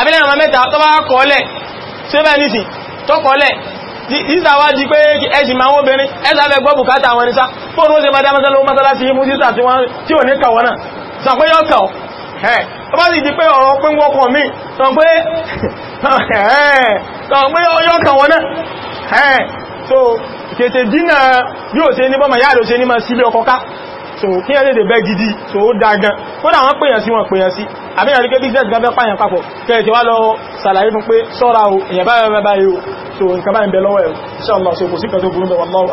àbí lẹ́yìn ọmọ mẹ́ta tó bá kọ́ọ́lẹ̀ sẹ́bẹ̀ nìsìn tó kọ́ọ́lẹ̀ sísà wá di pé ẹ̀sìn máa wọ́n obìnrin ẹ̀sà fẹ́ gbọ́ bùkátà àwọn ẹnisa fóònù ó ṣe máa dámọ́sá ló mọ́sá láti mú sísà tí ò ní kàwọ́ náà sàpé yọ́ kàwọ́ so tètè dínà bí ò ṣe ní bọ́mà yáà ló so kí ẹ lè dè bẹ́ gidi so ó dá gan kódà wọ́n pèyàn sí wọn pèyàn sí àbíyàn rí pé business gan fẹ́ pààyàn papọ̀ kẹ́ẹ̀tì wá lọ sàlàyé fún pé sọ́ra o èyàn bá rẹ̀ bá yóò so nǹkan bá ń bẹ lọ́wọ́ inshallah so kò sí kan tó burú bẹ̀ wallahu